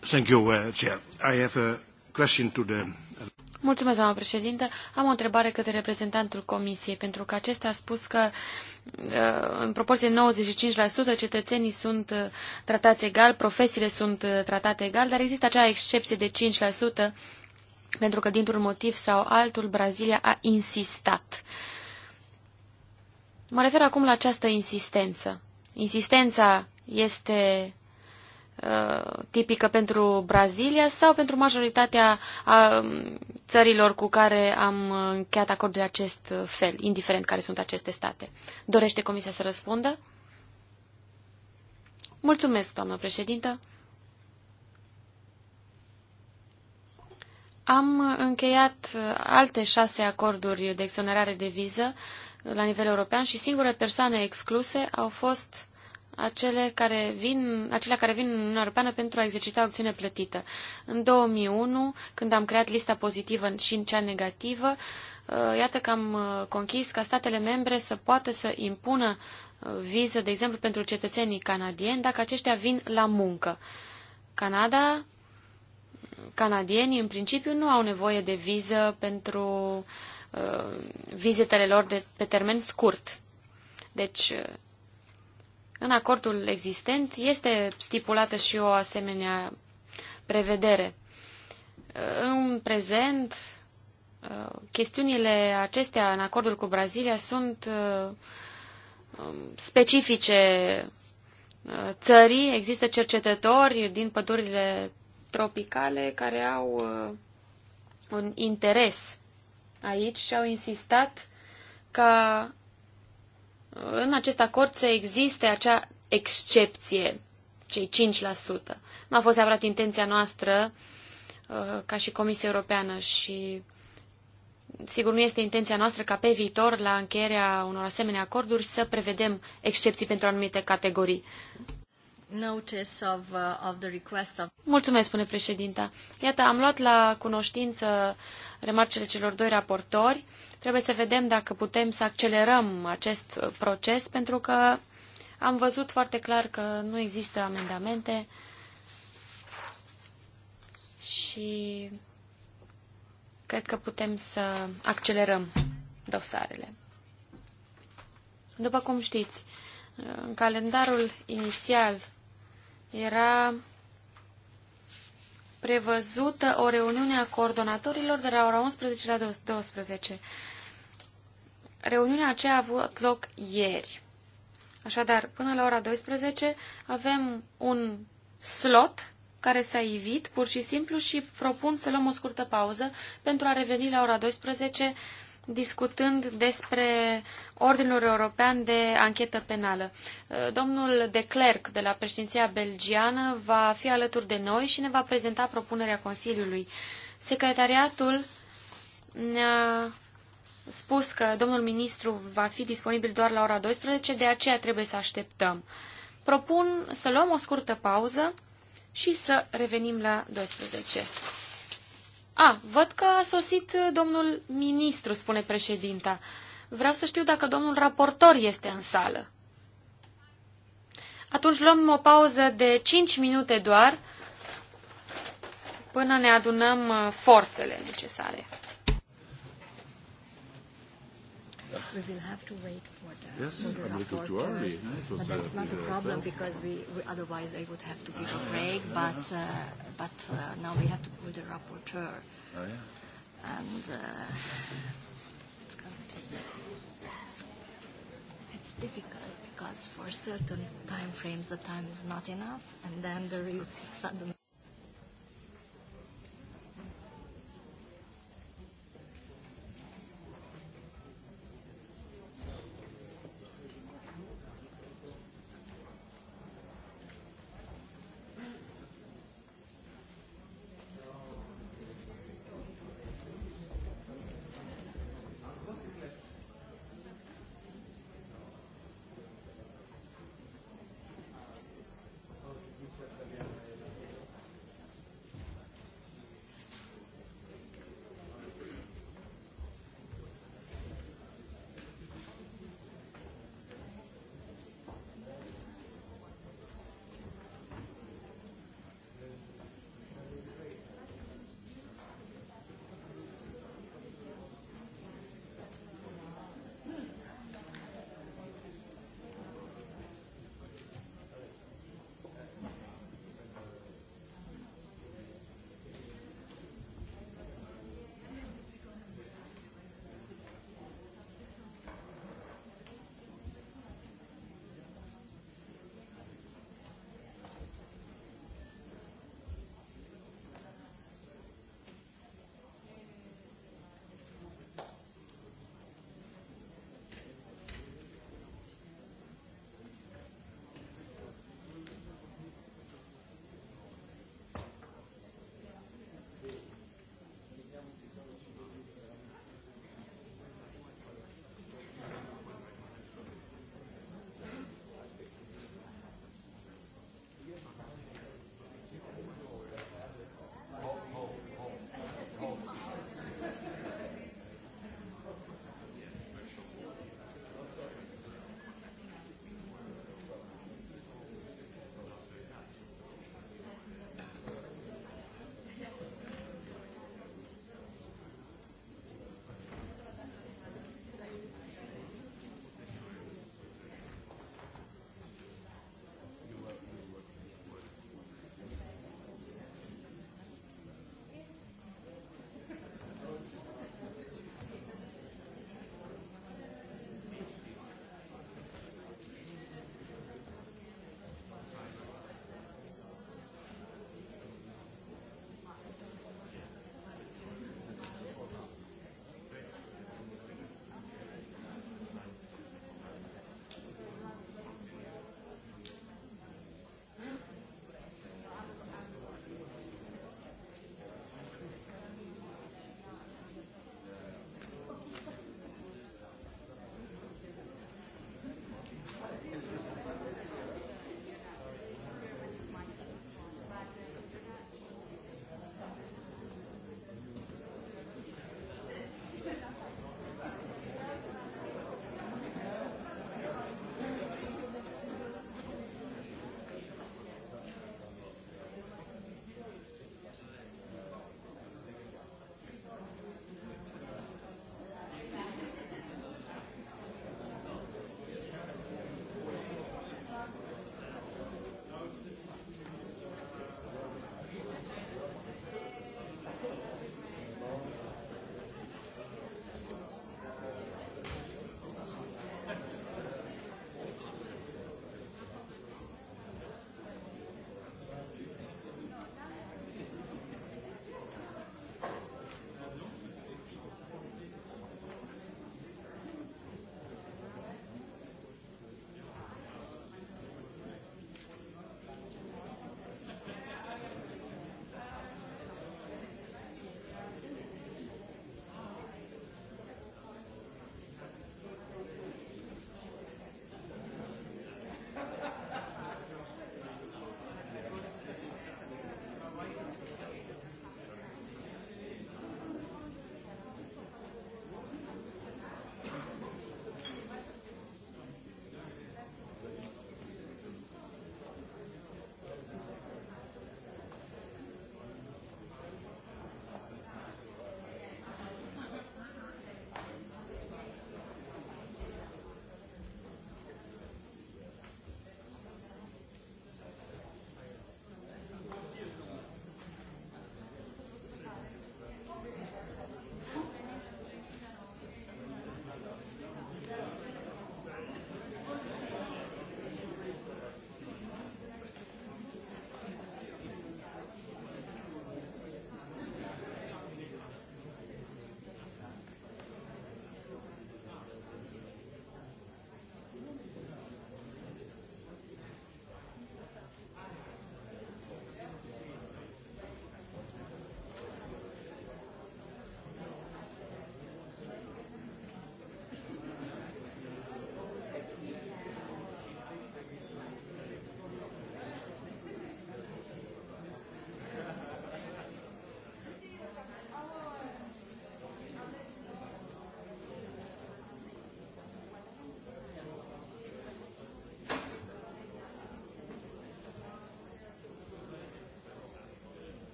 Thank you, uh, Chair. I have a question to the Mulțumesc, doamna președinte. Am o întrebare către reprezentantul Comisiei, pentru că acesta a spus că în proporție de 95% cetățenii sunt uh, tratați egal, profesiile sunt uh, tratate egal, dar există acea excepție de 5% pentru că dintr-un motiv sau altul Brazilia a insistat. Mă refer acum la această insistență. Insistența este Uh, tipică pentru Brazilia sau pentru majoritatea a um, țărilor cu care am încheiat acord de acest fel, indiferent care sunt aceste state. Dorește Comisia să răspundă? Mulțumesc, doamnă președintă. Am încheiat alte șase acorduri de exonerare de viză la nivel european și singurele persoane excluse au fost acele care vin, acelea care vin în Uniunea Europeană pentru a exercita o acțiune plătită. În 2001, când am creat lista pozitivă și în cea negativă, uh, iată că am uh, conchis ca statele membre să poată să impună uh, viză, de exemplu, pentru cetățenii canadieni, dacă aceștia vin la muncă. Canada, canadienii, în principiu, nu au nevoie de viză pentru uh, vizitele lor de, pe termen scurt. Deci, în acordul existent este stipulată și o asemenea prevedere. În prezent, chestiunile acestea în acordul cu Brazilia sunt um, specifice uh, țării. Există cercetători din pădurile tropicale care au uh, un interes aici și au insistat ca în acest acord să existe acea excepție, cei 5%. Nu a fost neapărat intenția noastră uh, ca și Comisia Europeană și sigur nu este intenția noastră ca pe viitor, la încheierea unor asemenea acorduri, să prevedem excepții pentru anumite categorii. Uh, Mulțumesc, spune președinta. Iată, am luat la cunoștință remarcele celor doi raportori. Trebuie să vedem dacă putem să accelerăm acest proces, pentru că am văzut foarte clar că nu există amendamente și cred că putem să accelerăm dosarele. După cum știți, în calendarul inițial era prevăzută o reuniune a coordonatorilor de la ora 11 la 12. Reuniunea aceea a avut loc ieri. Așadar, până la ora 12 avem un slot care s-a ivit pur și simplu și propun să luăm o scurtă pauză pentru a reveni la ora 12 discutând despre Ordinul European de Anchetă Penală. Uh, domnul de Clerc de la președinția belgiană va fi alături de noi și ne va prezenta propunerea Consiliului. Secretariatul ne-a spus că domnul ministru va fi disponibil doar la ora 12, de aceea trebuie să așteptăm. Propun să luăm o scurtă pauză și să revenim la 12. A, văd că a sosit uh, domnul ministru, spune președinta. Vreau să știu dacă domnul raportor este în sală. Atunci luăm o pauză de 5 minute doar până ne adunăm uh, forțele necesare. We will have to wait Yes, a little too early. but that's not a problem because we, we otherwise I would have to give a break. But uh, but uh, now we have to call the rapporteur. Oh, yeah. And uh, it's going to be it's difficult because for certain time frames the time is not enough, and then there is suddenly.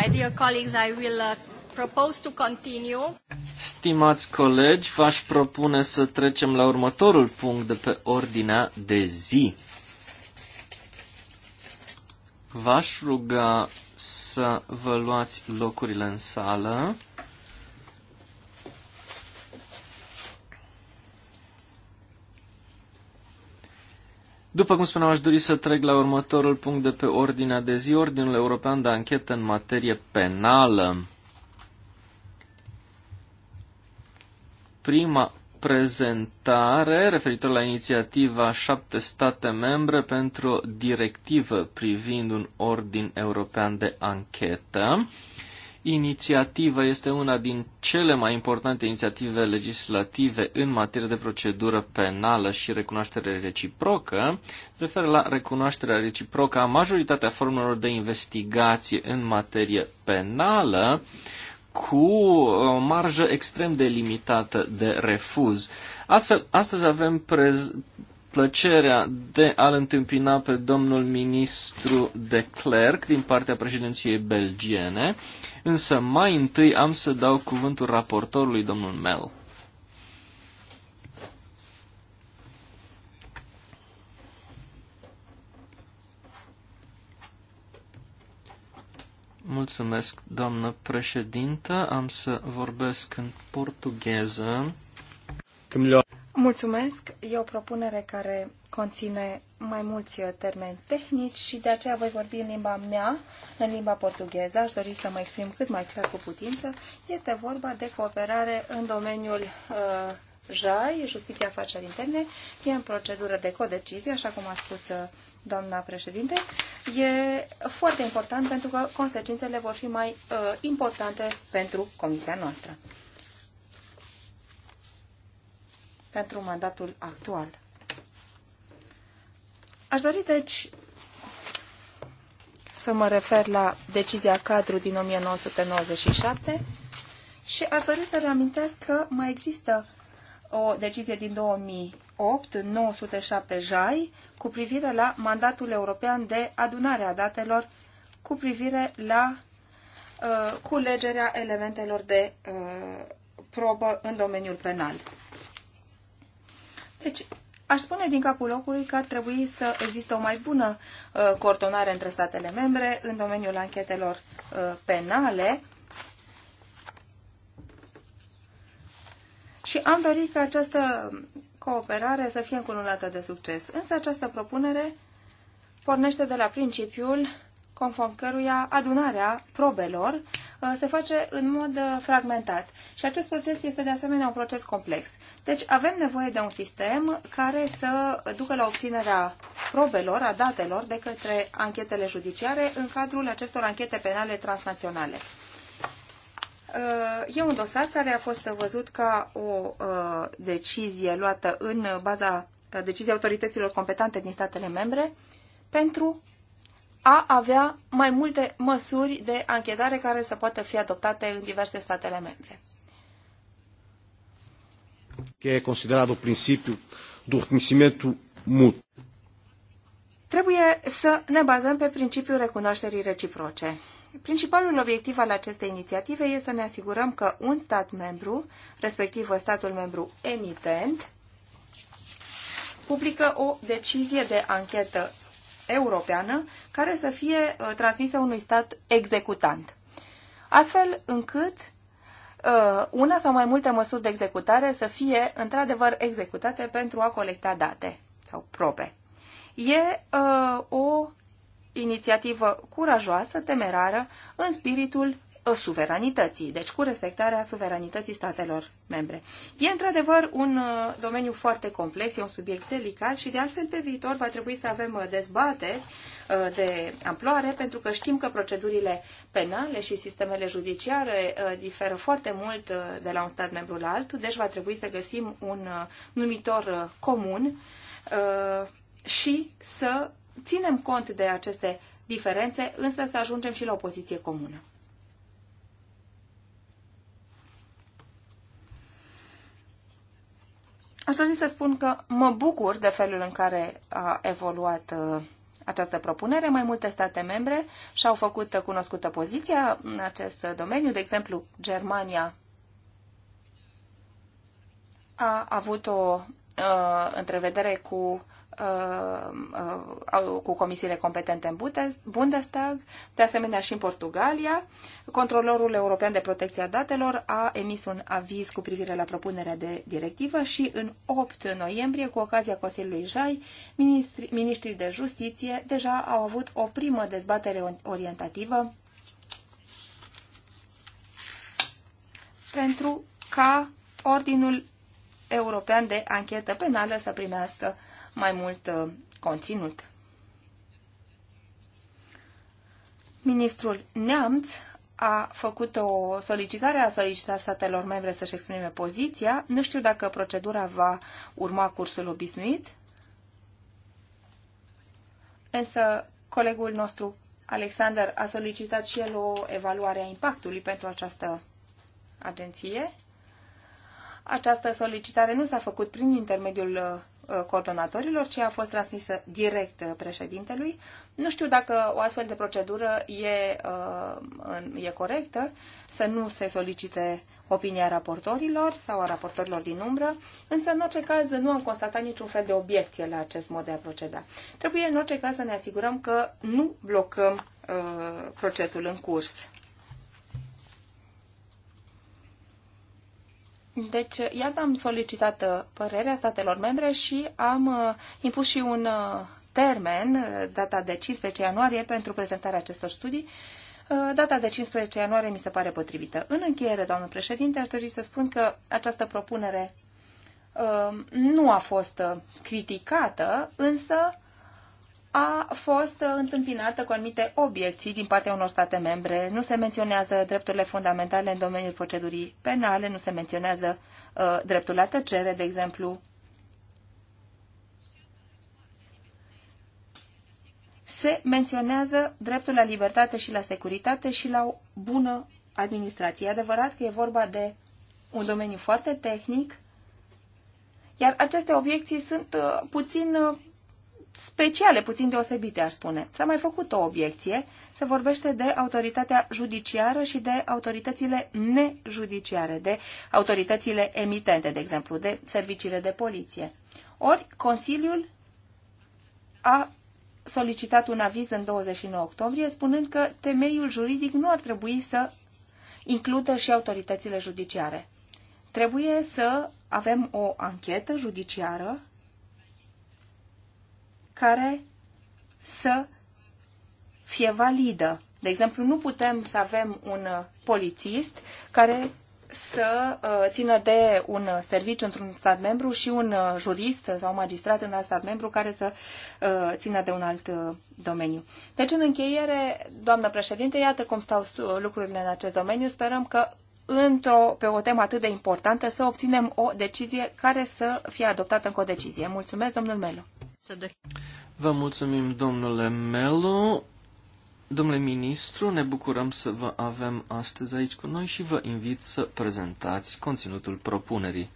my dear colleagues, I will uh, propose to continue. Stimați colegi, v-aș propune să trecem la următorul punct de pe ordinea de zi. V-aș ruga să vă luați locurile în sală. După cum spuneam, aș dori să trec la următorul punct de pe ordinea de zi, Ordinul European de Anchetă în materie penală. Prima prezentare referitor la inițiativa șapte state membre pentru o directivă privind un ordin european de anchetă inițiativă este una din cele mai importante inițiative legislative în materie de procedură penală și recunoaștere reciprocă, refer la recunoașterea reciprocă a majoritatea formelor de investigație în materie penală cu o marjă extrem de limitată de refuz. Astfel, astăzi avem prez- plăcerea de a-l întâmpina pe domnul ministru de Clerc din partea președinției belgiene, însă mai întâi am să dau cuvântul raportorului domnul Mel. Mulțumesc, doamnă președintă. Am să vorbesc în portugheză. Mulțumesc. E o propunere care conține mai mulți uh, termeni tehnici și de aceea voi vorbi în limba mea, în limba portugheză. Aș dori să mă exprim cât mai clar cu putință. Este vorba de cooperare în domeniul uh, JAI, Justiția Afaceri Interne. E în procedură de codecizie, așa cum a spus uh, doamna președinte, e foarte important pentru că consecințele vor fi mai uh, importante pentru comisia noastră. pentru mandatul actual. Aș dori, deci, să mă refer la decizia cadru din 1997 și aș dori să reamintesc că mai există o decizie din 2008, 907 JAI, cu privire la mandatul european de adunare a datelor cu privire la uh, culegerea elementelor de uh, probă în domeniul penal. Deci, aș spune din capul locului că ar trebui să există o mai bună uh, coordonare între statele membre în domeniul anchetelor uh, penale și am dorit ca această cooperare să fie încununată de succes. Însă această propunere pornește de la principiul conform căruia adunarea probelor Uh, se face în mod uh, fragmentat. Și acest proces este de asemenea un proces complex. Deci avem nevoie de un sistem care să ducă la obținerea probelor, a datelor, de către anchetele judiciare în cadrul acestor anchete penale transnaționale. Uh, e un dosar care a fost văzut ca o decizie luată în baza deciziei autorităților competente din statele membre pentru a avea mai multe măsuri de anchetare care să poată fi adoptate în diverse statele membre. Că e considerat un principiu de reconhecimento mútuo. Trebuie să ne bazăm pe principiul recunoașterii reciproce. Principalul obiectiv al acestei inițiative este să ne asigurăm că un stat membru, respectiv statul membru emitent, publică o decizie de anchetă europeană care să fie uh, transmisă unui stat executant. Astfel încât uh, una sau mai multe măsuri de executare să fie într-adevăr executate pentru a colecta date sau probe. E uh, o inițiativă curajoasă, temerară, în spiritul suveranității, deci cu respectarea suveranității statelor membre. E într-adevăr un uh, domeniu foarte complex, e un subiect delicat și de altfel pe viitor va trebui să avem uh, dezbateri uh, de amploare pentru că știm că procedurile penale și sistemele judiciare diferă foarte mult de la un stat membru la altul, deci va trebui să găsim un numitor comun și să ținem cont de aceste diferențe, însă să ajungem și la o poziție comună. Aș dori să spun că mă bucur de felul în care a evoluat uh, această propunere. Mai multe state membre și-au făcut cunoscută poziția în acest domeniu. De exemplu, Germania a avut o uh, întrevedere cu Uh, uh, cu comisiile competente în Bundestag, de asemenea și în Portugalia. Controlorul European de Protecție a Datelor a emis un aviz cu privire la propunerea de directivă și în 8 noiembrie, cu ocazia Consiliului Jai, ministri, ministrii de justiție deja au avut o primă dezbatere orientativă pentru ca Ordinul European de Anchetă Penală să primească mai mult uh, conținut. Ministrul Neamț a făcut o solicitare, a solicitat statelor membre să-și exprime poziția. Nu știu dacă procedura va urma cursul obișnuit, însă colegul nostru Alexander a solicitat și el o evaluare a impactului pentru această agenție. Această solicitare nu s-a făcut prin intermediul uh, Uh, coordonatorilor, ce a fost transmisă direct uh, președintelui. Nu știu dacă o astfel de procedură e, uh, e corectă, să nu se solicite opinia raportorilor sau a raportorilor din umbră, însă în orice caz nu am constatat niciun fel de obiecție la acest mod de a proceda. Trebuie în orice caz să ne asigurăm că nu blocăm uh, procesul în curs. Deci, iată, am solicitat uh, părerea statelor membre și am uh, impus și un uh, termen, data de 15 ianuarie, pentru prezentarea acestor studii. Data de 15 ianuarie mi se pare potrivită. În încheiere, doamnă președinte, aș dori să spun că această propunere nu a fost criticată, însă a fost întâmpinată cu anumite obiecții din partea unor state membre. Nu se menționează drepturile fundamentale în domeniul procedurii penale, nu se menționează uh, dreptul la tăcere, de exemplu. Se menționează dreptul la libertate și la securitate și la o bună administrație. E adevărat că e vorba de un domeniu foarte tehnic, iar aceste obiecții sunt uh, puțin uh, speciale, puțin deosebite, aș spune. S-a mai făcut o obiecție. Se vorbește de autoritatea judiciară și de autoritățile nejudiciare, de autoritățile emitente, de exemplu, de serviciile de poliție. Ori Consiliul a solicitat un aviz în 29 octombrie, spunând că temeiul juridic nu ar trebui să includă și autoritățile judiciare. Trebuie să avem o anchetă judiciară care să fie validă. De exemplu, nu putem să avem un uh, polițist care să uh, țină de un uh, serviciu într-un stat membru și un jurist sau magistrat în alt stat membru care să țină de un alt domeniu. Deci, în încheiere, doamnă președinte, iată cum stau lucrurile în acest domeniu. Sperăm că într-o, pe o temă atât de importantă să obținem o decizie care să fie adoptată în codecizie. Mulțumesc, domnul Melo. Vă mulțumim, domnule Melo. Domnule ministru, ne bucurăm să vă avem astăzi aici cu noi și vă invit să prezentați conținutul propunerii.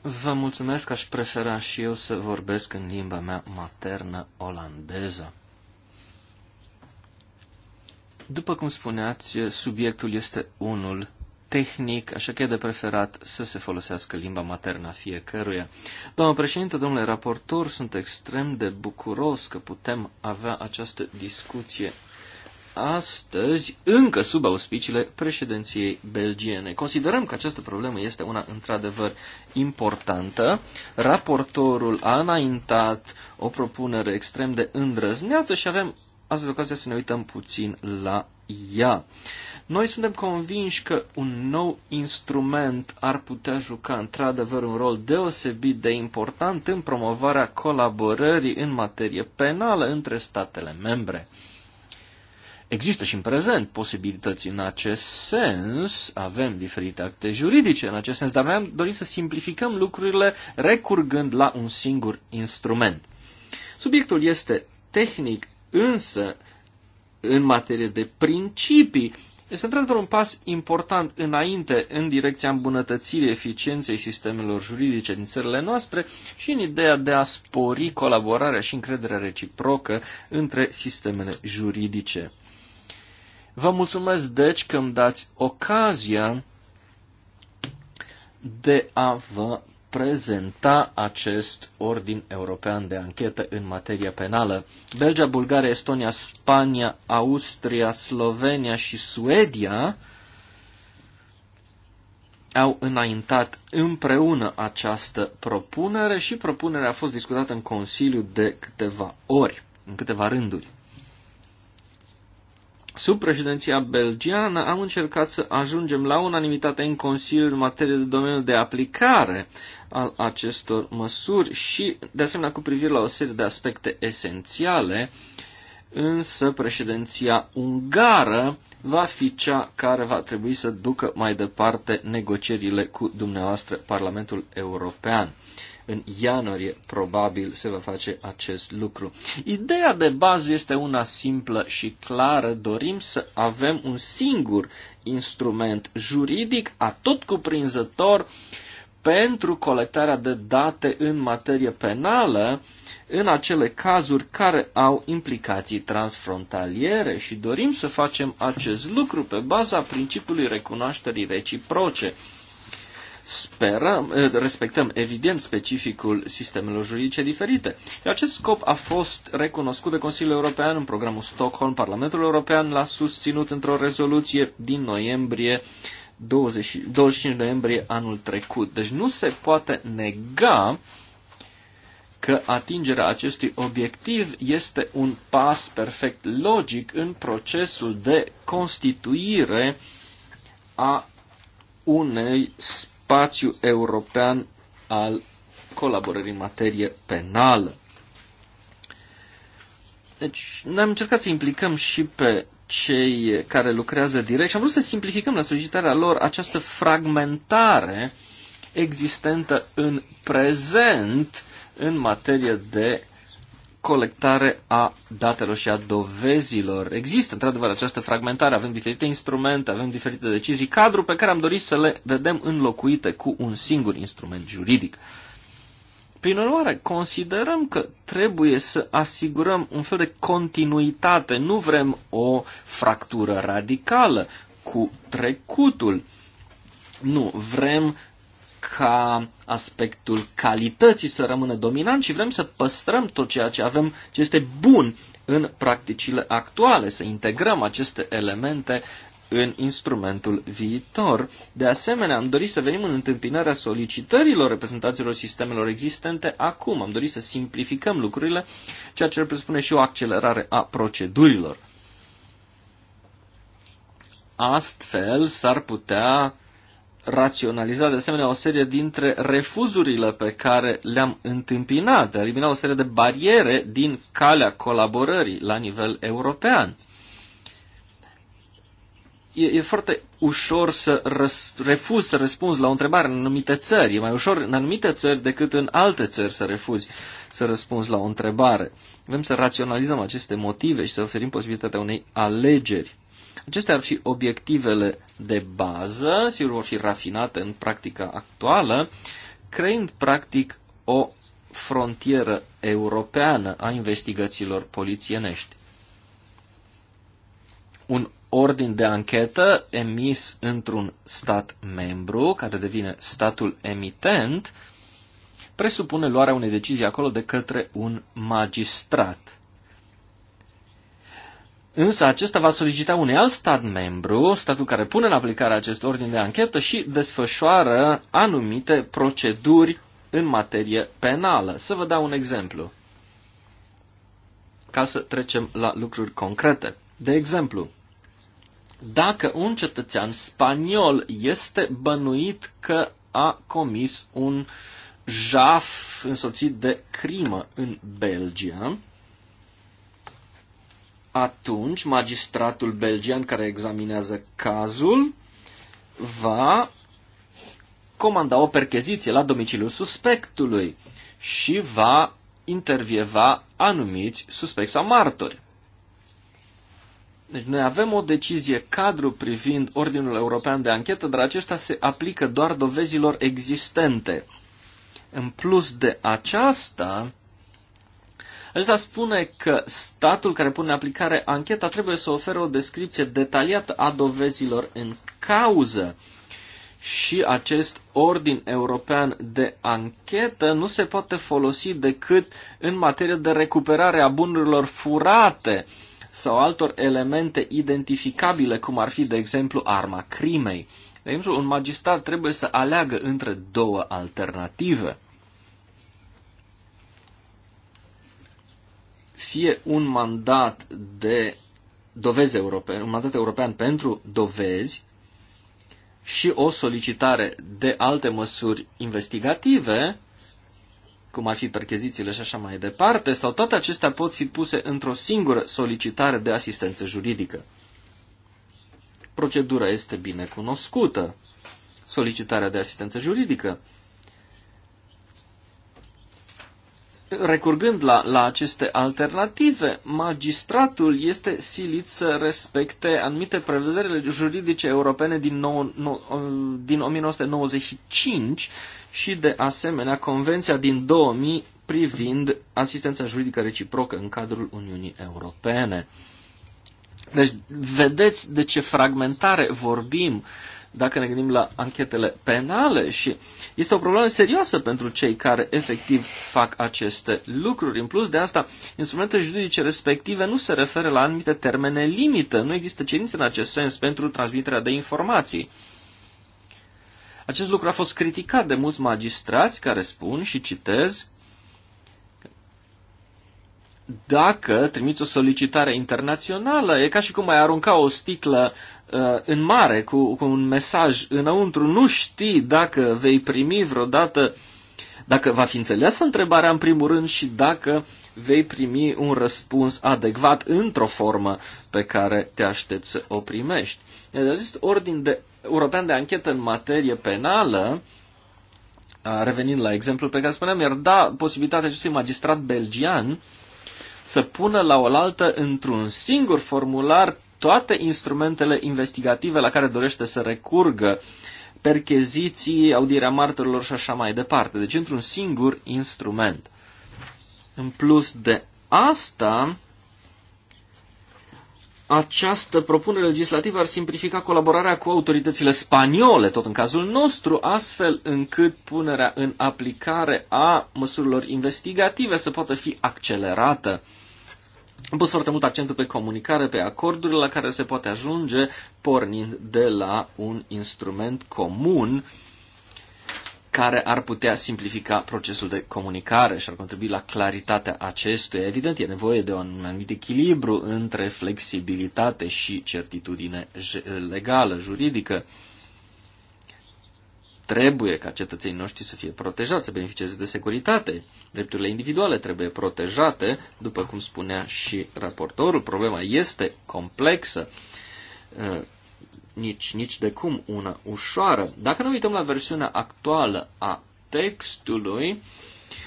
Vă mulțumesc, aș prefera și eu să vorbesc în limba mea maternă olandeză. După cum spuneați, subiectul este unul tehnic, așa că e de preferat să se folosească limba maternă a fiecăruia. Doamnă președinte, domnule raportor, sunt extrem de bucuros că putem avea această discuție astăzi, încă sub auspiciile președinției belgiene. Considerăm că această problemă este una într-adevăr importantă. Raportorul a înaintat o propunere extrem de îndrăzneață și avem astăzi ocazia să ne uităm puțin la ea. Noi suntem convinși că un nou instrument ar putea juca într-adevăr un rol deosebit de important în promovarea colaborării în materie penală între statele membre. Există și în prezent posibilități în acest sens, avem diferite acte juridice în acest sens, dar noi am dorit să simplificăm lucrurile recurgând la un singur instrument. Subiectul este tehnic, însă în materie de principii este într-adevăr un pas important înainte în direcția îmbunătățirii eficienței sistemelor juridice din țările noastre și în ideea de a spori colaborarea și încrederea reciprocă între sistemele juridice. Vă mulțumesc deci că îmi dați ocazia de a vă prezenta acest ordin european de anchetă în materie penală. Belgia, Bulgaria, Estonia, Spania, Austria, Slovenia și Suedia au înaintat împreună această propunere și propunerea a fost discutată în Consiliu de câteva ori, în câteva rânduri. Sub președinția belgiană am încercat să ajungem la unanimitate în Consiliu în materie de domeniul de aplicare al acestor măsuri și, de asemenea, cu privire la o serie de aspecte esențiale, însă președinția ungară va fi cea care va trebui să ducă mai departe negocierile cu dumneavoastră Parlamentul European în ianuarie probabil se va face acest lucru. Ideea de bază este una simplă și clară. Dorim să avem un singur instrument juridic atot cuprinzător pentru colectarea de date în materie penală în acele cazuri care au implicații transfrontaliere și dorim să facem acest lucru pe baza principiului recunoașterii reciproce. Sperăm, eh, respectăm evident specificul sistemelor juridice diferite. Și acest scop a fost recunoscut de Consiliul European în programul Stockholm. Parlamentul European l-a susținut într-o rezoluție din noiembrie 20, 25 noiembrie anul trecut. Deci nu se poate nega că atingerea acestui obiectiv este un pas perfect logic în procesul de constituire a unei spațiu european al colaborării în materie penală. Deci, ne am încercat să implicăm și pe cei care lucrează direct și am vrut să simplificăm la solicitarea lor această fragmentare existentă în prezent în materie de colectare a datelor și a dovezilor. Există, într-adevăr, această fragmentare, avem diferite instrumente, avem diferite decizii, cadru pe care am dorit să le vedem înlocuite cu un singur instrument juridic. Prin urmare, considerăm că trebuie să asigurăm un fel de continuitate, nu vrem o fractură radicală cu trecutul. Nu, vrem ca aspectul calității să rămână dominant și vrem să păstrăm tot ceea ce avem, ce este bun în practicile actuale, să integrăm aceste elemente în instrumentul viitor. De asemenea, am dorit să venim în întâmpinarea solicitărilor reprezentanților sistemelor existente acum. Am dorit să simplificăm lucrurile, ceea ce presupune și o accelerare a procedurilor. Astfel, s-ar putea raționaliza de asemenea o serie dintre refuzurile pe care le-am întâmpinat, de a elimina o serie de bariere din calea colaborării la nivel european. E, e foarte ușor să răs, refuz să răspunzi la o întrebare în anumite țări. E mai ușor în anumite țări decât în alte țări să refuzi să răspunzi la o întrebare. Vrem să raționalizăm aceste motive și să oferim posibilitatea unei alegeri. Acestea ar fi obiectivele de bază, sigur vor fi rafinate în practica actuală, creând practic o frontieră europeană a investigațiilor polițienești. Un ordin de anchetă emis într-un stat membru, care devine statul emitent, presupune luarea unei decizii acolo de către un magistrat. Însă acesta va solicita unui alt stat membru, statul care pune în aplicare acest ordin de anchetă și desfășoară anumite proceduri în materie penală. Să vă dau un exemplu, ca să trecem la lucruri concrete. De exemplu, dacă un cetățean spaniol este bănuit că a comis un jaf însoțit de crimă în Belgia, atunci magistratul belgian care examinează cazul va comanda o percheziție la domiciliul suspectului și va intervieva anumiți suspecți sau martori. Deci noi avem o decizie cadru privind Ordinul European de Anchetă, dar acesta se aplică doar dovezilor existente. În plus de aceasta, acesta spune că statul care pune în aplicare ancheta trebuie să ofere o descripție detaliată a dovezilor în cauză. Și acest ordin european de anchetă nu se poate folosi decât în materie de recuperare a bunurilor furate sau altor elemente identificabile, cum ar fi, de exemplu, arma crimei. De exemplu, un magistrat trebuie să aleagă între două alternative. fie un mandat de dovezi europene, un mandat european pentru dovezi și o solicitare de alte măsuri investigative, cum ar fi perchezițiile și așa mai departe, sau toate acestea pot fi puse într-o singură solicitare de asistență juridică. Procedura este bine cunoscută. Solicitarea de asistență juridică recurgând la, la aceste alternative, magistratul este silit să respecte anumite prevederi juridice europene din, nou, no, din 1995 și, de asemenea, Convenția din 2000 privind asistența juridică reciprocă în cadrul Uniunii Europene. Deci, vedeți de ce fragmentare vorbim dacă ne gândim la anchetele penale și este o problemă serioasă pentru cei care efectiv fac aceste lucruri. În plus de asta, instrumentele juridice respective nu se referă la anumite termene limită, nu există cerințe în acest sens pentru transmiterea de informații. Acest lucru a fost criticat de mulți magistrați care spun și citez dacă trimiți o solicitare internațională, e ca și cum ai arunca o sticlă Uh, în mare cu, cu un mesaj înăuntru. Nu știi dacă vei primi vreodată, dacă va fi înțeleasă întrebarea în primul rând și dacă vei primi un răspuns adecvat într-o formă pe care te aștepți să o primești. Deci, acest ordin de, european de anchetă în materie penală, uh, revenind la exemplul pe care spuneam, iar da posibilitatea acestui magistrat belgian să pună la oaltă într-un singur formular toate instrumentele investigative la care dorește să recurgă, percheziții, audierea martorilor și așa mai departe. Deci într-un singur instrument. În plus de asta, această propunere legislativă ar simplifica colaborarea cu autoritățile spaniole, tot în cazul nostru, astfel încât punerea în aplicare a măsurilor investigative să poată fi accelerată. Am pus foarte mult accentul pe comunicare, pe acordurile la care se poate ajunge pornind de la un instrument comun care ar putea simplifica procesul de comunicare și ar contribui la claritatea acestuia. Evident, e nevoie de un anumit echilibru între flexibilitate și certitudine legală, juridică. Trebuie ca cetățenii noștri să fie protejați, să beneficieze de securitate. Drepturile individuale trebuie protejate, după cum spunea și raportorul. Problema este complexă, nici, nici de cum una ușoară. Dacă ne uităm la versiunea actuală a textului, uh,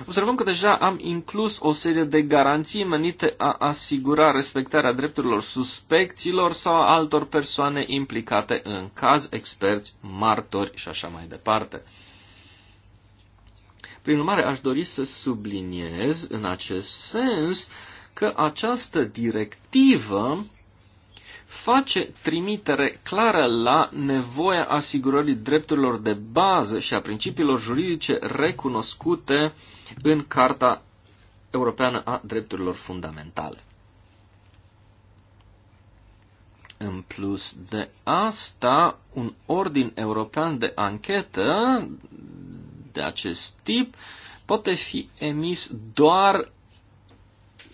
Observăm că deja am inclus o serie de garanții menite a asigura respectarea drepturilor suspecților sau a altor persoane implicate în caz, experți, martori și așa mai departe. Prin urmare, aș dori să subliniez în acest sens că această directivă face trimitere clară la nevoia asigurării drepturilor de bază și a principiilor juridice recunoscute în Carta Europeană a Drepturilor Fundamentale. În plus de asta, un ordin european de anchetă de acest tip poate fi emis doar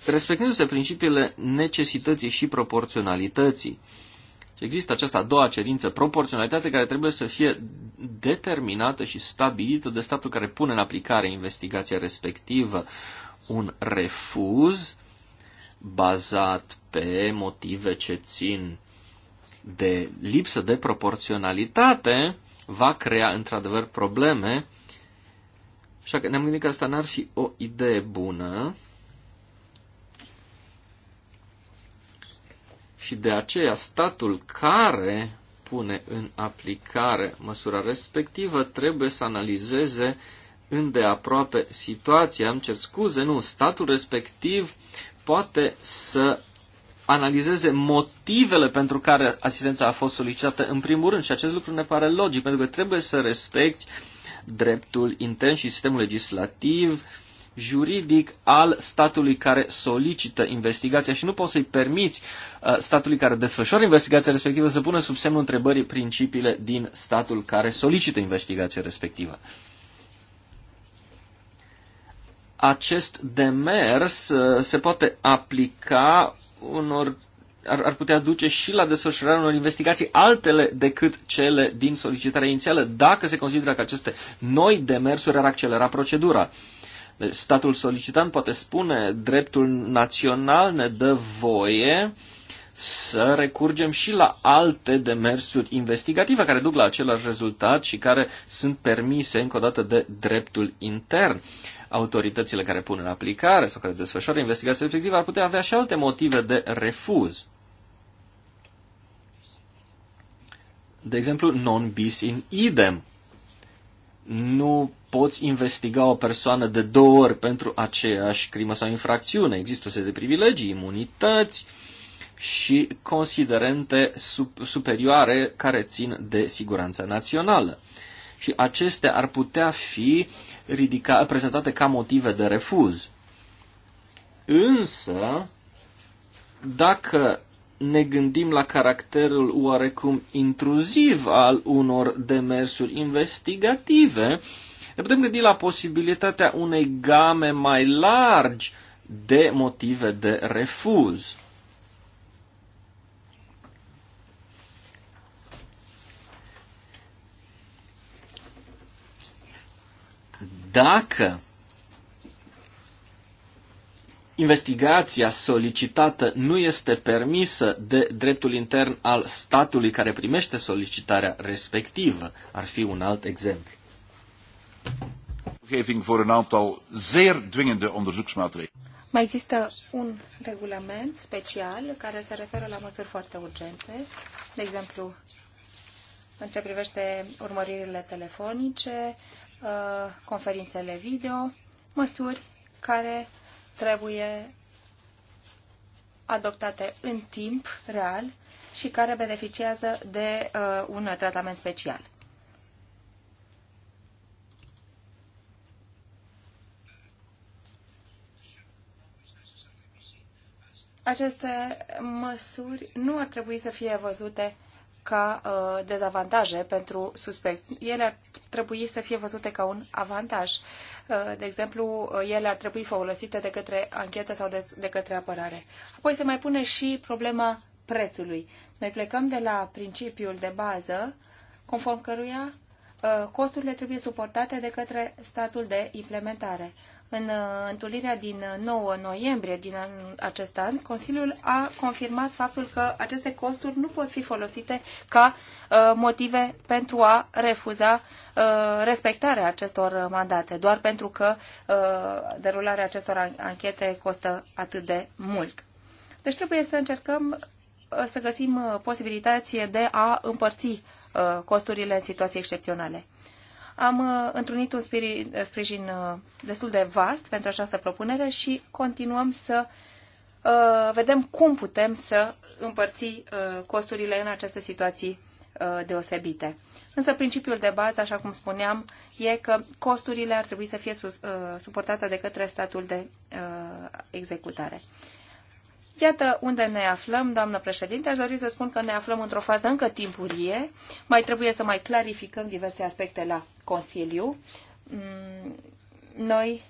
respectându-se principiile necesității și proporționalității. Și există această a doua cerință, proporționalitate, care trebuie să fie determinată și stabilită de statul care pune în aplicare investigația respectivă. Un refuz bazat pe motive ce țin de lipsă de proporționalitate va crea într-adevăr probleme. Așa că ne-am gândit că asta n-ar fi o idee bună Și de aceea statul care pune în aplicare măsura respectivă trebuie să analizeze îndeaproape situația. Am cer scuze, nu, statul respectiv poate să analizeze motivele pentru care asistența a fost solicitată în primul rând și acest lucru ne pare logic, pentru că trebuie să respecti dreptul intern și sistemul legislativ uh, juridic al statului care solicită investigația și nu poți să-i permiți uh, statului care desfășoară investigația respectivă să pună sub semnul întrebării principiile din statul care solicită investigația respectivă. Acest demers uh, se poate aplica unor ar, ar putea duce și la desfășurarea unor investigații altele decât cele din solicitarea inițială, dacă se consideră că aceste noi demersuri ar accelera procedura. Uh, deci statul solicitant poate spune dreptul național ne dă voie să recurgem și la alte demersuri investigative care duc la același rezultat și care sunt permise încă o dată de dreptul intern. Autoritățile care pun în aplicare sau care desfășoară investigația respectivă ar putea avea și alte motive de refuz. De exemplu, non bis in idem nu poți investiga o persoană de două ori pentru aceeași crimă sau infracțiune. Există o serie de privilegii, imunități și considerente superioare care țin de siguranța națională. Și acestea ar putea fi ridica, prezentate ca motive de refuz. Însă, dacă ne gândim la caracterul oarecum intruziv al unor demersuri investigative, ne putem gândi la posibilitatea unei game mai largi de motive de refuz. Dacă investigația solicitată nu este permisă de dreptul intern al statului care primește solicitarea respectivă. Ar fi un alt exemplu. Voor een aantal zeer dwingende onderzoeksmaatregelen. Mai există un regulament special care se referă la măsuri foarte urgente, de exemplu, în ce privește urmăririle telefonice, uh, conferințele video, măsuri care trebuie adoptate în timp real și care beneficiază de uh, un tratament special. Aceste măsuri nu ar trebui să fie văzute ca uh, dezavantaje pentru suspecți. Ele ar trebui să fie văzute ca un avantaj. Uh, de exemplu, uh, ele ar trebui folosite de către anchetă sau de, de către apărare. Apoi se mai pune și problema prețului. Noi plecăm de la principiul de bază, conform căruia uh, costurile trebuie suportate de către statul de implementare. În uh, întâlnirea din 9 uh, noiembrie din acest an, Consiliul a confirmat faptul că aceste costuri nu pot fi folosite ca uh, motive pentru a refuza respectarea acestor mandate, doar pentru că derularea acestor anchete costă atât de mult. Deci trebuie să încercăm să găsim posibilități de a împărți costurile în situații excepționale. Am uh, întrunit un spirit, uh, sprijin uh, destul de vast pentru această propunere și continuăm să vedem cum putem să împărți costurile în aceste situații deosebite. Însă principiul de bază, așa cum spuneam, e că costurile ar trebui să fie suportate de către statul de executare. Iată unde ne aflăm, doamnă președinte. Aș dori să spun că ne aflăm într-o fază încă timpurie. Mai trebuie să mai clarificăm diverse aspecte la Consiliu. Mm, noi,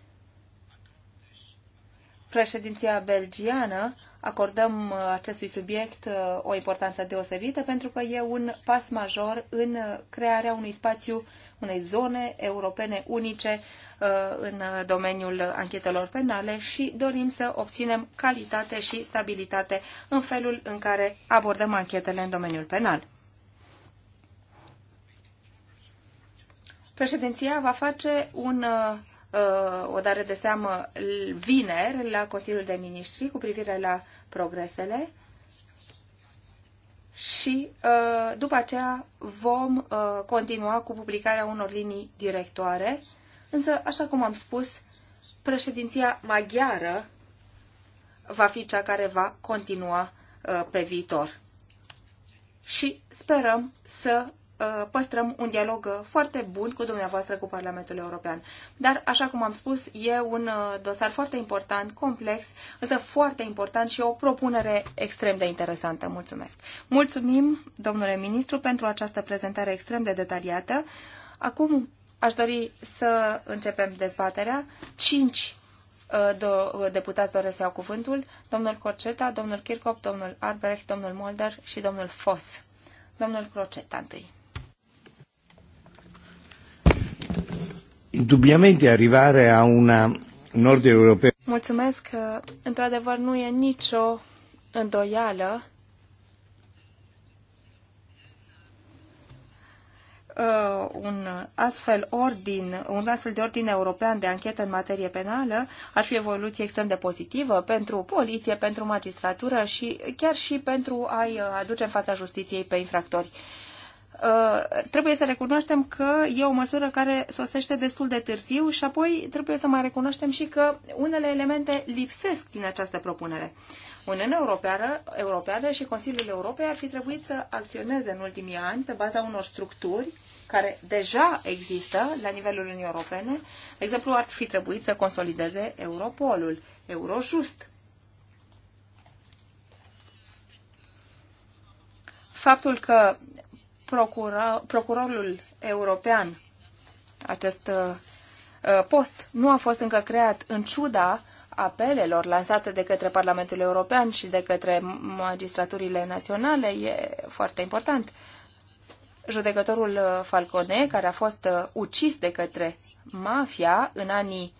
președinția belgiană, acordăm uh, acestui subiect uh, o importanță deosebită pentru că e un pas major în uh, crearea unui spațiu unei zone europene unice uh, în uh, domeniul anchetelor penale și dorim să obținem calitate și stabilitate în felul în care abordăm anchetele în domeniul penal. Președinția va face un, uh, o dare de seamă vineri la Consiliul de Ministri cu privire la progresele și uh, după aceea vom uh, continua cu publicarea unor linii directoare. Însă, așa cum am spus, președinția maghiară va fi cea care va continua uh, pe viitor. Și sperăm să Uh, păstrăm un dialog uh, foarte bun cu dumneavoastră, cu Parlamentul European. Dar, așa cum am spus, e un uh, dosar foarte important, complex, însă foarte important și o propunere extrem de interesantă. Mulțumesc! Mulțumim, domnule ministru, pentru această prezentare extrem de detaliată. Acum aș dori să începem dezbaterea. Cinci do, deputați doresc să iau cuvântul. Domnul Corceta, domnul Kirchhoff, domnul Arbrecht, domnul Molder și domnul Foss. Domnul Croceta întâi. indubbiamente arrivare a una nord europeană. Mulțumesc că, într-adevăr, nu e nicio îndoială uh, un astfel ordin, un astfel de ordin european de anchetă în materie penală ar fi evoluție extrem de pozitivă pentru poliție, pentru magistratură și chiar și pentru a-i aduce în fața justiției pe infractori. Uh, Uh, trebuie să recunoaștem că e o măsură care sosește destul de târziu și apoi trebuie să mai recunoaștem și că unele elemente lipsesc din această propunere. Uniunea Europeană, Europeană și Consiliul Europei ar fi trebuit să acționeze în ultimii ani pe baza unor structuri care deja există la nivelul Uniunii Europene. De exemplu, ar fi trebuit să consolideze Europolul, Eurojust, faptul că procuror, procurorul european, acest uh, uh, post, nu a fost încă creat în ciuda apelelor lansate de către Parlamentul European și de către magistraturile naționale. E foarte important. Judecătorul uh, Falcone, care a fost uh, ucis de către mafia în anii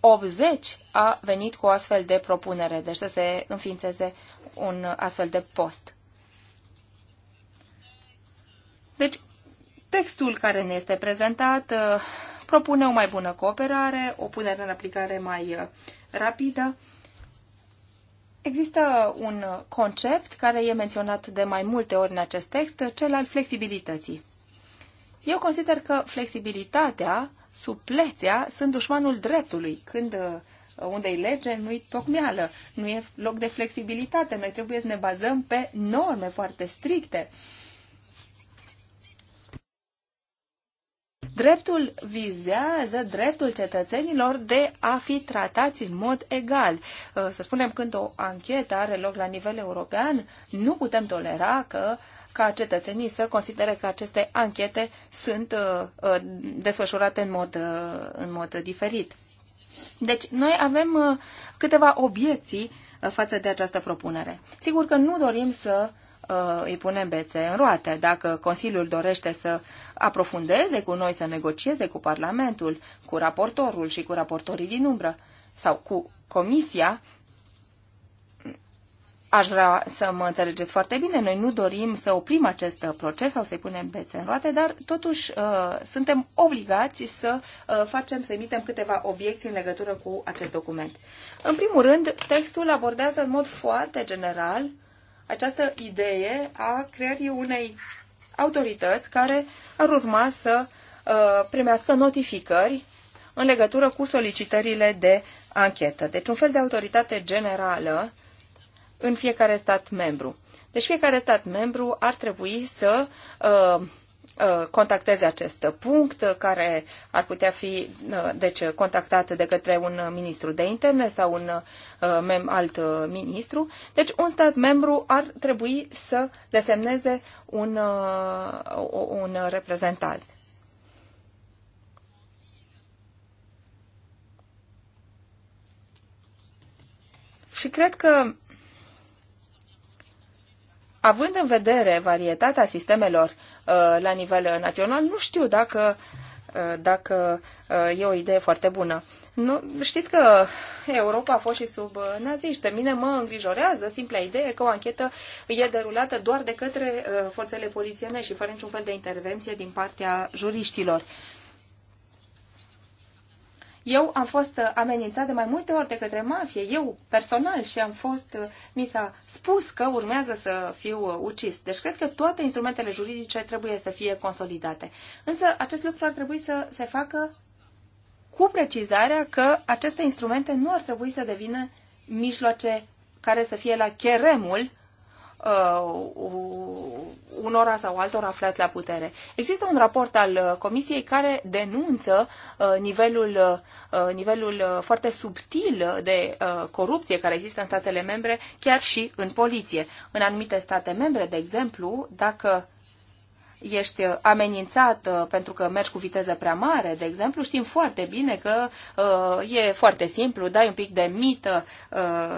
80 a venit cu o astfel de propunere, deci să se înființeze un astfel de post. Deci, textul care ne este prezentat uh, propune o mai bună cooperare, o punere în aplicare mai uh, rapidă. Există un concept care e menționat de mai multe ori în acest text, cel al flexibilității. Eu consider că flexibilitatea, suplețea, sunt dușmanul dreptului. Când uh, unde e lege, nu-i tocmeală, nu e loc de flexibilitate. Noi trebuie să ne bazăm pe norme foarte stricte. Uh, Dreptul vizează dreptul cetățenilor de a fi tratați în mod egal. Uh, să spunem, când o anchetă are loc la nivel european, nu putem tolera că ca cetățenii să considere că aceste anchete sunt uh, uh desfășurate în mod, uh, în mod diferit. Deci, noi avem uh, câteva obiecții uh, față de această propunere. Sigur că nu dorim să uh, Uh, îi punem bețe în roate. Dacă Consiliul dorește să aprofundeze cu noi, să negocieze cu Parlamentul, cu raportorul și cu raportorii din umbră sau cu Comisia, aș vrea să mă înțelegeți foarte bine, noi nu dorim să oprim acest proces sau să-i punem bețe în roate, dar totuși uh, suntem obligați să uh, facem, să emitem câteva obiecții în legătură cu acest document. În primul rând, textul abordează în mod foarte general această idee a creării unei autorități care ar urma să uh, primească notificări în legătură cu solicitările de anchetă. Deci un fel de autoritate generală în fiecare stat membru. Deci fiecare stat membru ar trebui să uh, Uh, contacteze acest punct care ar putea fi uh, deci, contactat de către un ministru de interne sau un uh, mem, alt ministru. Deci un stat membru ar trebui să desemneze un, un reprezentant. Și cred că având în vedere varietatea sistemelor uh, Uh, la nivel național, nu știu dacă, uh, dacă uh, e o idee foarte bună. Nu, știți că Europa a fost și sub naziște. mine mă îngrijorează simpla idee că o anchetă e derulată doar de către forțele polițiene și fără niciun fel de intervenție din partea juriștilor. Uh, eu am fost amenințat de mai multe ori de către mafie, eu personal, și am fost, uh, mi s-a spus că urmează să fiu uh, ucis. Deci cred că toate instrumentele juridice trebuie să fie consolidate. Însă acest lucru ar trebui să se facă cu precizarea că aceste instrumente nu ar trebui să devină mijloace care să fie la cheremul uh, unora sau altora aflați la putere. Există un raport al uh, Comisiei care denunță uh, nivelul, uh, nivelul uh, foarte subtil de uh, corupție care există în statele membre, chiar și în poliție. În anumite state membre, de exemplu, dacă ești uh, amenințat uh, pentru că mergi cu viteză prea mare, de exemplu, știm foarte bine că uh, e foarte simplu, dai un pic de mită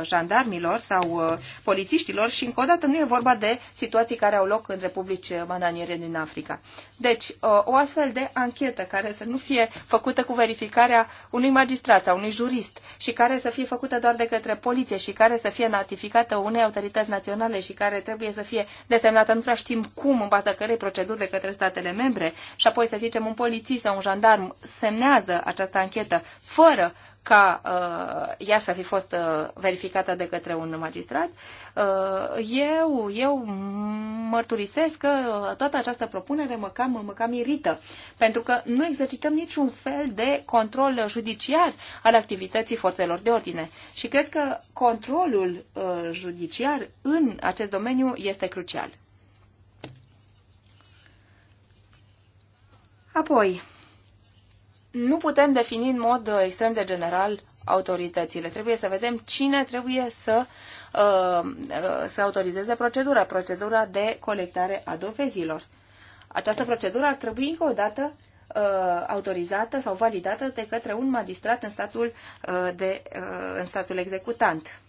jandarmilor sau polițiștilor și încă o dată nu e vorba de situații care au loc în republici mananiere din Africa. Deci, o astfel de anchetă care să nu fie făcută cu verificarea unui magistrat sau unui jurist și care să fie făcută doar de către poliție și care să fie notificată unei autorități naționale și care trebuie să fie desemnată, nu prea știm cum, în baza cărei proceduri proceduri de către statele membre și apoi, să zicem, un polițist sau un jandarm semnează această anchetă fără ca uh, ea să fi fost uh, verificată de către un magistrat. Uh, eu, eu mărturisesc că toată această propunere mă cam, mă cam irită, pentru că nu exercităm niciun fel de control judiciar al activității forțelor de ordine. Și cred că controlul uh, judiciar în acest domeniu este crucial. Apoi, nu putem defini în mod uh, extrem de general autoritățile. Trebuie să vedem cine trebuie să, uh, uh, să autorizeze procedura, procedura de colectare a dovezilor. Această procedură ar trebui încă o dată autorizată sau validată de către un magistrat în statul, de, în statul executant.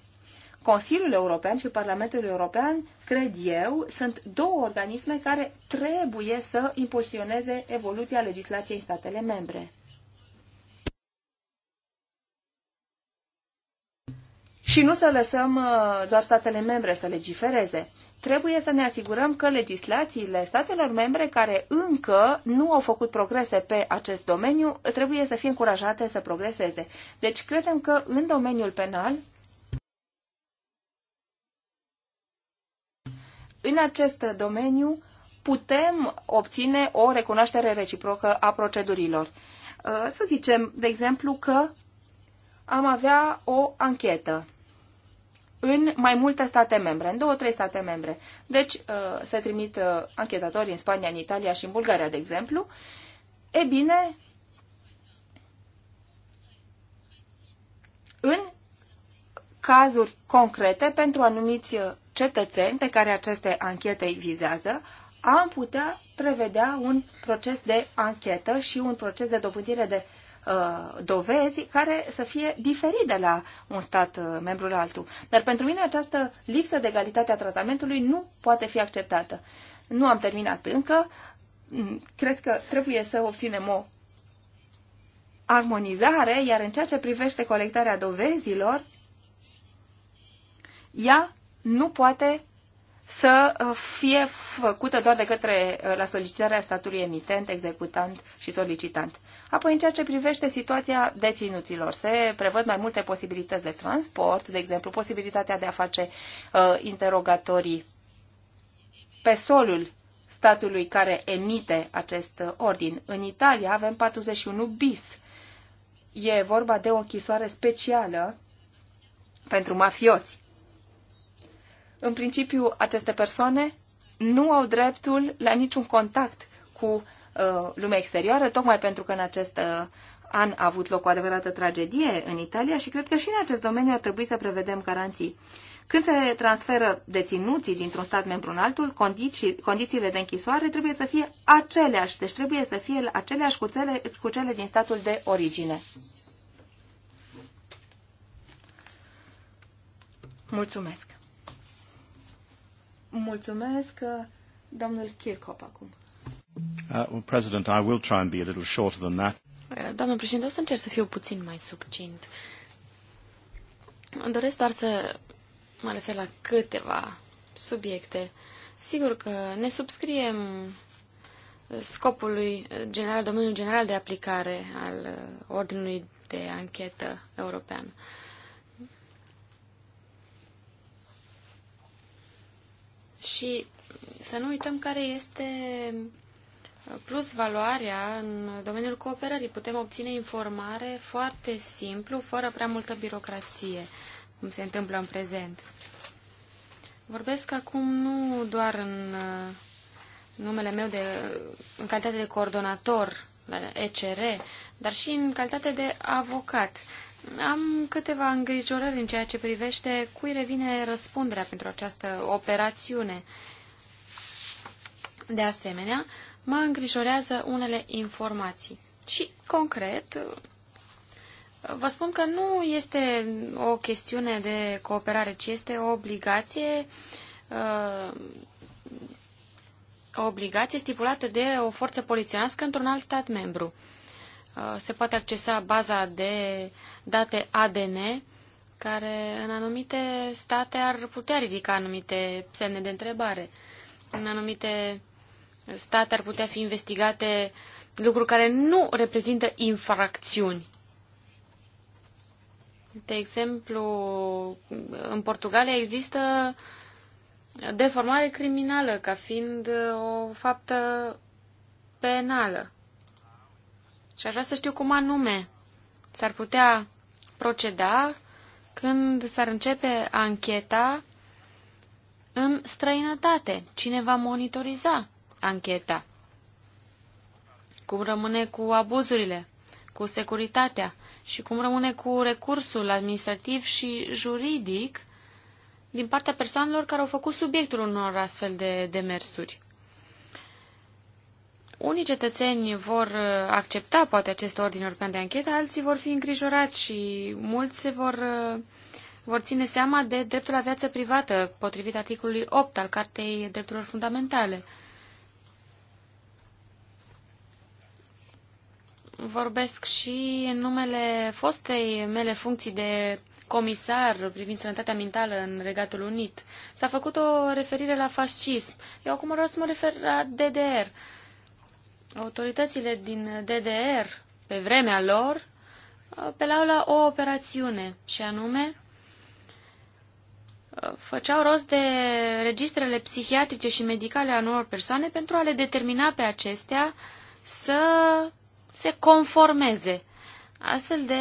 Consiliul European și Parlamentul European, cred eu, sunt două organisme care trebuie să impulsioneze evoluția legislației statele membre. Și nu să lăsăm uh, doar statele membre să legifereze. Trebuie să ne asigurăm că legislațiile statelor membre care încă nu au făcut progrese pe acest domeniu trebuie să fie încurajate să progreseze. Deci credem că în domeniul penal în acest domeniu putem obține o recunoaștere reciprocă a procedurilor. Uh, să zicem, de exemplu, că am avea o anchetă în mai multe state membre, în două, trei state membre. Deci uh, se trimit uh, anchetatori în Spania, în Italia și în Bulgaria, de exemplu. E bine, în cazuri concrete pentru anumiți cetățeni pe care aceste anchete îi vizează, am putea prevedea un proces de anchetă și un proces de dobândire de uh, dovezi care să fie diferit de la un stat uh, membru la altul. Dar pentru mine această lipsă de egalitate a tratamentului nu poate fi acceptată. Nu am terminat încă. Mm, cred că trebuie să obținem o armonizare, iar în ceea ce privește colectarea dovezilor, ea nu poate să uh, fie făcută doar de către uh, la solicitarea statului emitent, executant și solicitant. Apoi, în ceea ce privește situația deținuților, se prevăd mai multe posibilități de transport, de exemplu, posibilitatea de a face uh, interogatorii pe solul statului care emite acest uh, ordin. În Italia avem 41 bis. E vorba de o închisoare specială pentru mafioți în principiu, aceste persoane nu au dreptul la niciun contact cu uh, lumea exterioară, tocmai pentru că în acest uh, an a avut loc o adevărată tragedie în Italia și cred că și în acest domeniu ar trebui să prevedem garanții. Când se transferă deținuții dintr-un stat membru în altul, condiții, condițiile de închisoare trebuie să fie aceleași, deci trebuie să fie aceleași cu cele, cu cele din statul de origine. Mulțumesc! Mulțumesc, domnul Kirchhoff, acum. Uh, well, President, I will try and be a little shorter than that. Uh, doamnă președinte, o să încerc să fiu puțin mai succint. Îmi doresc doar să mă refer la câteva subiecte. Sigur că ne subscriem uh, scopului general, domeniul general de aplicare al uh, Ordinului de Anchetă European. Uh, Și să nu uităm care este plus valoarea în domeniul cooperării. Putem obține informare foarte simplu, fără prea multă birocrație, cum se întâmplă în prezent. Vorbesc acum nu doar în uh, numele meu de, uh, în calitate de coordonator la ECR, dar și în calitate de avocat. Am câteva îngrijorări în ceea ce privește cui revine răspunderea pentru această operațiune. De asemenea, mă îngrijorează unele informații. Și, concret, vă spun că nu este o chestiune de cooperare, ci este o obligație, uh, o obligație stipulată de o forță polițiască într-un alt stat membru. Uh, se poate accesa baza de date ADN, care în anumite state ar putea ridica anumite semne de întrebare. În anumite state ar putea fi investigate lucruri care nu reprezintă infracțiuni. De exemplu, în Portugalia există deformare criminală ca fiind uh, o faptă penală. Și aș vrea să știu cum anume s-ar putea proceda când s-ar începe ancheta în străinătate. Cine va monitoriza ancheta? Cum rămâne cu abuzurile, cu securitatea și cum rămâne cu recursul administrativ și juridic din partea persoanelor care au făcut subiectul unor astfel de demersuri? unii cetățeni vor uh, accepta poate acest ordin european de anchetă, alții vor fi îngrijorați și mulți se vor, uh, vor ține seama de dreptul la viață privată, potrivit articolului 8 al Cartei Drepturilor Fundamentale. Vorbesc și în numele fostei mele funcții de comisar privind sănătatea mentală în Regatul Unit. S-a făcut o referire la fascism. Eu acum vreau să mă refer la DDR. Autoritățile din DDR, pe vremea lor, apelau la o operațiune, și anume făceau rost de registrele psihiatrice și medicale a unor persoane pentru a le determina pe acestea să se conformeze. Astfel de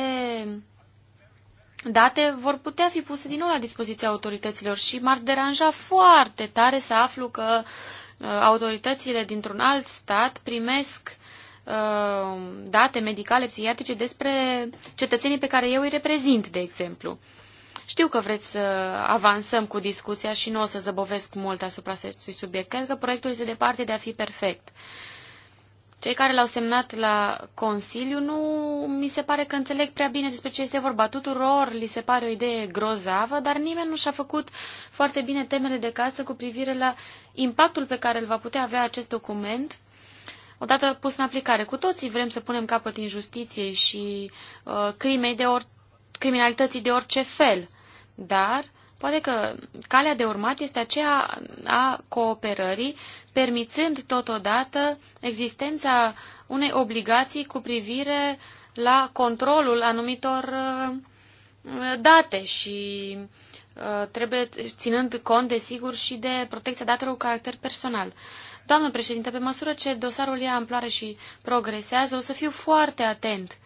date vor putea fi puse din nou la dispoziția autorităților și m-ar deranja foarte tare să aflu că Uh, autoritățile dintr-un alt stat primesc uh, date medicale, psihiatrice despre cetățenii pe care eu îi reprezint, de exemplu. Știu că vreți să avansăm cu discuția și nu o să zăbovesc mult asupra acestui subiect. Cred că proiectul este departe de a fi perfect. Cei care l-au semnat la Consiliu nu mi se pare că înțeleg prea bine despre ce este vorba. Tuturor li se pare o idee grozavă, dar nimeni nu și-a făcut foarte bine temele de casă cu privire la impactul pe care îl va putea avea acest document odată pus în aplicare. Cu toții vrem să punem capăt injustiției și uh, crimei de or- criminalității de orice fel, dar Poate că calea de urmat este aceea a cooperării, permițând totodată existența unei obligații cu privire la controlul anumitor uh, date și uh, trebuie ținând cont, desigur, și de protecția datelor cu caracter personal. Doamnă președinte, pe măsură ce dosarul ia amploare și progresează, o să fiu foarte atent.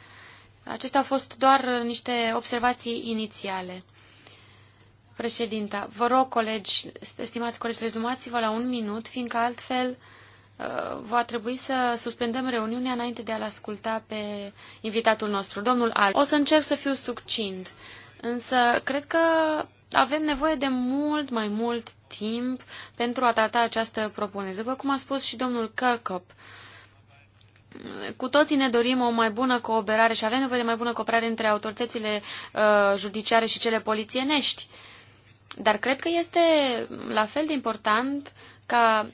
Acestea au fost doar niște observații inițiale. Președinta, vă rog, colegi, stimați colegi, rezumați-vă la un minut, fiindcă altfel uh, va trebui să suspendăm reuniunea înainte de a-l asculta pe invitatul nostru, domnul Al. O să încerc să fiu succint, însă cred că avem nevoie de mult mai mult timp pentru a trata această propunere. După cum a spus și domnul Kirkop, cu toții ne dorim o mai bună cooperare și avem nevoie de mai bună cooperare între autoritățile uh, judiciare și cele polițienești. Uh, dar cred că este la fel de important ca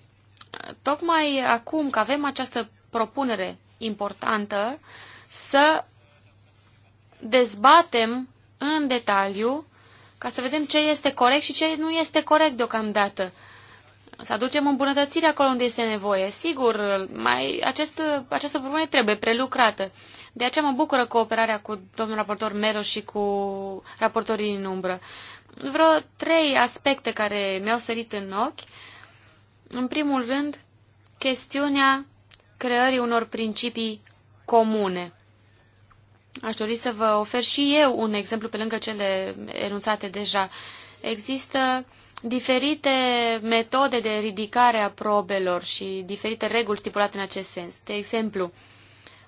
tocmai acum că avem această propunere importantă să dezbatem în detaliu ca să vedem ce este corect și ce nu este corect deocamdată. Să aducem îmbunătățiri acolo unde este nevoie. Sigur, mai acest, această problemă trebuie prelucrată. De aceea mă bucură cooperarea cu domnul raportor Melo și cu raportorii în umbră. Uh, vreo trei aspecte care mi-au sărit în ochi. În primul rând, chestiunea creării unor principii comune. Aș dori să vă ofer și eu un exemplu pe lângă cele enunțate deja. Există diferite metode de ridicare a probelor și diferite reguli stipulate în acest sens. De exemplu,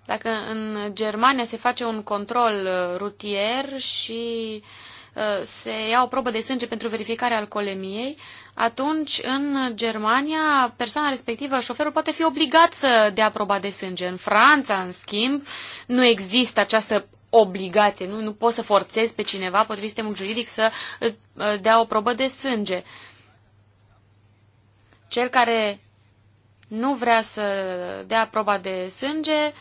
dacă în Germania se face un control uh, rutier și uh, Uh, se ia o probă de sânge pentru verificarea alcoolemiei, atunci în Germania persoana respectivă, șoferul, poate fi obligat să dea proba de sânge. În Franța, în schimb, nu există această obligație, nu, nu poți să forțezi pe cineva, potrivit sistemul juridic, să uh, uh, dea o probă de sânge. Cel care nu vrea să dea proba de sânge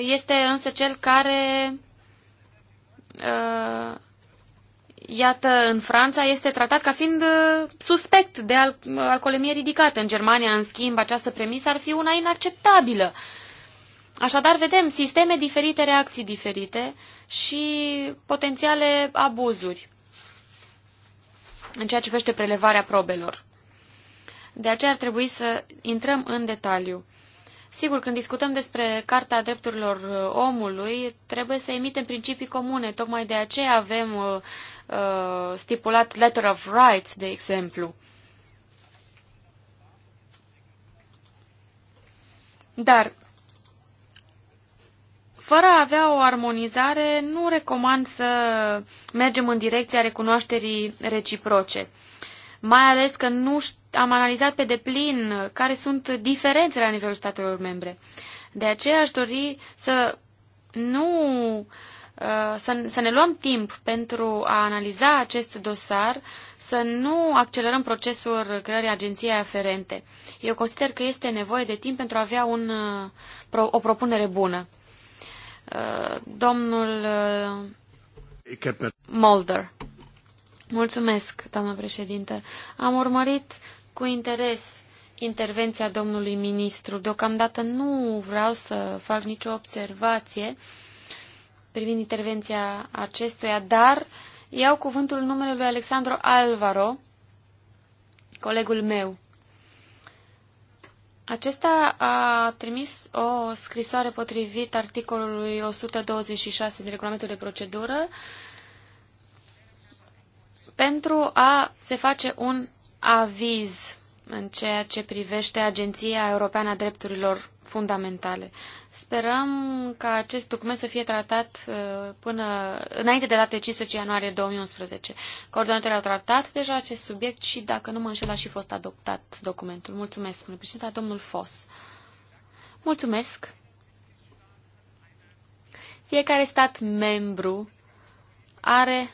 este însă cel care iată, în Franța este tratat ca fiind uh, suspect de al alcoolemie ridicată. În Germania, în schimb, această premisă ar fi una inacceptabilă. Așadar, vedem sisteme diferite, reacții diferite și potențiale abuzuri în ceea ce privește prelevarea probelor. De aceea ar trebui să intrăm în detaliu. Sigur, când discutăm despre Carta Drepturilor uh, Omului, trebuie să emitem principii comune. Tocmai de aceea avem uh, uh, stipulat Letter of Rights, de exemplu. Dar, fără a avea o armonizare, nu recomand să mergem în direcția recunoașterii reciproce. Uh, mai ales că nu am analizat pe deplin care sunt diferențele la nivelul statelor membre. De aceea aș dori să nu uh, să, să ne luăm timp pentru a analiza acest dosar, să nu accelerăm procesul creării agenției aferente. Eu consider că este nevoie de timp pentru a avea un, uh, o propunere bună. Uh, domnul Mulder. Mulțumesc, doamnă președinte. Am urmărit cu interes intervenția domnului ministru. Deocamdată nu vreau să fac nicio observație privind intervenția acestuia, dar iau cuvântul în numele lui Alexandru Alvaro, colegul meu. Acesta a trimis o scrisoare potrivit articolului 126 din regulamentul de procedură, pentru a se face un aviz în ceea ce privește Agenția Europeană a Drepturilor Fundamentale. Sperăm ca acest document să fie tratat uh, până înainte de data 15 ianuarie 2011. Coordonatorii au tratat deja acest subiect și, dacă nu mă înșel, a și fost adoptat documentul. Mulțumesc, domnule președinte, domnul Fos. Mulțumesc. Fiecare stat membru are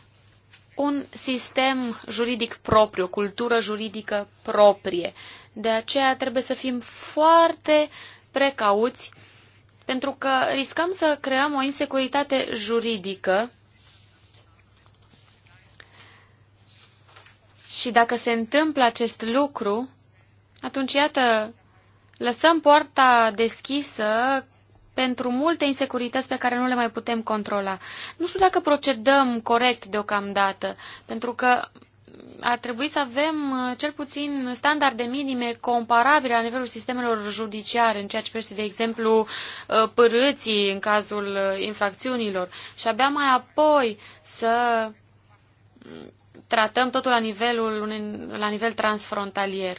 un sistem juridic propriu, o cultură juridică proprie. De aceea trebuie să fim foarte precauți pentru că riscăm să creăm o insecuritate juridică și dacă se întâmplă acest lucru, atunci, iată, lăsăm poarta deschisă pentru multe insecurități pe care nu le mai putem controla. Nu știu dacă procedăm corect deocamdată, pentru că ar trebui să avem uh, cel puțin standarde minime comparabile la nivelul sistemelor judiciare, în ceea ce privește, de exemplu, uh, părâții în cazul uh, infracțiunilor și abia mai apoi să mm, tratăm totul la, nivelul, la nivel transfrontalier.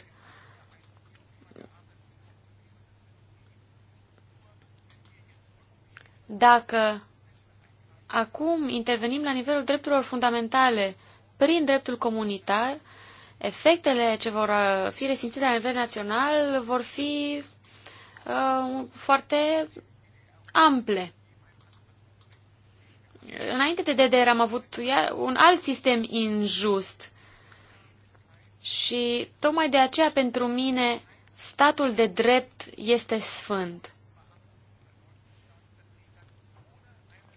dacă acum intervenim la nivelul drepturilor fundamentale prin dreptul comunitar, efectele ce vor uh, fi resimțite la nivel național vor fi uh, foarte ample. Înainte de DDR am avut un alt sistem injust și tocmai de aceea pentru mine statul de drept este sfânt.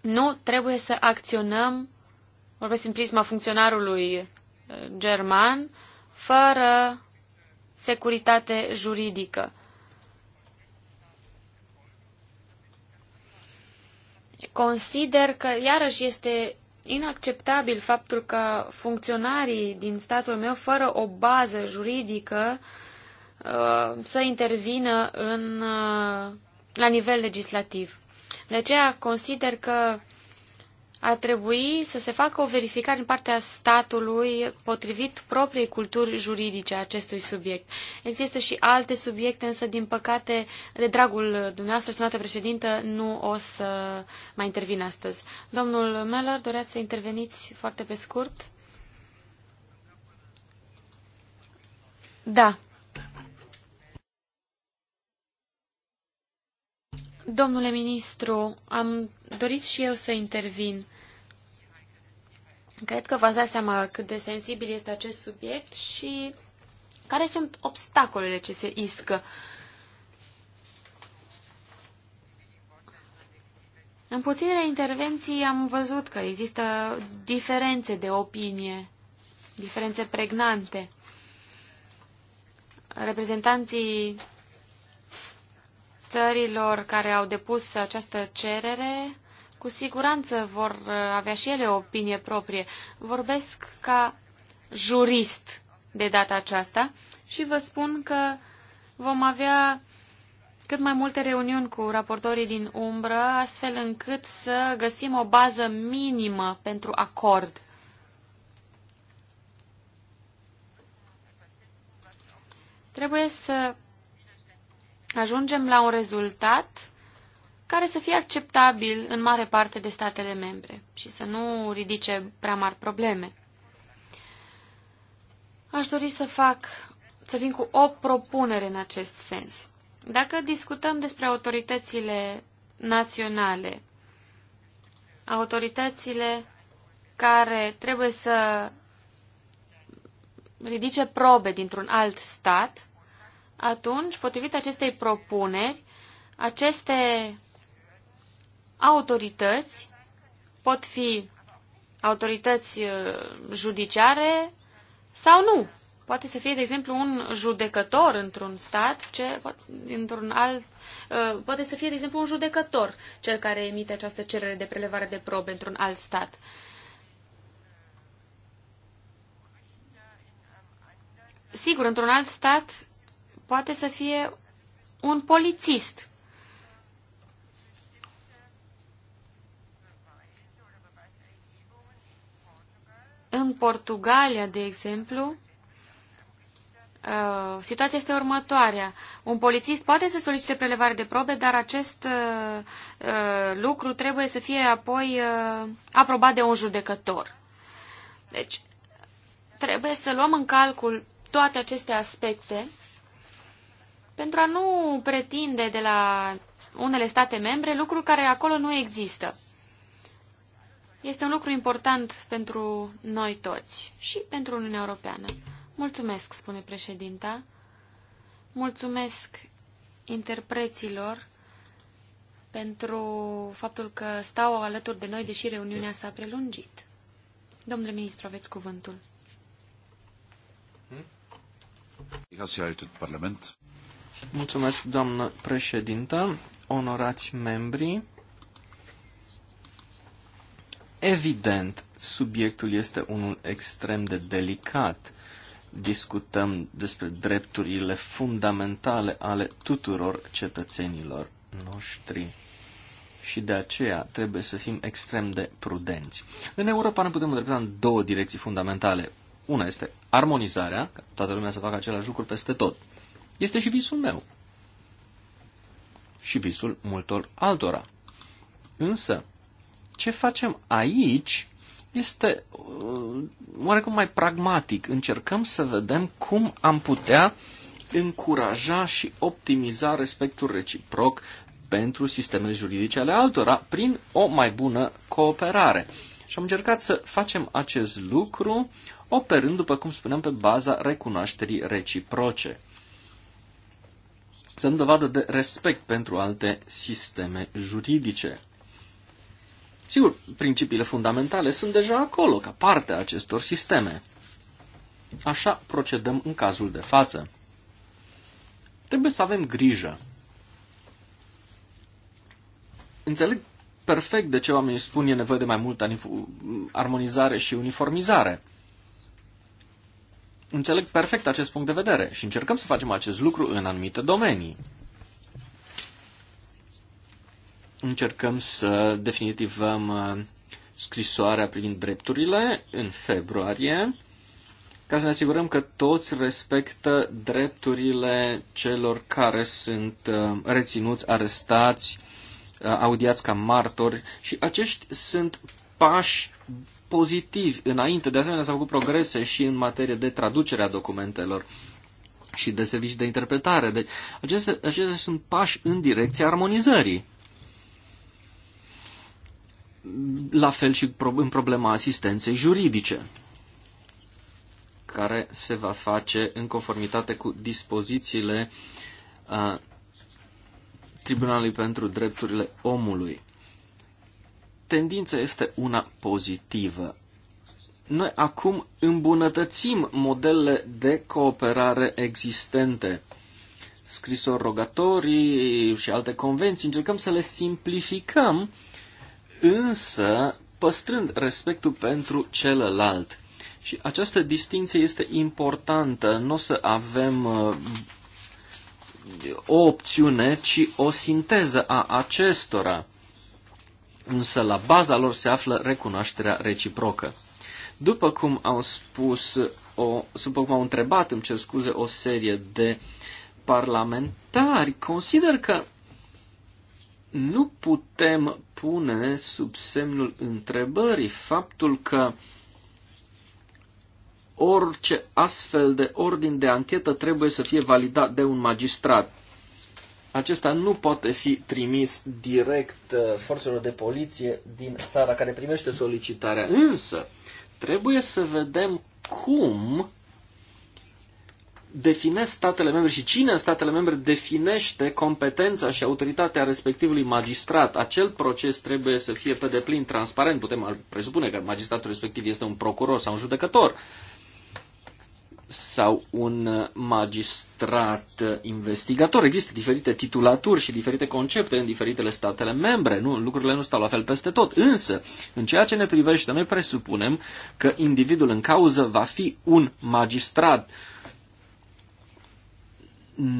Nu, trebuie să acționăm, vorbesc în prisma funcționarului uh, german, fără securitate juridică. Consider că, iarăși, este inacceptabil faptul că funcționarii din statul meu, fără o bază juridică, uh, să intervină în, uh, la nivel legislativ. De aceea consider că ar trebui să se facă o verificare în partea statului potrivit propriei culturi juridice a acestui subiect. Există și alte subiecte, însă, din păcate, de dragul dumneavoastră, stimată președintă, nu o să mai intervin astăzi. Domnul Meller, doreați să interveniți foarte pe scurt? Da, Domnule ministru, am dorit și eu să intervin. Cred că v-ați dat seama cât de sensibil este acest subiect și care sunt obstacolele ce se iscă. În puținele intervenții am văzut că există diferențe de opinie, diferențe pregnante. Reprezentanții țărilor care au depus această cerere, cu siguranță vor avea și ele o opinie proprie. Vorbesc ca jurist de data aceasta și vă spun că vom avea cât mai multe reuniuni cu raportorii din umbră, astfel încât să găsim o bază minimă pentru acord. Trebuie să ajungem la un rezultat care să fie acceptabil în mare parte de statele membre și să nu ridice prea mari probleme. Aș dori să fac, să vin cu o propunere în acest sens. Dacă discutăm despre autoritățile naționale, autoritățile care trebuie să ridice probe dintr-un alt stat, atunci, potrivit acestei propuneri, aceste autorități pot fi autorități uh, judiciare sau nu. Poate să fie, de exemplu, un judecător într-un stat, ce, într-un alt, uh, poate să fie, de exemplu, un judecător cel care emite această cerere de prelevare de probe într-un alt stat. Sigur, într-un alt stat poate să fie un polițist. În Portugalia, de exemplu, Uh, situația este următoarea. Un polițist poate să solicite prelevare de probe, dar acest uh, uh, lucru trebuie să fie apoi uh, aprobat de un judecător. Deci, trebuie să luăm în calcul toate aceste aspecte pentru a nu pretinde de la unele state membre lucruri care acolo nu există. Este un lucru important pentru noi toți și pentru Uniunea Europeană. Mulțumesc, spune președinta. Mulțumesc interpreților pentru faptul că stau alături de noi, deși reuniunea s-a prelungit. Domnule ministru, aveți cuvântul. Hmm? Parlament. Mulțumesc, doamnă președintă, onorați membri. Evident, subiectul este unul extrem de delicat. Discutăm despre drepturile fundamentale ale tuturor cetățenilor noștri și de aceea trebuie să fim extrem de prudenți. În Europa ne putem îndrepta în două direcții fundamentale. Una este armonizarea, că toată lumea să facă același lucru peste tot. Este și visul meu. Și visul multor altora. Însă, ce facem aici este uh, oarecum mai pragmatic. Încercăm să vedem cum am putea încuraja și optimiza respectul reciproc pentru sistemele juridice ale altora prin o mai bună cooperare. Și am încercat să facem acest lucru operând, după cum spuneam, pe baza recunoașterii reciproce să dăm dovadă de respect pentru alte sisteme juridice. Sigur, principiile fundamentale sunt deja acolo, ca parte a acestor sisteme. Așa procedăm în cazul de față. Trebuie să avem grijă. Înțeleg perfect de ce oamenii spun e nevoie de mai multă armonizare și uniformizare înțeleg perfect acest punct de vedere și încercăm să facem acest lucru în anumite domenii. Încercăm să definitivăm uh, scrisoarea privind drepturile în februarie, ca să ne asigurăm că toți respectă drepturile celor care sunt uh, reținuți, arestați, uh, audiați ca martori și acești sunt pași pozitivi înainte. De asemenea, s-au făcut progrese și în materie de traducere a documentelor și de servicii de interpretare. Deci, aceste, acestea sunt pași în direcția armonizării. La fel și în problema asistenței juridice, care se va face în conformitate cu dispozițiile uh, Tribunalului pentru Drepturile Omului tendința este una pozitivă. Noi acum îmbunătățim modelele de cooperare existente. Scrisori rogatorii și alte convenții, încercăm să le simplificăm, însă păstrând respectul pentru celălalt. Și această distinție este importantă. Nu o să avem uh, o opțiune, ci o sinteză a acestora însă la baza lor se află recunoașterea reciprocă. După cum au spus, o, după cum au întrebat, îmi cer scuze, o serie de parlamentari, consider că nu putem pune sub semnul întrebării faptul că orice astfel de ordin de anchetă trebuie să fie validat de un magistrat acesta nu poate fi trimis direct uh, forțelor de poliție din țara care primește solicitarea. Însă, trebuie să vedem cum definesc statele membre și cine în statele membre definește competența și autoritatea respectivului magistrat. Acel proces trebuie să fie pe deplin transparent. Putem presupune că magistratul respectiv este un procuror sau un judecător. Uh, sau un uh, magistrat uh, investigator. Există diferite titulaturi și diferite concepte în diferitele statele membre. Nu, lucrurile nu stau la fel peste tot. Însă, în ceea ce ne privește, noi presupunem că individul în cauză va fi un magistrat.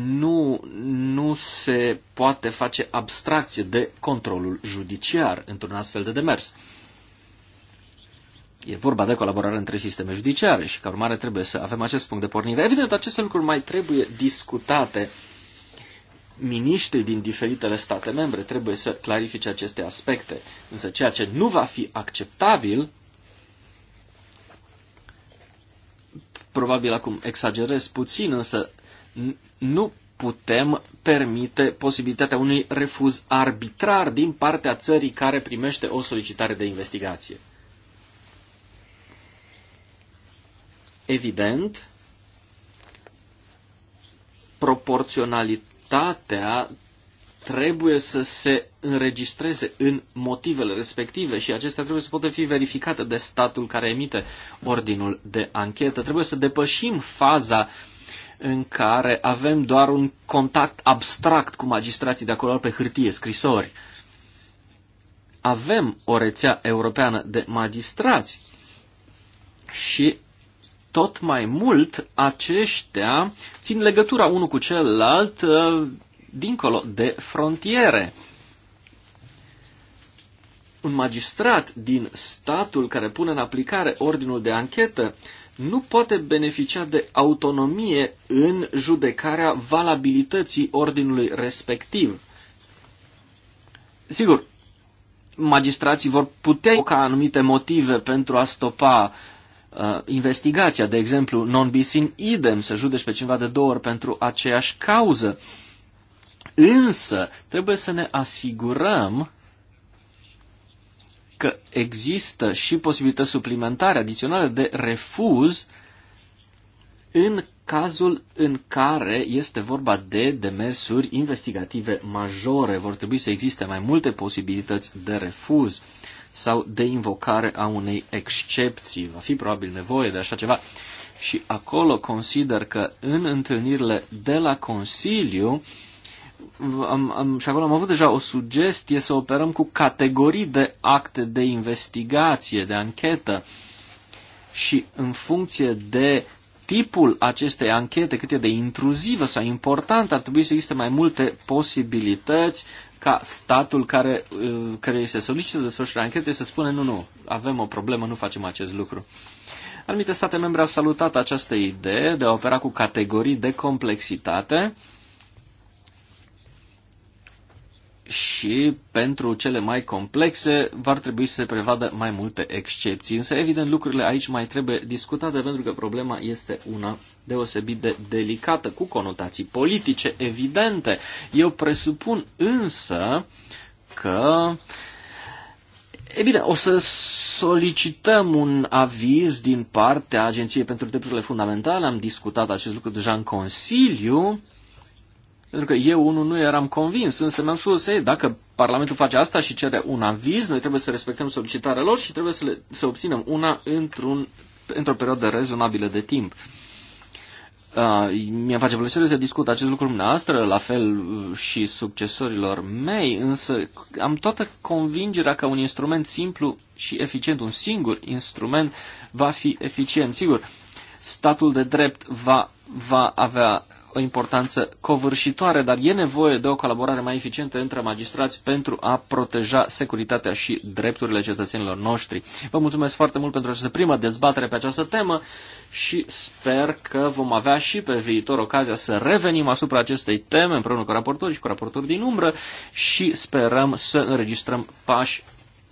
Nu, nu se poate face abstracție de controlul judiciar într-un astfel de demers. E vorba de colaborare între sisteme judiciare și, ca urmare, trebuie să avem acest punct de pornire. Evident, aceste lucruri mai trebuie discutate. Miniștrii din diferitele state membre trebuie să clarifice aceste aspecte. Însă ceea ce nu va fi acceptabil, probabil acum exagerez puțin, însă nu putem permite posibilitatea unui refuz arbitrar din partea țării care primește o solicitare de investigație. Evident, proporționalitatea trebuie să se înregistreze în motivele respective și acestea trebuie să poată fi verificate de statul care emite ordinul de anchetă. Trebuie să depășim faza în care avem doar un contact abstract cu magistrații de acolo pe hârtie, scrisori. Avem o rețea europeană de magistrați și tot mai mult aceștia țin legătura unul cu celălalt uh, dincolo de frontiere. Un magistrat din statul care pune în aplicare ordinul de anchetă nu poate beneficia de autonomie în judecarea valabilității ordinului respectiv. Sigur, magistrații vor putea ca anumite motive pentru a stopa uh, investigația. De exemplu, non bis in idem, să judeci pe cineva de două ori pentru aceeași cauză. Însă, trebuie să ne asigurăm că există și posibilități suplimentare, adiționale de refuz în cazul în care este vorba de demersuri investigative majore. Vor trebui să existe mai multe posibilități de refuz sau de invocare a unei excepții. Va fi probabil nevoie de așa ceva. Și acolo consider că în întâlnirile de la Consiliu, am, am, și acolo am avut deja o sugestie să operăm cu categorii de acte de investigație, de anchetă și în funcție de tipul acestei anchete, cât e de intruzivă sau importantă, ar trebui să existe mai multe posibilități ca statul care, uh, care îi se solicită desfășurarea anchetei să spună nu, nu, avem o problemă, nu facem acest lucru. Anumite state membre au salutat această idee de a opera cu categorii de complexitate și pentru cele mai complexe va trebui să se prevadă mai multe excepții. Însă, evident, lucrurile aici mai trebuie discutate pentru că problema este una deosebit de delicată, cu conotații politice evidente. Eu presupun însă că E bine, o să solicităm un aviz din partea Agenției pentru Drepturile Fundamentale. Am discutat acest lucru deja în Consiliu pentru că eu unul nu eram convins, însă mi-am spus, ei, dacă Parlamentul face asta și cere un aviz, noi trebuie să respectăm solicitarea lor și trebuie să, le, să obținem una într-un, într-o perioadă rezonabilă de timp. Uh, mi-a face plăcere să discut acest lucru dumneavoastră, la fel și succesorilor mei, însă am toată convingerea că un instrument simplu și eficient, un singur instrument, va fi eficient. Sigur, statul de drept va, va avea o importanță covârșitoare, dar e nevoie de o colaborare mai eficientă între magistrați pentru a proteja securitatea și drepturile cetățenilor noștri. Vă mulțumesc foarte mult pentru această primă dezbatere pe această temă și sper că vom avea și pe viitor ocazia să revenim asupra acestei teme împreună cu raportori și cu raportori din umbră și sperăm să înregistrăm pași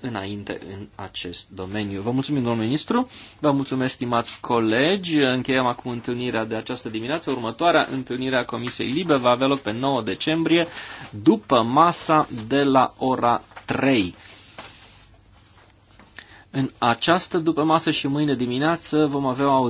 înainte în acest domeniu. Vă mulțumim, domnul ministru, vă mulțumesc, stimați colegi. Încheiem acum întâlnirea de această dimineață. Următoarea întâlnire a Comisiei Libe va avea loc pe 9 decembrie, după masa de la ora 3. În această după masă și mâine dimineață vom avea o